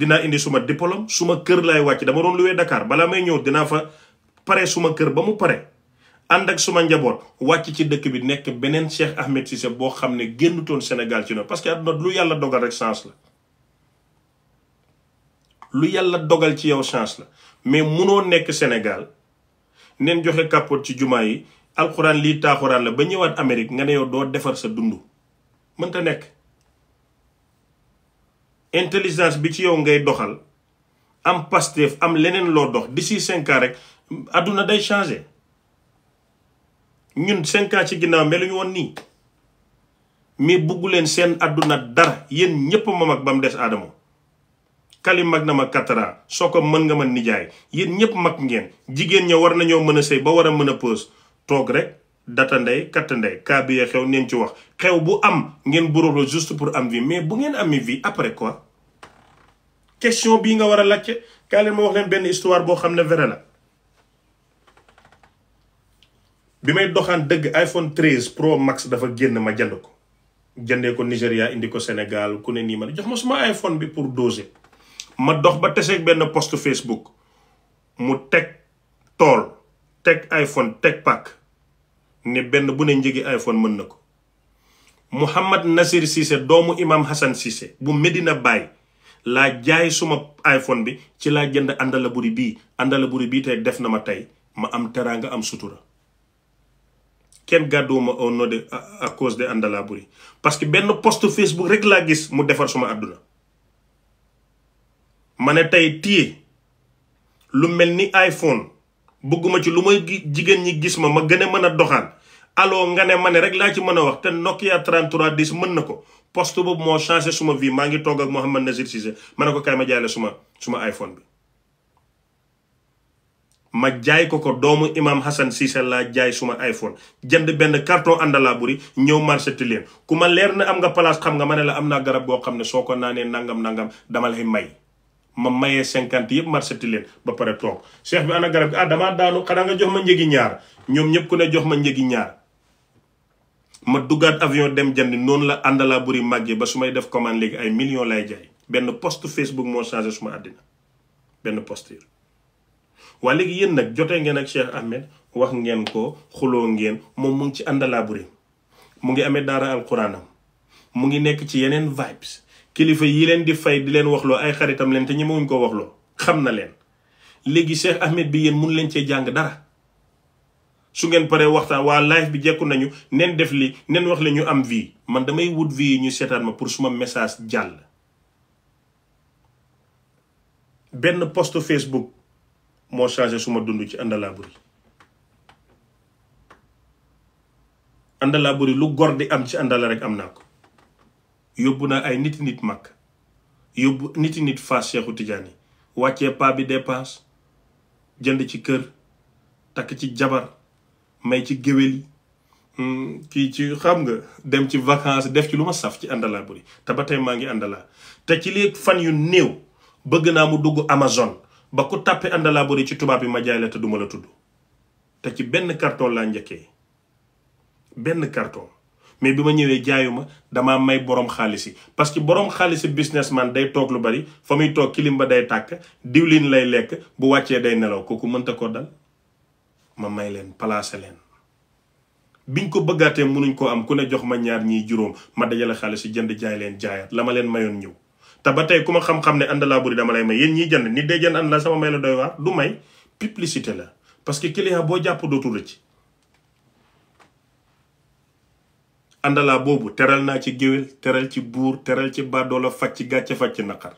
dinaa indi suma diplôme suma kër lay wàcc dama doon luwee dakaar balaa may ñëw dinaa fa pare suma kër ba mu pare ànd ak suma njaboot wàcc ci dëkk bi nekk beneen Cheikh Ahmed Cissé boo xam ne génnutoon Sénégal ci noonu parce que àdduna lu yàlla dogal rek lu yàlla dogal ci yow chance la mais munoo nekk Sénégal neen joxe kàppoot ci jumaa yi alxuraan lii taaxuraan la ba ñëwaat Amérique nga ne doo defar sa dund mënta nekk intelligence bi ci yow ngay doxal am Pastef am leneen loo dox d'ici cinq ans rek adduna day changé ñun cinq ans ci ginnaaw meluñu woon nii mais buggu leen seen adduna dara yéen ñépp ma mag ba mu des Adamo kali mag na ma katara soo ko mën nga ma nijaay yéen ñépp mag ngeen jigéen ña war nañoo mën a sëy ba war a mën a pës toog rek data ndey katt ndey kaa xew neen ci wax xew bu am ngeen buróorlu juste pour am vie mais bu ngeen amee vie après quoi question bii nga war a laajte kaa leen ma wax leen benn histoire boo xam ne vrai bi may doxaan dëgg iPhone 13 Pro Max dafa génn ma jënd ko jëndee ko Nigéria indi ko Sénégal ku ne nii ma jox ma suma iPhone bi pour doser ma dox ba teseeg benn post Facebook mu teg tool teg iPhone teg pack ne benn bu ne njëgi iPhone mën na ko Mouhamad Nasir Cissé doomu imam Hassan Cissé bu Medina Baye laa jaay suma iPhone bi ci laa jënd àndala buri bii àndala buri bii tey def na ma tey ma am teraanga am sutura kenn gàdduwuma au nom de à cause de àndala buri parce que benn post Facebook rek laa gis mu defar suma àdduna ma ne tey téye lu mel ni iPhone bëgguma ci lu may jigéen ñi gis ma ma gën a mën a doxaan allo nga ne ma ne rek laa ci mën a wax te Nokia 3310 mën na ko poste boobu moo changé suma vie maa ngi toog ak Mouhamad Nazir Cissé ma ne ko kay ma jaay suma suma iPhone bi ma jaay ko ko doomu imam Hassan Cissé laa jaay suma iPhone jënd benn carton àndalaa buri ñëw marché Tilène ku ma leer na am nga place xam nga ma ne la am naa garab boo xam ne soo ko naanee nangam nangam dama lay may ma mayee cinquante yëpp marché Tilène ba pare toog cheikh bi ana garab gi ah damaa daanu xanaa nga jox ma njëgi ñaar ñoom ñëpp ku ne jox ma njëgi ñaar ma duggaat avion dem jëndi noonu la àndalaa buri màggee ba su may def commande léegi ay millions lay jaay benn post Facebook moo changé suma àddina benn posture waaye léegi yéen nag jotee ngeen ak Cheikh Ahmed wax ngeen ko xuloo ngeen moom mu ngi ci àndalaa buri mu ngi amee daara alxuraanam mu ngi nekk ci yeneen vibes kilifa yi leen di fay di leen waxloo ay xaritam leen te ñemewuñ ko waxloo xam na leen léegi Cheikh Ahmed bi yéen mun leen cee jàng dara su ngeen paree waxtaan waa live bi jekku nañu neen def li nen wax la ñu am vie man damay wut vie yi ñu seetaan ma pour suma message jàll benn post Facebook moo changé suma dund ci Andala Boury lu gor di am ci Andala rek am naa ko yóbbu naa ay niti nit mag yóbbu niti nit Fass Cheikhou yi wàccee paa bi dépense jënd ci kër takk ci jabar may ci géwél yi hmm, kii ci xam nga dem ci vacances def ci lu ma saf ci àndalaa buri te ba tey maa ngi àndalaa te ci lii fan yu néew bëgg naa mu dugg Amazon ba ku tàppe àndalaa ci tubaab bi ma jaay la te duma la tudd te ci benn carton laa njëkkee benn carton mais bi ma ñëwee jaayuma damaa may borom xaalis yi parce que borom xaalisi businessman day toog lu bari fa muy toog kilim ba day tàkk diwlin lay lekk bu wàccee day nelaw kooku mënta ko dal ma may leen placé leen biñ ko bëggaatee mënuñ koo am ku ne jox ma ñaar ñii juróom ma dajale xaalis si jënd jaay leen jaayaat la ma leen mayoon ñëw te ba tey ku ma xam-xam ne ànd laa buri dama lay may yéen ñiy jënd nit day jënd ànd sama may la doy waar du may publicité la parce que client boo jàpp dootu rëcc àndalaa boobu teral naa ci géwél teral ci buur teral ci bàddoola faj ci gàcce faj ci naqar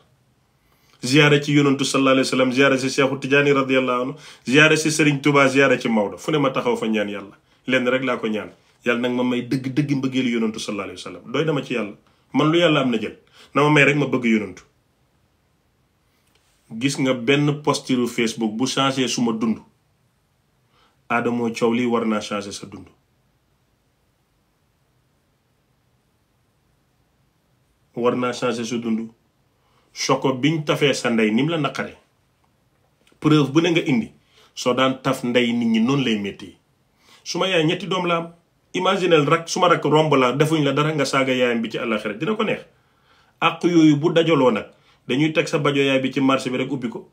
ziyaare ci yonantu sallallahu alayhi wa sallam ziyaare si Seexu Tijaani radiyallahu anhu ziyaare si Serigne Touba ziyaare ci Maodo fu ne ma taxaw fa ñaan yàlla lenn rek laa ko ñaan yàlla nag ma may dëgg dëgg mbëggeelu yonantu sallallahu alayhi wa sallam doy dama ci yàlla man lu yàlla am na jël na ma may rek ma bëgg yonantu gis nga benn postiru Facebook bu changé suma dund Adamo coow lii war naa changé sa dund war naa changé sa dund soko biñ tafee sa ndey ni mu la naqare preuve bu ne nga indi soo daan taf ndey nit ñi noonu lay métti su ma yaay ñetti doom la am imaginel rak su ma rak romb la defuñ la dara nga saaga yaayam bi ci àllaxira dina ko neex àq yooyu bu dajaloo nag dañuy teg sa bajo yaay bi ci marché bi rek ubbi ko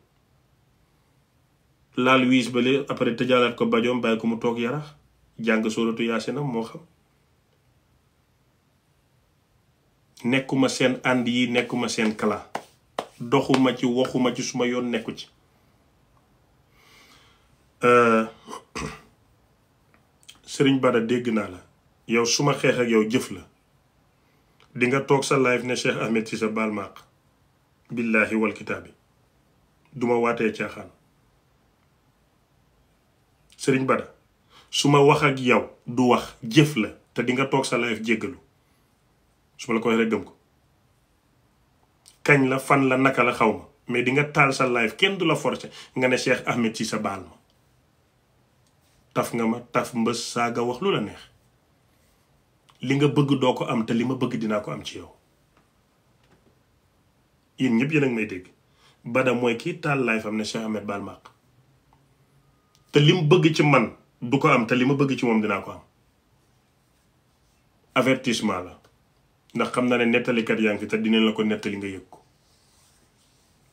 laal wiis bale après tëjaalaat ko bajoom bàyyi ko mu toog yarax jàng sóoratu na moo xam nekkuma seen ànd yi nekkuma seen kala doxuma ci waxuma ci suma yoon nekku ci euh, sëriñ Bada dégg naa la yow suma xeex ak yow jëf la di nga toog sa live ne Cheikh Ahmed Cissé baal ma billaahi wal kitaabi duma waatee caaxaan sëriñ Bada su ma wax ak yow du wax jëf la te dinga toog sa live jéggalu su la koy rek ko kañ la fan la naka la xaw ma mais di nga taal sa live kenn du la forcer nga ne Cheikh Ahmed ci sa baal ma taf nga ma taf mbës saaga wax lu la neex li nga bëgg doo ko am te li ma bëgg dinaa ko am ci yow yéen ñëpp yéen a ngi dégg bada mooy kii taal live am ne Cheikh Ahmed te li bëgg ci man du ko am te li ma bëgg ci moom dinaa ko am avertissement la ndax xam na ne nettalikat yaa ngi fi te dinañ la ko nettali nga yëg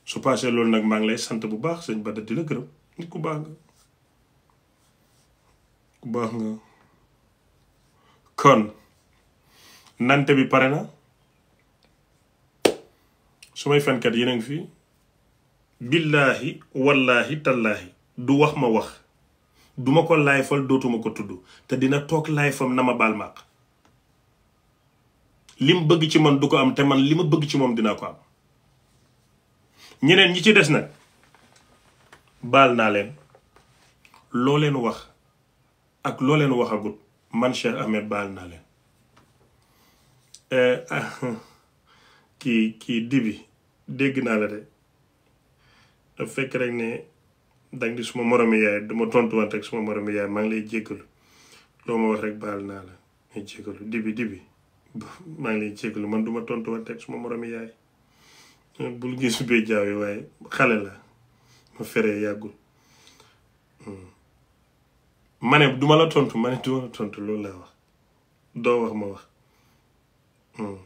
su paasee loolu nag maa ngi lay sant bu baax sëñ Bada di la gërëm nit ku baax nga ku baax nga kon nante bi pare na su may fenkat yéen a ngi fi billaahi wallaahi tallaahi du wax ma wax duma ko laayfal dootuma ko tudd te dina toog laayfam na ma baal maaq li bëgg ci man du ko am te man li ma bëgg ci moom dinaa ko am ñeneen ñi ci des nag baal naa leen loo leen wax ak loo leen waxagut man Cheikh Ahmed baal naa leen eh, kii kii dibi dégg naa la de daf fekk rek ne dang di suma moromi yaay duma tontuwante ak suma moromi yaay maa ngi lay jéggalu loo ma wax rek baal naa la may jéggalu dibi dibi maa ngi lay jéggalu man duma tontuwante ak suma moromi yaay bul gis bee jaaw yi waaye xale la ma feree yàggul hmm. ma ne duma la tontu ma ne duma la tontu loolu laa wax doo wax ma wax hmm.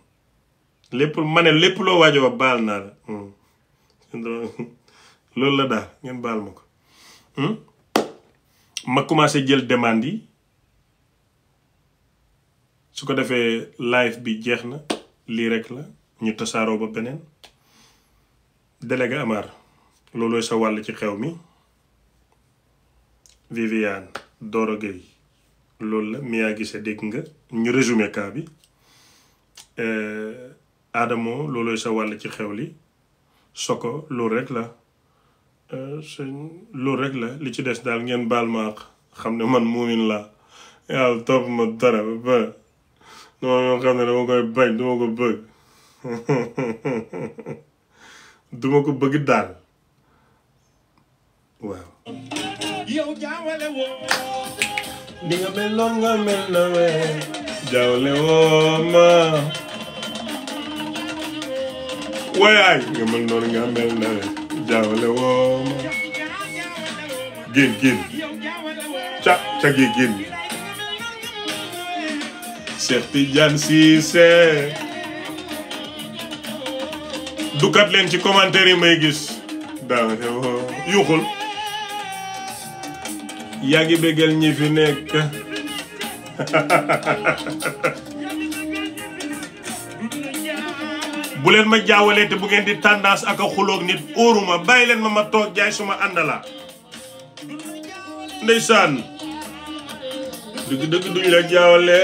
lépp ma ne lépp loo waaj wax baal naa la hmm. loolu la daal ngeen baal ma ko ma commencé jël demande yi su ko defee live bi jeex na lii rek la ñu tasaaroo ba beneen délégué Amar loolooy sa wàll ci xew mi Viviane Doro Gueye loolu la Mia Guissé dégg nga ñu résumé cas bi euh, Adamo loolooy sa wàll ci xew li Soko loolu rek la euh, loolu rek la li ci des daal ngeen baal ma xam ne man muumin laa yàlla topp ma dara ba non ñoo xam ne dama koy bañ dama ko bëgg duma ko bëgg daal waaw yow jaawale woo di nga meloon nga mel na we jaawale woo ma wayaay nga mel noonu nga mel na we jaawale woo ma génn génn ca ca génn génn Cheikh Tidiane Cissé duggaat leen ci commentaire yi may gis daaw yuuxul yaa ngi bégal ñi fi nekk bu leen ma jaawalee te bu ngeen di tendance ak a xuloog nit óoruma bàyyi leen ma ma toog jaay suma àndala ndeysaan dëgg dëgg duñ la jaawale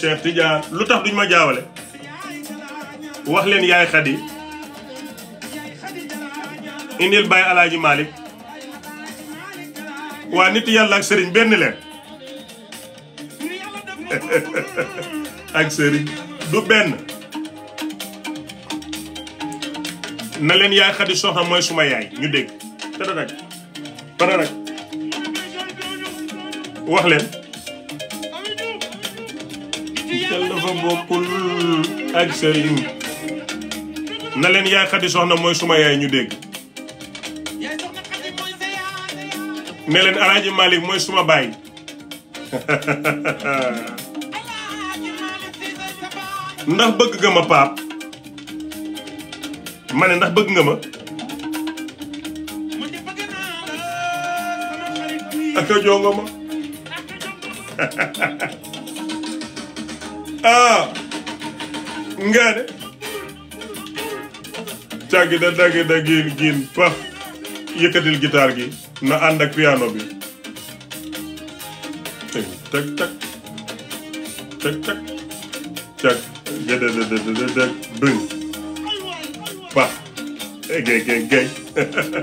Cheikh Tidiane lu tax duñ ma jaawale wax leen yaay Xadi indil Baye Alaaji Malick waa nit yàlla ak sëriñ benn leen ak sëriñ du benn na leen yaay xadi soxna mooy suma yaay ñu dégg tara nag tara wax leen jël dafa bokkul ak sëriñ na leen yaay xadi soxna mooy suma yaay ñu dégg ne leen Alaaji Malick mooy suma baay ndax bëgg nga ma paap ma ndax bëgg nga ma ak a jongo ma ah nga ne càggi da daggi da giin giin yëkkatil gitaar gi na ànd ak piano bi teg teg teg teg teg teg gëdëdëdëdëdë duñ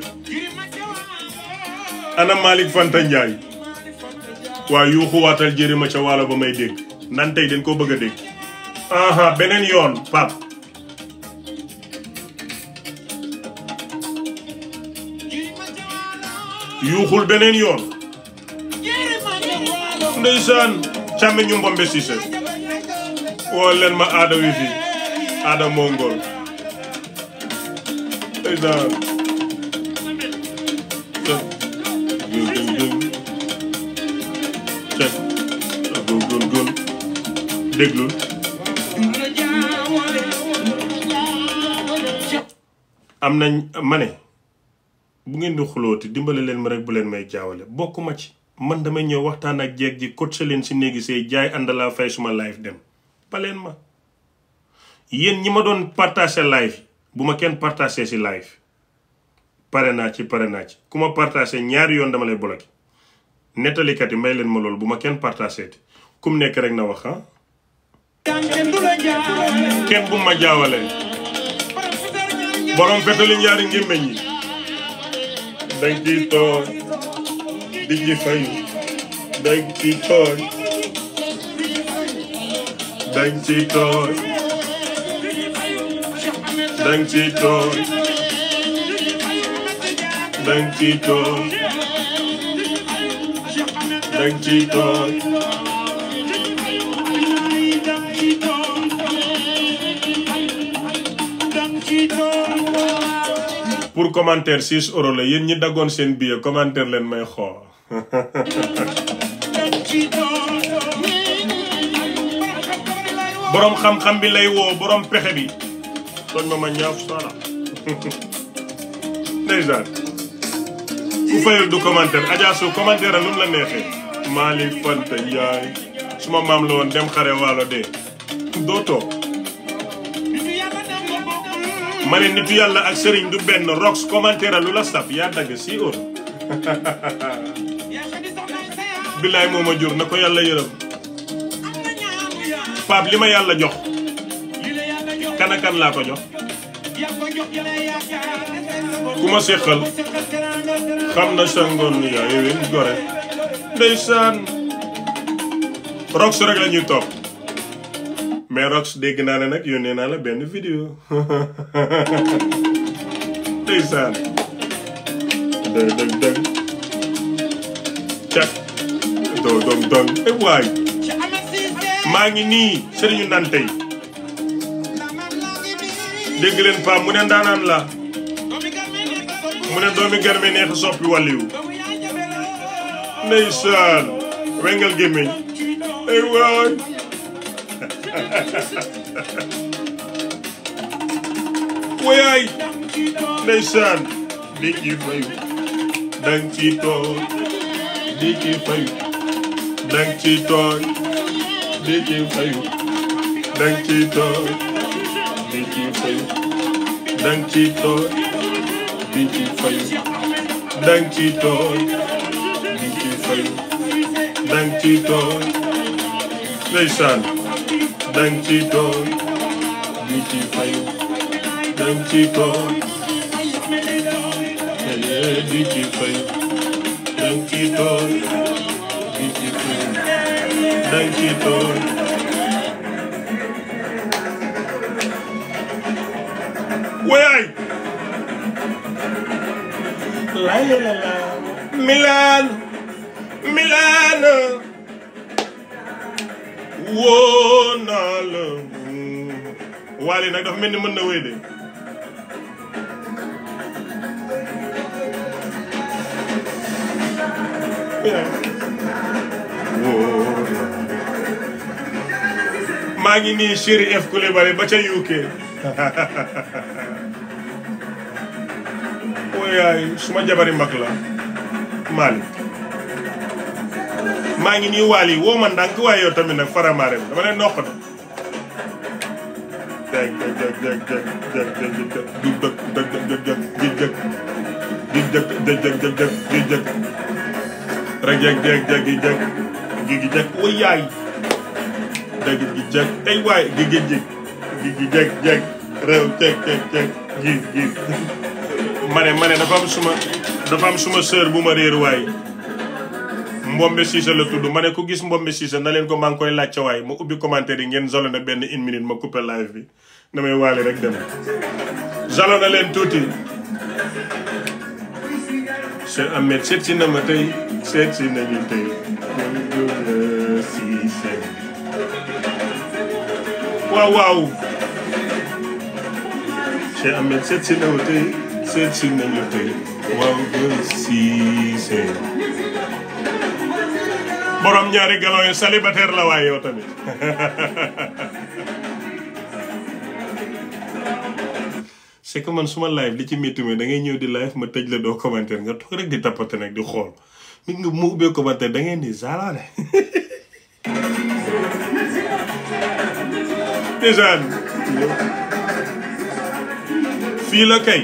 ana Malick Fanta Ndiaye waa yuuxu waatal jëri ma ca waalo ba may dégg nan tey dañ koo bëgg aha beneen yoon pap yuuxul beneen yoon ndeysaan càmmi ñu mbombe siise woo leen ma aada wi fi aada mongol ndeysaan déglul am nañ ma bu ngeen di xulooti dimbali leen ma rek bu leen may jaawale ma ci man damay ñëw waxtaan ak jeeg ji coaché leen si néegi say jaay àndalaa fay suma live dem baleen ma yéen ñi ma doon partagé live bu ma kenn partagé si live pare naa ci pare naa ci ku ma partagé ñaari yoon dama lay bloqué nettalikat yi may leen ma loolu bu ma kenn partagé ti ku mu nekk rek na wax ah kenn bu ma jaawale borom fetali ñaari ngémmeñ dañ ci tooñ di ci fay ci tooñ ci tooñ ci tooñ ci tooñ pour commentaire 6 euros la yéen ñi daggoon seen billet commentaire leen may xool. boroom xam-xam bi lay woo boroom pexe bi. tooñ ma ma ñaaf sala ndeysaan ku fayul du commentaire Adja commentaire a lu mu la neexee. Malick Fanta Ndiaye suma maam la woon dem xare waalo dee doo ma i nitu yàlla ak sëriñ du benn rox commentaire lu la saf yaa dagg si óor billaay moo ma jur na ko yàlla yërëm Pape li ma yàlla jox kan ak kan laa ko jox ku ma séqal xam na sa ngoon yaa yowin gore ndeysaan rox rek la ñuy topp mais Rox dégg naa ne nag yónnee naa la benn vidéo ndeysaan dëgg dëgg dëgg cak doo doom doom e eh, waay maa ngi nii sëriñu nante yi dégg leen pam mu ne ndaanaan la mu ne doomi garme neexa soppi wàlliwu ndeysaan wengal gémmiñ ay eh, waay wayaay ndeysaan di ci fayu dang ci tooñ di ci fayu dang ci tooñ di ci fayu dang ci tooñ di ci fayu dang ci tooñ di ci fayu dang ci tooñ di ci fayu dang ci tooñ ndeysaan dañ ci tooñ ñu ci fayu dañ ci tooñ te di ci fayu dañ ci tooñ di ci fayu dañ ci tooñ waay la la la Milan Milan woo naa la waale nag dafa mel ni mën na wéy de maa ngi nii Chéri F Coulibaly ba ca UK ooyaay suma jabari mag la Malick maa ngi nii waal woo ma ndànk waaye yoo tamit nag faramaare bi dama leen noq na. jag jag jag jag jag jag jag du dëkk ma ne ma ne dafa am suma dafa bu ma réer waay Mbombe Cissé la tudd mane ne ku gis Mbombe Cissé na leen ko maa ngi koy laaj ca waay ma ubbi commentaire yi ngeen zolo na benn une minute ma coupé live bi damay waale rek dem zolo na leen tuuti Cheikh seet si na ma tey seet si nañu tey Cissé waaw waaw Cheikh Ahmed seet si na ma tey seet si nañu tey borom ñaari galon yu célibataire la waaye yow tamit c'est man suma live li ci métti mi da ngay ñëw di live ma tëj la doo commentaire nga toog rek di tappate nag di xool mi nga mu ubbee commentaire da ngeen di zaalaale déjà fii la kay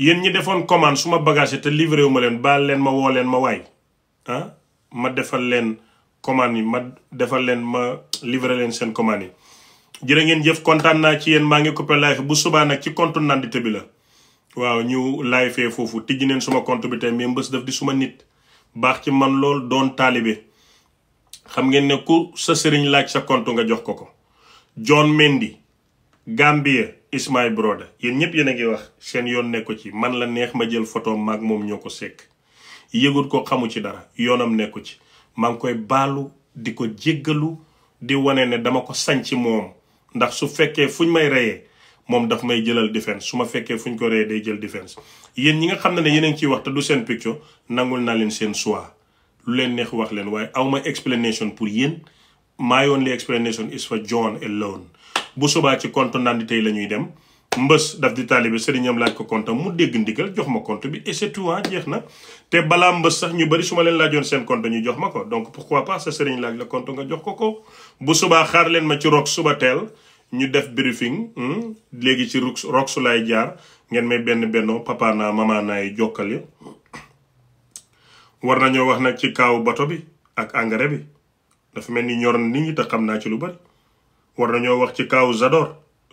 yéen ñi defoon commande su ma bagage te livré wu leen baal leen ma woo leen ma waay ah ma defal leen commande yi ma defal leen ma livré leen seen commande yi jërë ngeen jëf kontaan naa ci yéen maa ngi coupé live bu subaa nag ci compte nandite bi la waaw ñu live fee foofu tijji neen suma compte bi tey mais mbës daf di suma nit baax ci man lool doon taalibe xam ngeen ne ku sa sëriñ laaj sa conte nga jox ko ko John Mendy Gambia is my brother yéen ñëpp yéen a ngi wax seen yoon nekku ci man la neex ma jël photo maak moom ñoo ko sekk yëgut ko xamu ci dara yoonam nekku ci maa ngi koy baalu di ko jéggalu di wane ne dama ko sañ ci moom ndax su fekkee fu ñu may reyee moom daf may jëlal défense su ma fekkee fuñ ko reyee day jël défense yéen ñi nga xam ne ne yéen a ngi ciy wax te du seen picture nangul naa leen seen choix lu leen neex wax leen waaye awma explanation pour yéen my only explanation is for John alone bu subaa ci conte naan tey la ñuy dem mbës daf di taalibe sëriñam laaj ko compte mu dégg ndigal jox ma conte bi et c'est tout ah, jeex na te balaa mbës sax ñu bëri suma leen laajoon seen compte ñu jox ma ko donc pourquoi pas sa sëriñ laaj la compte nga jox ko ko bu subaa xaar leen ma ci roog suba teel ñu def briefing hmm, léegi ci rox roxu laay jaar ngeen may benn bennoo papa naa mama naay jokkale war nañoo wax nag ci kaaw bato bi ak engrais bi dafa mel ni ñor na nit ñi xam naa ci lu bari war nañoo wax ci kaaw Zador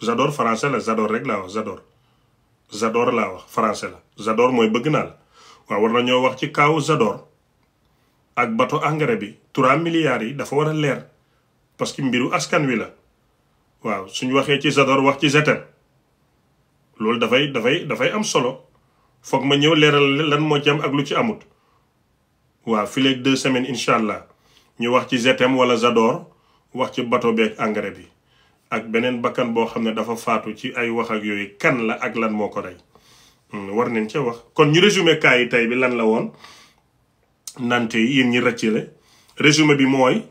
Zador france la Zador rek laa wax Zador Zador laa wax français la Zador mooy bëgg naa la waaw war nañoo wax ci kaaw Zador ak bato engrais bi trois milliards yi dafa war a leer parce que mbiru askan wi la waaw suñu waxee ci Zador wax ci ZM loolu dafay dafay dafay am solo foog ma ñëw leeral lan moo ci ak lu ci amut waaw fileeg deux semaines incha allah ñu wax ci ZM wala Zador wax ci bato beeg engrais bi ak beneen bakkan boo xam ne dafa faatu ci ay wax ak yooyu kan la ak lan moo ko rey hmm, war nañ ca wax kon ñu résumé cas yi tey bi lan la woon nante yi yéen ñi rëccale résumé bi mooy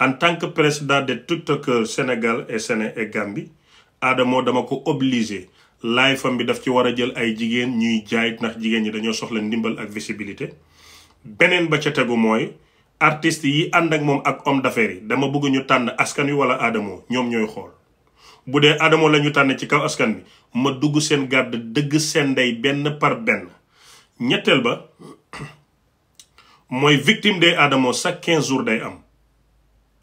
en tant que président des tiktokers Sénégal et Séné et Gambie Adamo dama ko obligé live fam bi daf ci war a jël ay jigéen ñuy jaay ndax jigéen ñi dañoo soxla ndimbal ak visibilité beneen ba ca tegu mooy artistes yi ànd ak moom ak homme d'affaires yi dama bëgg ñu tànn askan wi wala aadamoo ñoom ñooy xool bu dee Adamo la ñu tànn ci kaw askan bi ma dugg seen gàdd dëgg seen ndey benn par benn ñetteel ba mooy victime des Adamo chaque quinze jours day am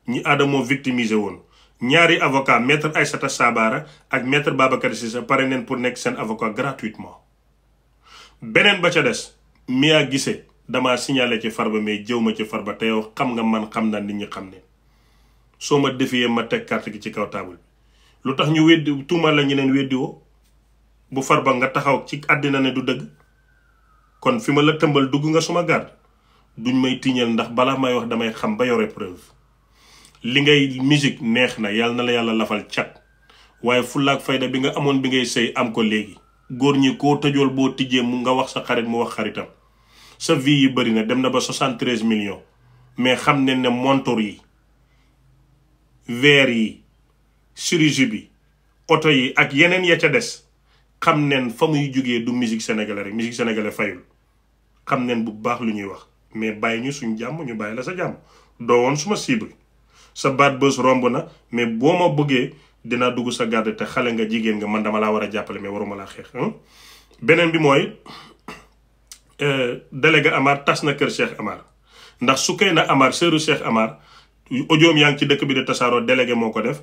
ñi Adamo victimisé woon ñaari avocat maître Aïssata Sabara ak maître Babacar Cissé pare neen pour nekk seen avocat gratuitement beneen ba ca des Mia Guissé dama signalé ci farba mais jëw ma ci farba te yow xam nga man xam naa nit ñi xam ne soo ma defee ma teg carte gi ci kaw taabal lu tax ñu weddi tuuma la ñu neen weddi bu far ba nga taxaw ci àddina ne du dëgg kon fi ma la tëmbal dugg nga suma garde duñ may tiñal ndax balaa may wax damay xam ba yore preuve li ngay musique neex na yàlla na la yàlla lafal cat waaye fullaak fayda bi nga amoon bi ngay sëy am ko léegi góor ñi ko tëjool boo tijjee mu nga wax sa xarit mu wax xaritam sa vie yi bëri na dem na ba 73 million mais xam ne ne montor yi verre yi chirurgie bi oto yi ak yeneen ya ca des xam neen fa muy jógee du musique sénégalais rek musique sénégalais fayul xam neen bu baax lu ñuy wax mais bàyyi ñu suñ jàmm ñu bàyyi la sa jàmm doo woon suma cible sa baat bës romb na mais boo ma bëggee dinaa dugg sa garde te xale nga jigéen nga man dama laa war a jàppale mais waruma laa xeex beneen bi mooy Euh, délégué Amar tas na kër Cheikh Amar ndax su Soukeyna Amar seeru Cheikh Amar ojoom yaa ngi ci dëkk bi di tasaaroo délégué moo ko def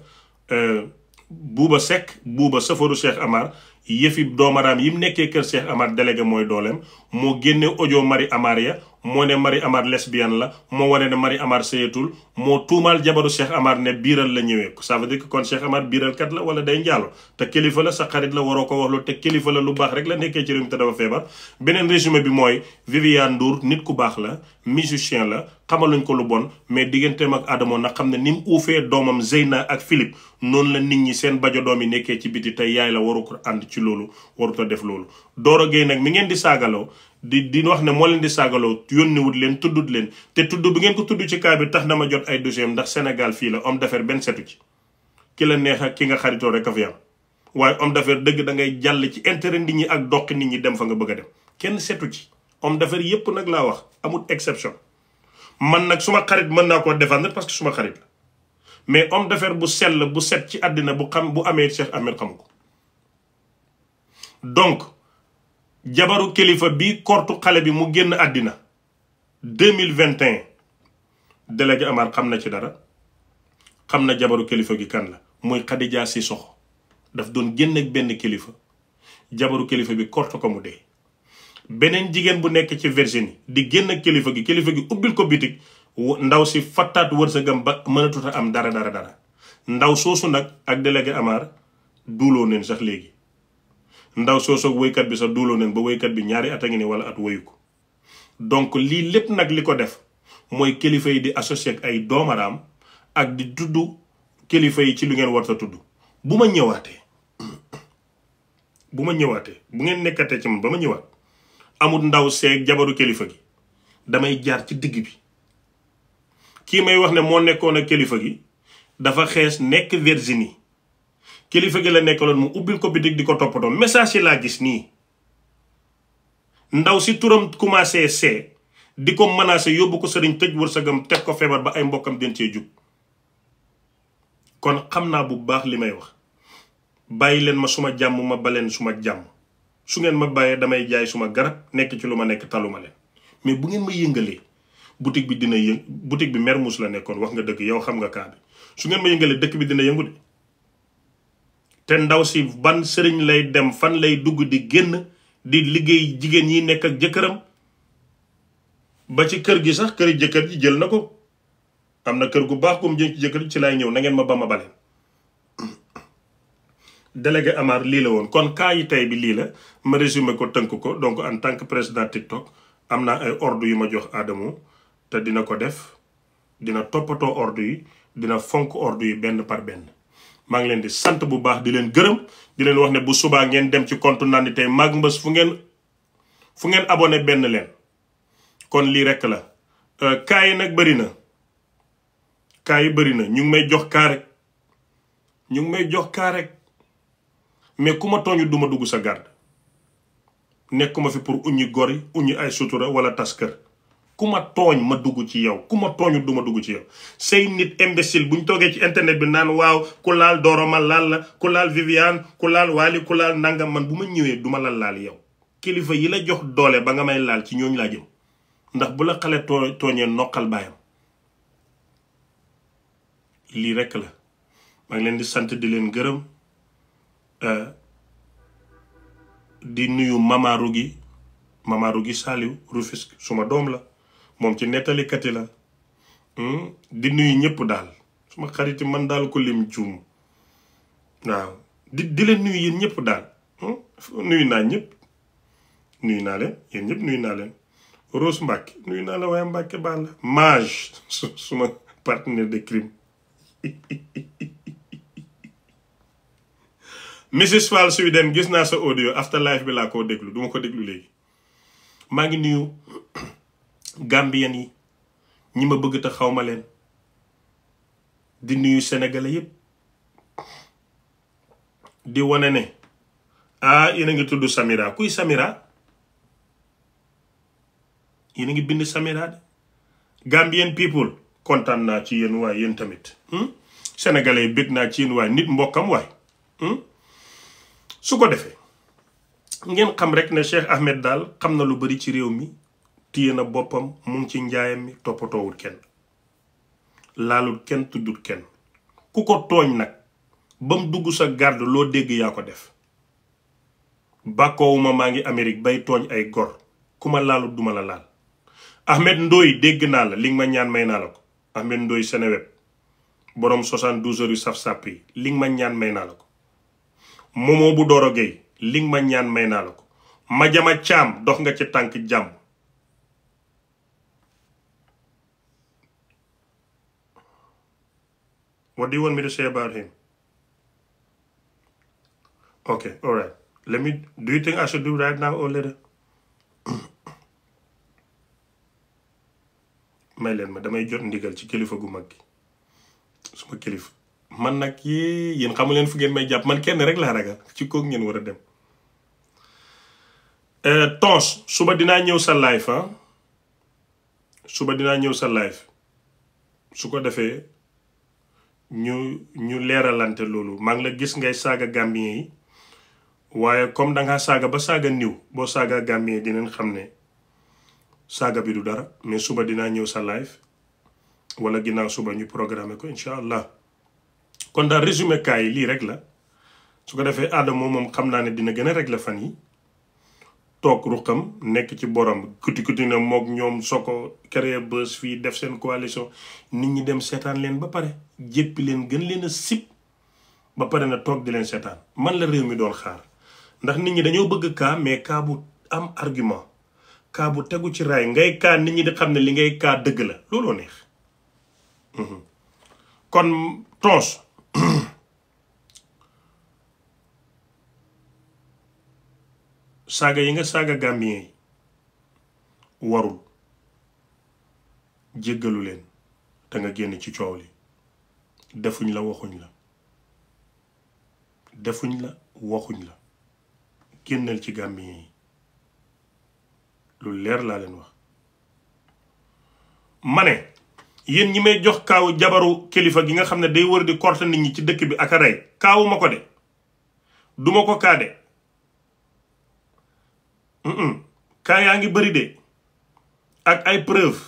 euh, buuba Seck buuba safaru Cheikh Amar yëfi doomaraam yi mu nekkee kër Cheikh Amar délégué mooy dooleem moo génne audio mari Amar ya moo ne Marie Amar lesbienne la moo waree ne Marie Amar sëyatul moo tuumaal jabaru Cheikh Amar ne biiral la ñëwee ça veut dire que kon Cheikh Amar biiralkat la wala day njaalo te kilifa la sa xarit la waroo ko wax lu te kilifa la lu baax rek la nekkee ci réew mi te dafa feebar. beneen résumé bi mooy Viviane Ndour nit ku baax la musicien la xamal xamaluñ ko lu bon mais digganteem ak Adamo nag xam ne ni mu uufee doomam Zeyna ak filip noonu la nit ñi seen bajo doom yi nekkee ci biti tey yaay la waru ànd ci loolu waruta def loolu Doro Gueye nag mi ngeen di saagaloo. di di wax ne moo leen di saagaloo yónniwut leen tuddut leen te tudd bi ngeen ko tudd ci cas bi tax na ma jot ay dossier ndax Sénégal fii la homme d'affaires benn setu ci ki la neex ak nga xaritoo rek a waaye homme d'affaires dëgg da ngay jàll ci intérêt nit ñi ak doq nit ñi dem fa bëgg dem kenn setu ci homme d'affaires yépp nag laa wax amul exception man nag suma xarit mën naa koo défendre parce que suma xarit la mais homme d'affaires bu sell bu set ci àddina bu xam bu amee Cheikh Amir xam donc jabaru kilifa bi kortu xale bi mu génn àddina deux mille vingt et un délégué xam na ci dara xam na jabaru kilifa gi kan la muy Khadija Sissoko daf doon génn ak benn kilifa jabaru kilifa bi kort ko mu dee beneen jigéen bu nekk ci Virginie di génn ak kilifa gi kilifa gi ubbil ko bitig ndaw si fattaat wërsëgam ba mënatut a am dara dara dara ndaw soosu nag ak délégué Amar duloo neen sax léegi ndaw soo soog woykat bi sax duloo nañ ba woykat bi ñaari at a ngi ne wala at woyu ko donc lii lépp nag li ko def mooy kilifa yi di associé ak ay doomaraam ak di tudd kilifa yi ci lu ngeen warta tudd bu ma ñëwaatee bu ma ñëwaatee bu ngeen nekkatee ci man ba ma ñëwaat amul ndaw seeg jabaru kilifa gi damay jaar ci digg bi kii may wax ne moo nekkoon ak kilifa gi dafa xees nekk Virginie kilifa gi la nekkaloon mu ubbil ko bitig di ko toppatoo message yi laa gis nii ndaw si turam commencé see di ko menacé yóbbu ko sëriñ tëj wërsëgam teg ko feebar ba ay mbokkam den cee jug kon xam naa bu baax li may wax bàyyi leen ma suma jàmm ma baleen suma jàmm su ngeen ma bàyyee damay jaay suma garab nekk ci lu ma nekk taluma leen mais bu ngeen ma yëngalee boutique bi dina yëng boutique bi Mermoz la nekkoon wax nga dëgg yow xam nga kaa bi su ngeen ma yëngalee dëkk bi dina yëngu te ndaw si ban sëriñ lay dem fan lay dugg di génn di liggéey jigéen yi nekk ak jëkkëram ba ci kër gi sax kër jëkkër ji jël na ko am na kër gu baax gum jël ci jëkkër ji ci lay ñëw na ngeen ma ba ma baleen délégué Amar lii la woon kon kaa yi tey bi lii la ma résumé ko tënk ko donc en tant que président TikTok am naa ay ordre yu ma jox Adamo te dina ko def dina toppatoo ordre yi dina fonk ordre yi benn par benn maa ngi leen di sant bu baax di leen gërëm di leen wax ne bu subaa ngeen dem ci compte Nandi Tey maag Mbeuss fu ngeen fu ngeen abone benn leen kon lii rek la euh, cas yi nag bëri na cas yi bëri na ñu ngi may jox cas ñu ngi may jox cas rek mais ku ma tooñu duma dugg sa garde nekkuma fi pour uñi gori uñi ay sutura wala tas kër ku ma tooñ ma dugg ci yow ku ma tooñu du ma dugg ci yow say nit imbécile bu ñu toogee ci internet bi naan waaw ku laal dooroma laal la ku laal Viviane ku laal Wally ku laal nangam man bu ma ñëwee duma la laal yow kilifa yi la jox doole ba nga may laal ci ñooñu laa jëm ndax bu la xale too tooñee noqal baayam lii rekk la maa ngi leen di sant di leen gërëm euh, di nuyu Mama gi Mama gi Saliou Rufisque suma doom la moom ci nettalikat yi la hmm? di nuyu ñëpp daal suma xariti man daal ko lim juum waaw di di leen nuyu yéen ñëpp daal hmm? nuyu naa ñëpp nuyu naa leen ñëpp nuyu naa leen Rose Mbacke nuyu naa la waaye Mbacke baal la mage suma partenaire de crime Mrs Fall Sweden gis naa sa audio afterlife bi laa koo déglu duma ko déglu léegi maa ngi nuyu Gambien yi ñi ma bëgg te xaw ma leen di nuyu sénégalais yépp di wane ne ah yéen a ngi tudd Samira kuy Samira yéen a ngi bind Samira de Gambien people kontaan naa ci yéen waay yéen tamit hmm? sénégalais yi naa ci yéen waay nit mbokkam waay hmm? su ko defee ngeen xam rek ne Cheikh Ahmed daal xam na lu bari ci réew mi téye na boppam mu ci njaayam mi toppatoowul kenn laalul kenn tuddul kenn ku ko tooñ nag ba mu dugg sa garde loo dégg yaa ko def bàkkoowuma maa ngi Amérique bay tooñ ay gor ku ma laalul duma la laal Ahmed Ndoye dégg naa la li ma ñaan may naa la ko Ahmed Ndoye Seneweb boroom 72 heures yu saf-sàpp li nga may naa la ko Momo bu Doro Gueye may naa ko Madiama Thiam dox nga ci tànk jàmm What do you want me to say about him? Okay, all right. Let me, do you think I right now or later? may leen ma damay jot ndigal ci kilifa gu mag gi suma kilifa man nag yee yéen xamu leen fu ngeen may jàpp man kenn rek laa ragal ci kook ngeen war a dem eh, tons suba dinaa ñëw sa fa ah. suba dinaa ñëw sa live su ko defee ñu ñu leeralante loolu mag la gis ngay saaga gambien yi waaye comme dangaa saaga ba saaga niw boo saagaa gambien yi xam ne saaga bi du dara mais suba dinaa ñëw sa live wala ginnaaw suba ñu programme ko incha allah kon daal résumé kaay yi lii rek la su ko defee aadama moom xam naa ne dina gën a régler fan yi toog ruqam nekk ci borom kuti kuti na mook ñoom soo ko créer bës fii def seen coalition nit ñi dem seetaan leen ba pare jéppi leen gën leen a sib ba pare na toog di leen seetaan man la réew mi doon xaar ndax nit ñi dañoo bëgg kaa mais kaa bu am argument kaa bu tegu ci raay ngay kaa nit ñi di xam ne li ngay kaa dëgg la looloo neex mhm. kon tons saaga yi nga saaga gambien yi warul jéggalu leen te nga génn ci coow li defuñ la waxuñ la defuñ la waxuñ la génnal ci gambien yi lu leer laa leen wax ma ne yéen ñi may jox kaawu jabaru kilifa gi nga xam ne day wër di korte nit ñi ci dëkk bi ak a rey kaawu ko de duma ko kaa de kaa yaa ngi bëri de ak ay preuve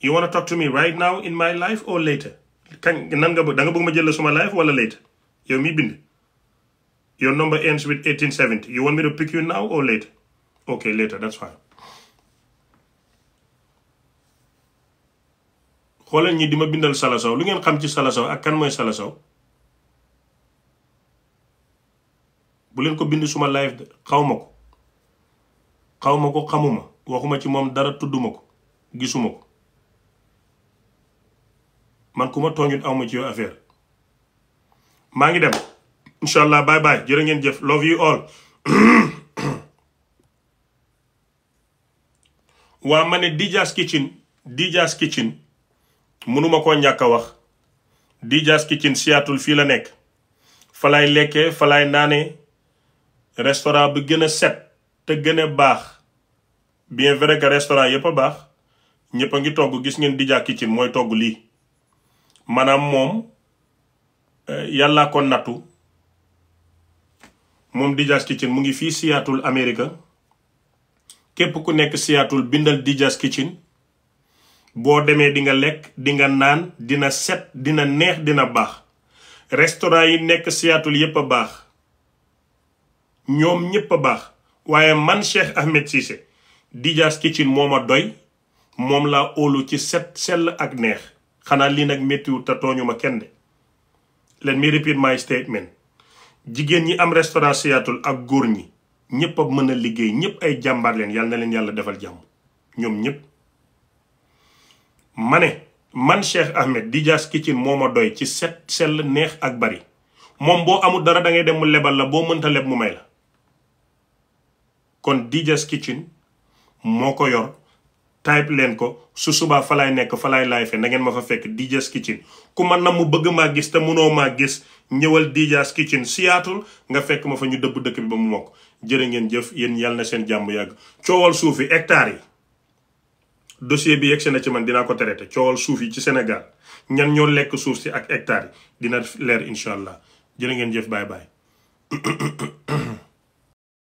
you wanna talk to me right now in my life or later kañ nan nga bëgg da bëgg ma jël suma life wala later yow mi bind your number ends with 1870 you want me to pick you now or later okay later that's fine xoolal ñi di ma bindal Salla Sow lu ngeen xam ci Salla Sow ak kan mooy Salla Sow bu ko bind suma live ma ko xaw ma ko xamuma waxuma ci moom dara tudduma ko gisuma ko man ku ma tooñut maa ngi dem incha allah ngeen jëf love you all waa ma ne Didia's Kitchen Didia's Kitchen mënuma koo ñàkk a wax Didia's Kitchen Seattle fii la nekk falaay lekkee falaay naanee restaurant bi gën a set te gën a baax bien vrai que restaurant yëpp a baax ñëpp a ngi togg gis ngeen Dija Kitchen mooy togg lii maanaam moom eh, yàllaa ko nattu moom Dija's Kitchen mu ngi fii Seattle Amérique képp ku nekk Seattle bindal Dija's Kitchen boo demee di nga lekk dinga naan dina set dina neex dina baax restaurant yi nekk Seattle yépp a baax ñoom ñëpp a baax waaye man Cheikh Ahmed Cissé Didia's Kitchen moo ma doy moom laa óolu ci set sell ak neex xanaa lii nag méttiwul te tooñu ma kenn de let me repeat my statement jigéen ñi am restaurant Seattle ak góor ñi ñëpp a mën a liggéey ñëpp ay jàmbarleen leen yàlla na leen yàlla defal jàmm ñoom ñëpp ma ne man Cheikh Ahmed Didia's Kitchen moo ma doy ci set sell neex ak bari moom boo amul dara da ngay dem mu lebal la boo mënta leb mu may la kon Didia's Kitchen moo ko yor type leen ko su subaa fa laay nekk fa laay laay fe na ngeen ma fa fekk Didia's Kitchen ku man na mu bëgg maa gis te mënoo maa gis ñëwal Didia's Kitchen siyaatul nga fekk ma fa ñu dëbb dëkk bi ba mu mokk jërë ngeen jëf yéen yàlla na seen jàmm yàgg coowal suuf yi hectares yi dossier bi yegg na ci man dinaa ko traité coowal suuf yi ci senegal ñan ñoo lekk suuf si ak hectares yi dina leer incha allah jërë ngeen jëf bye bye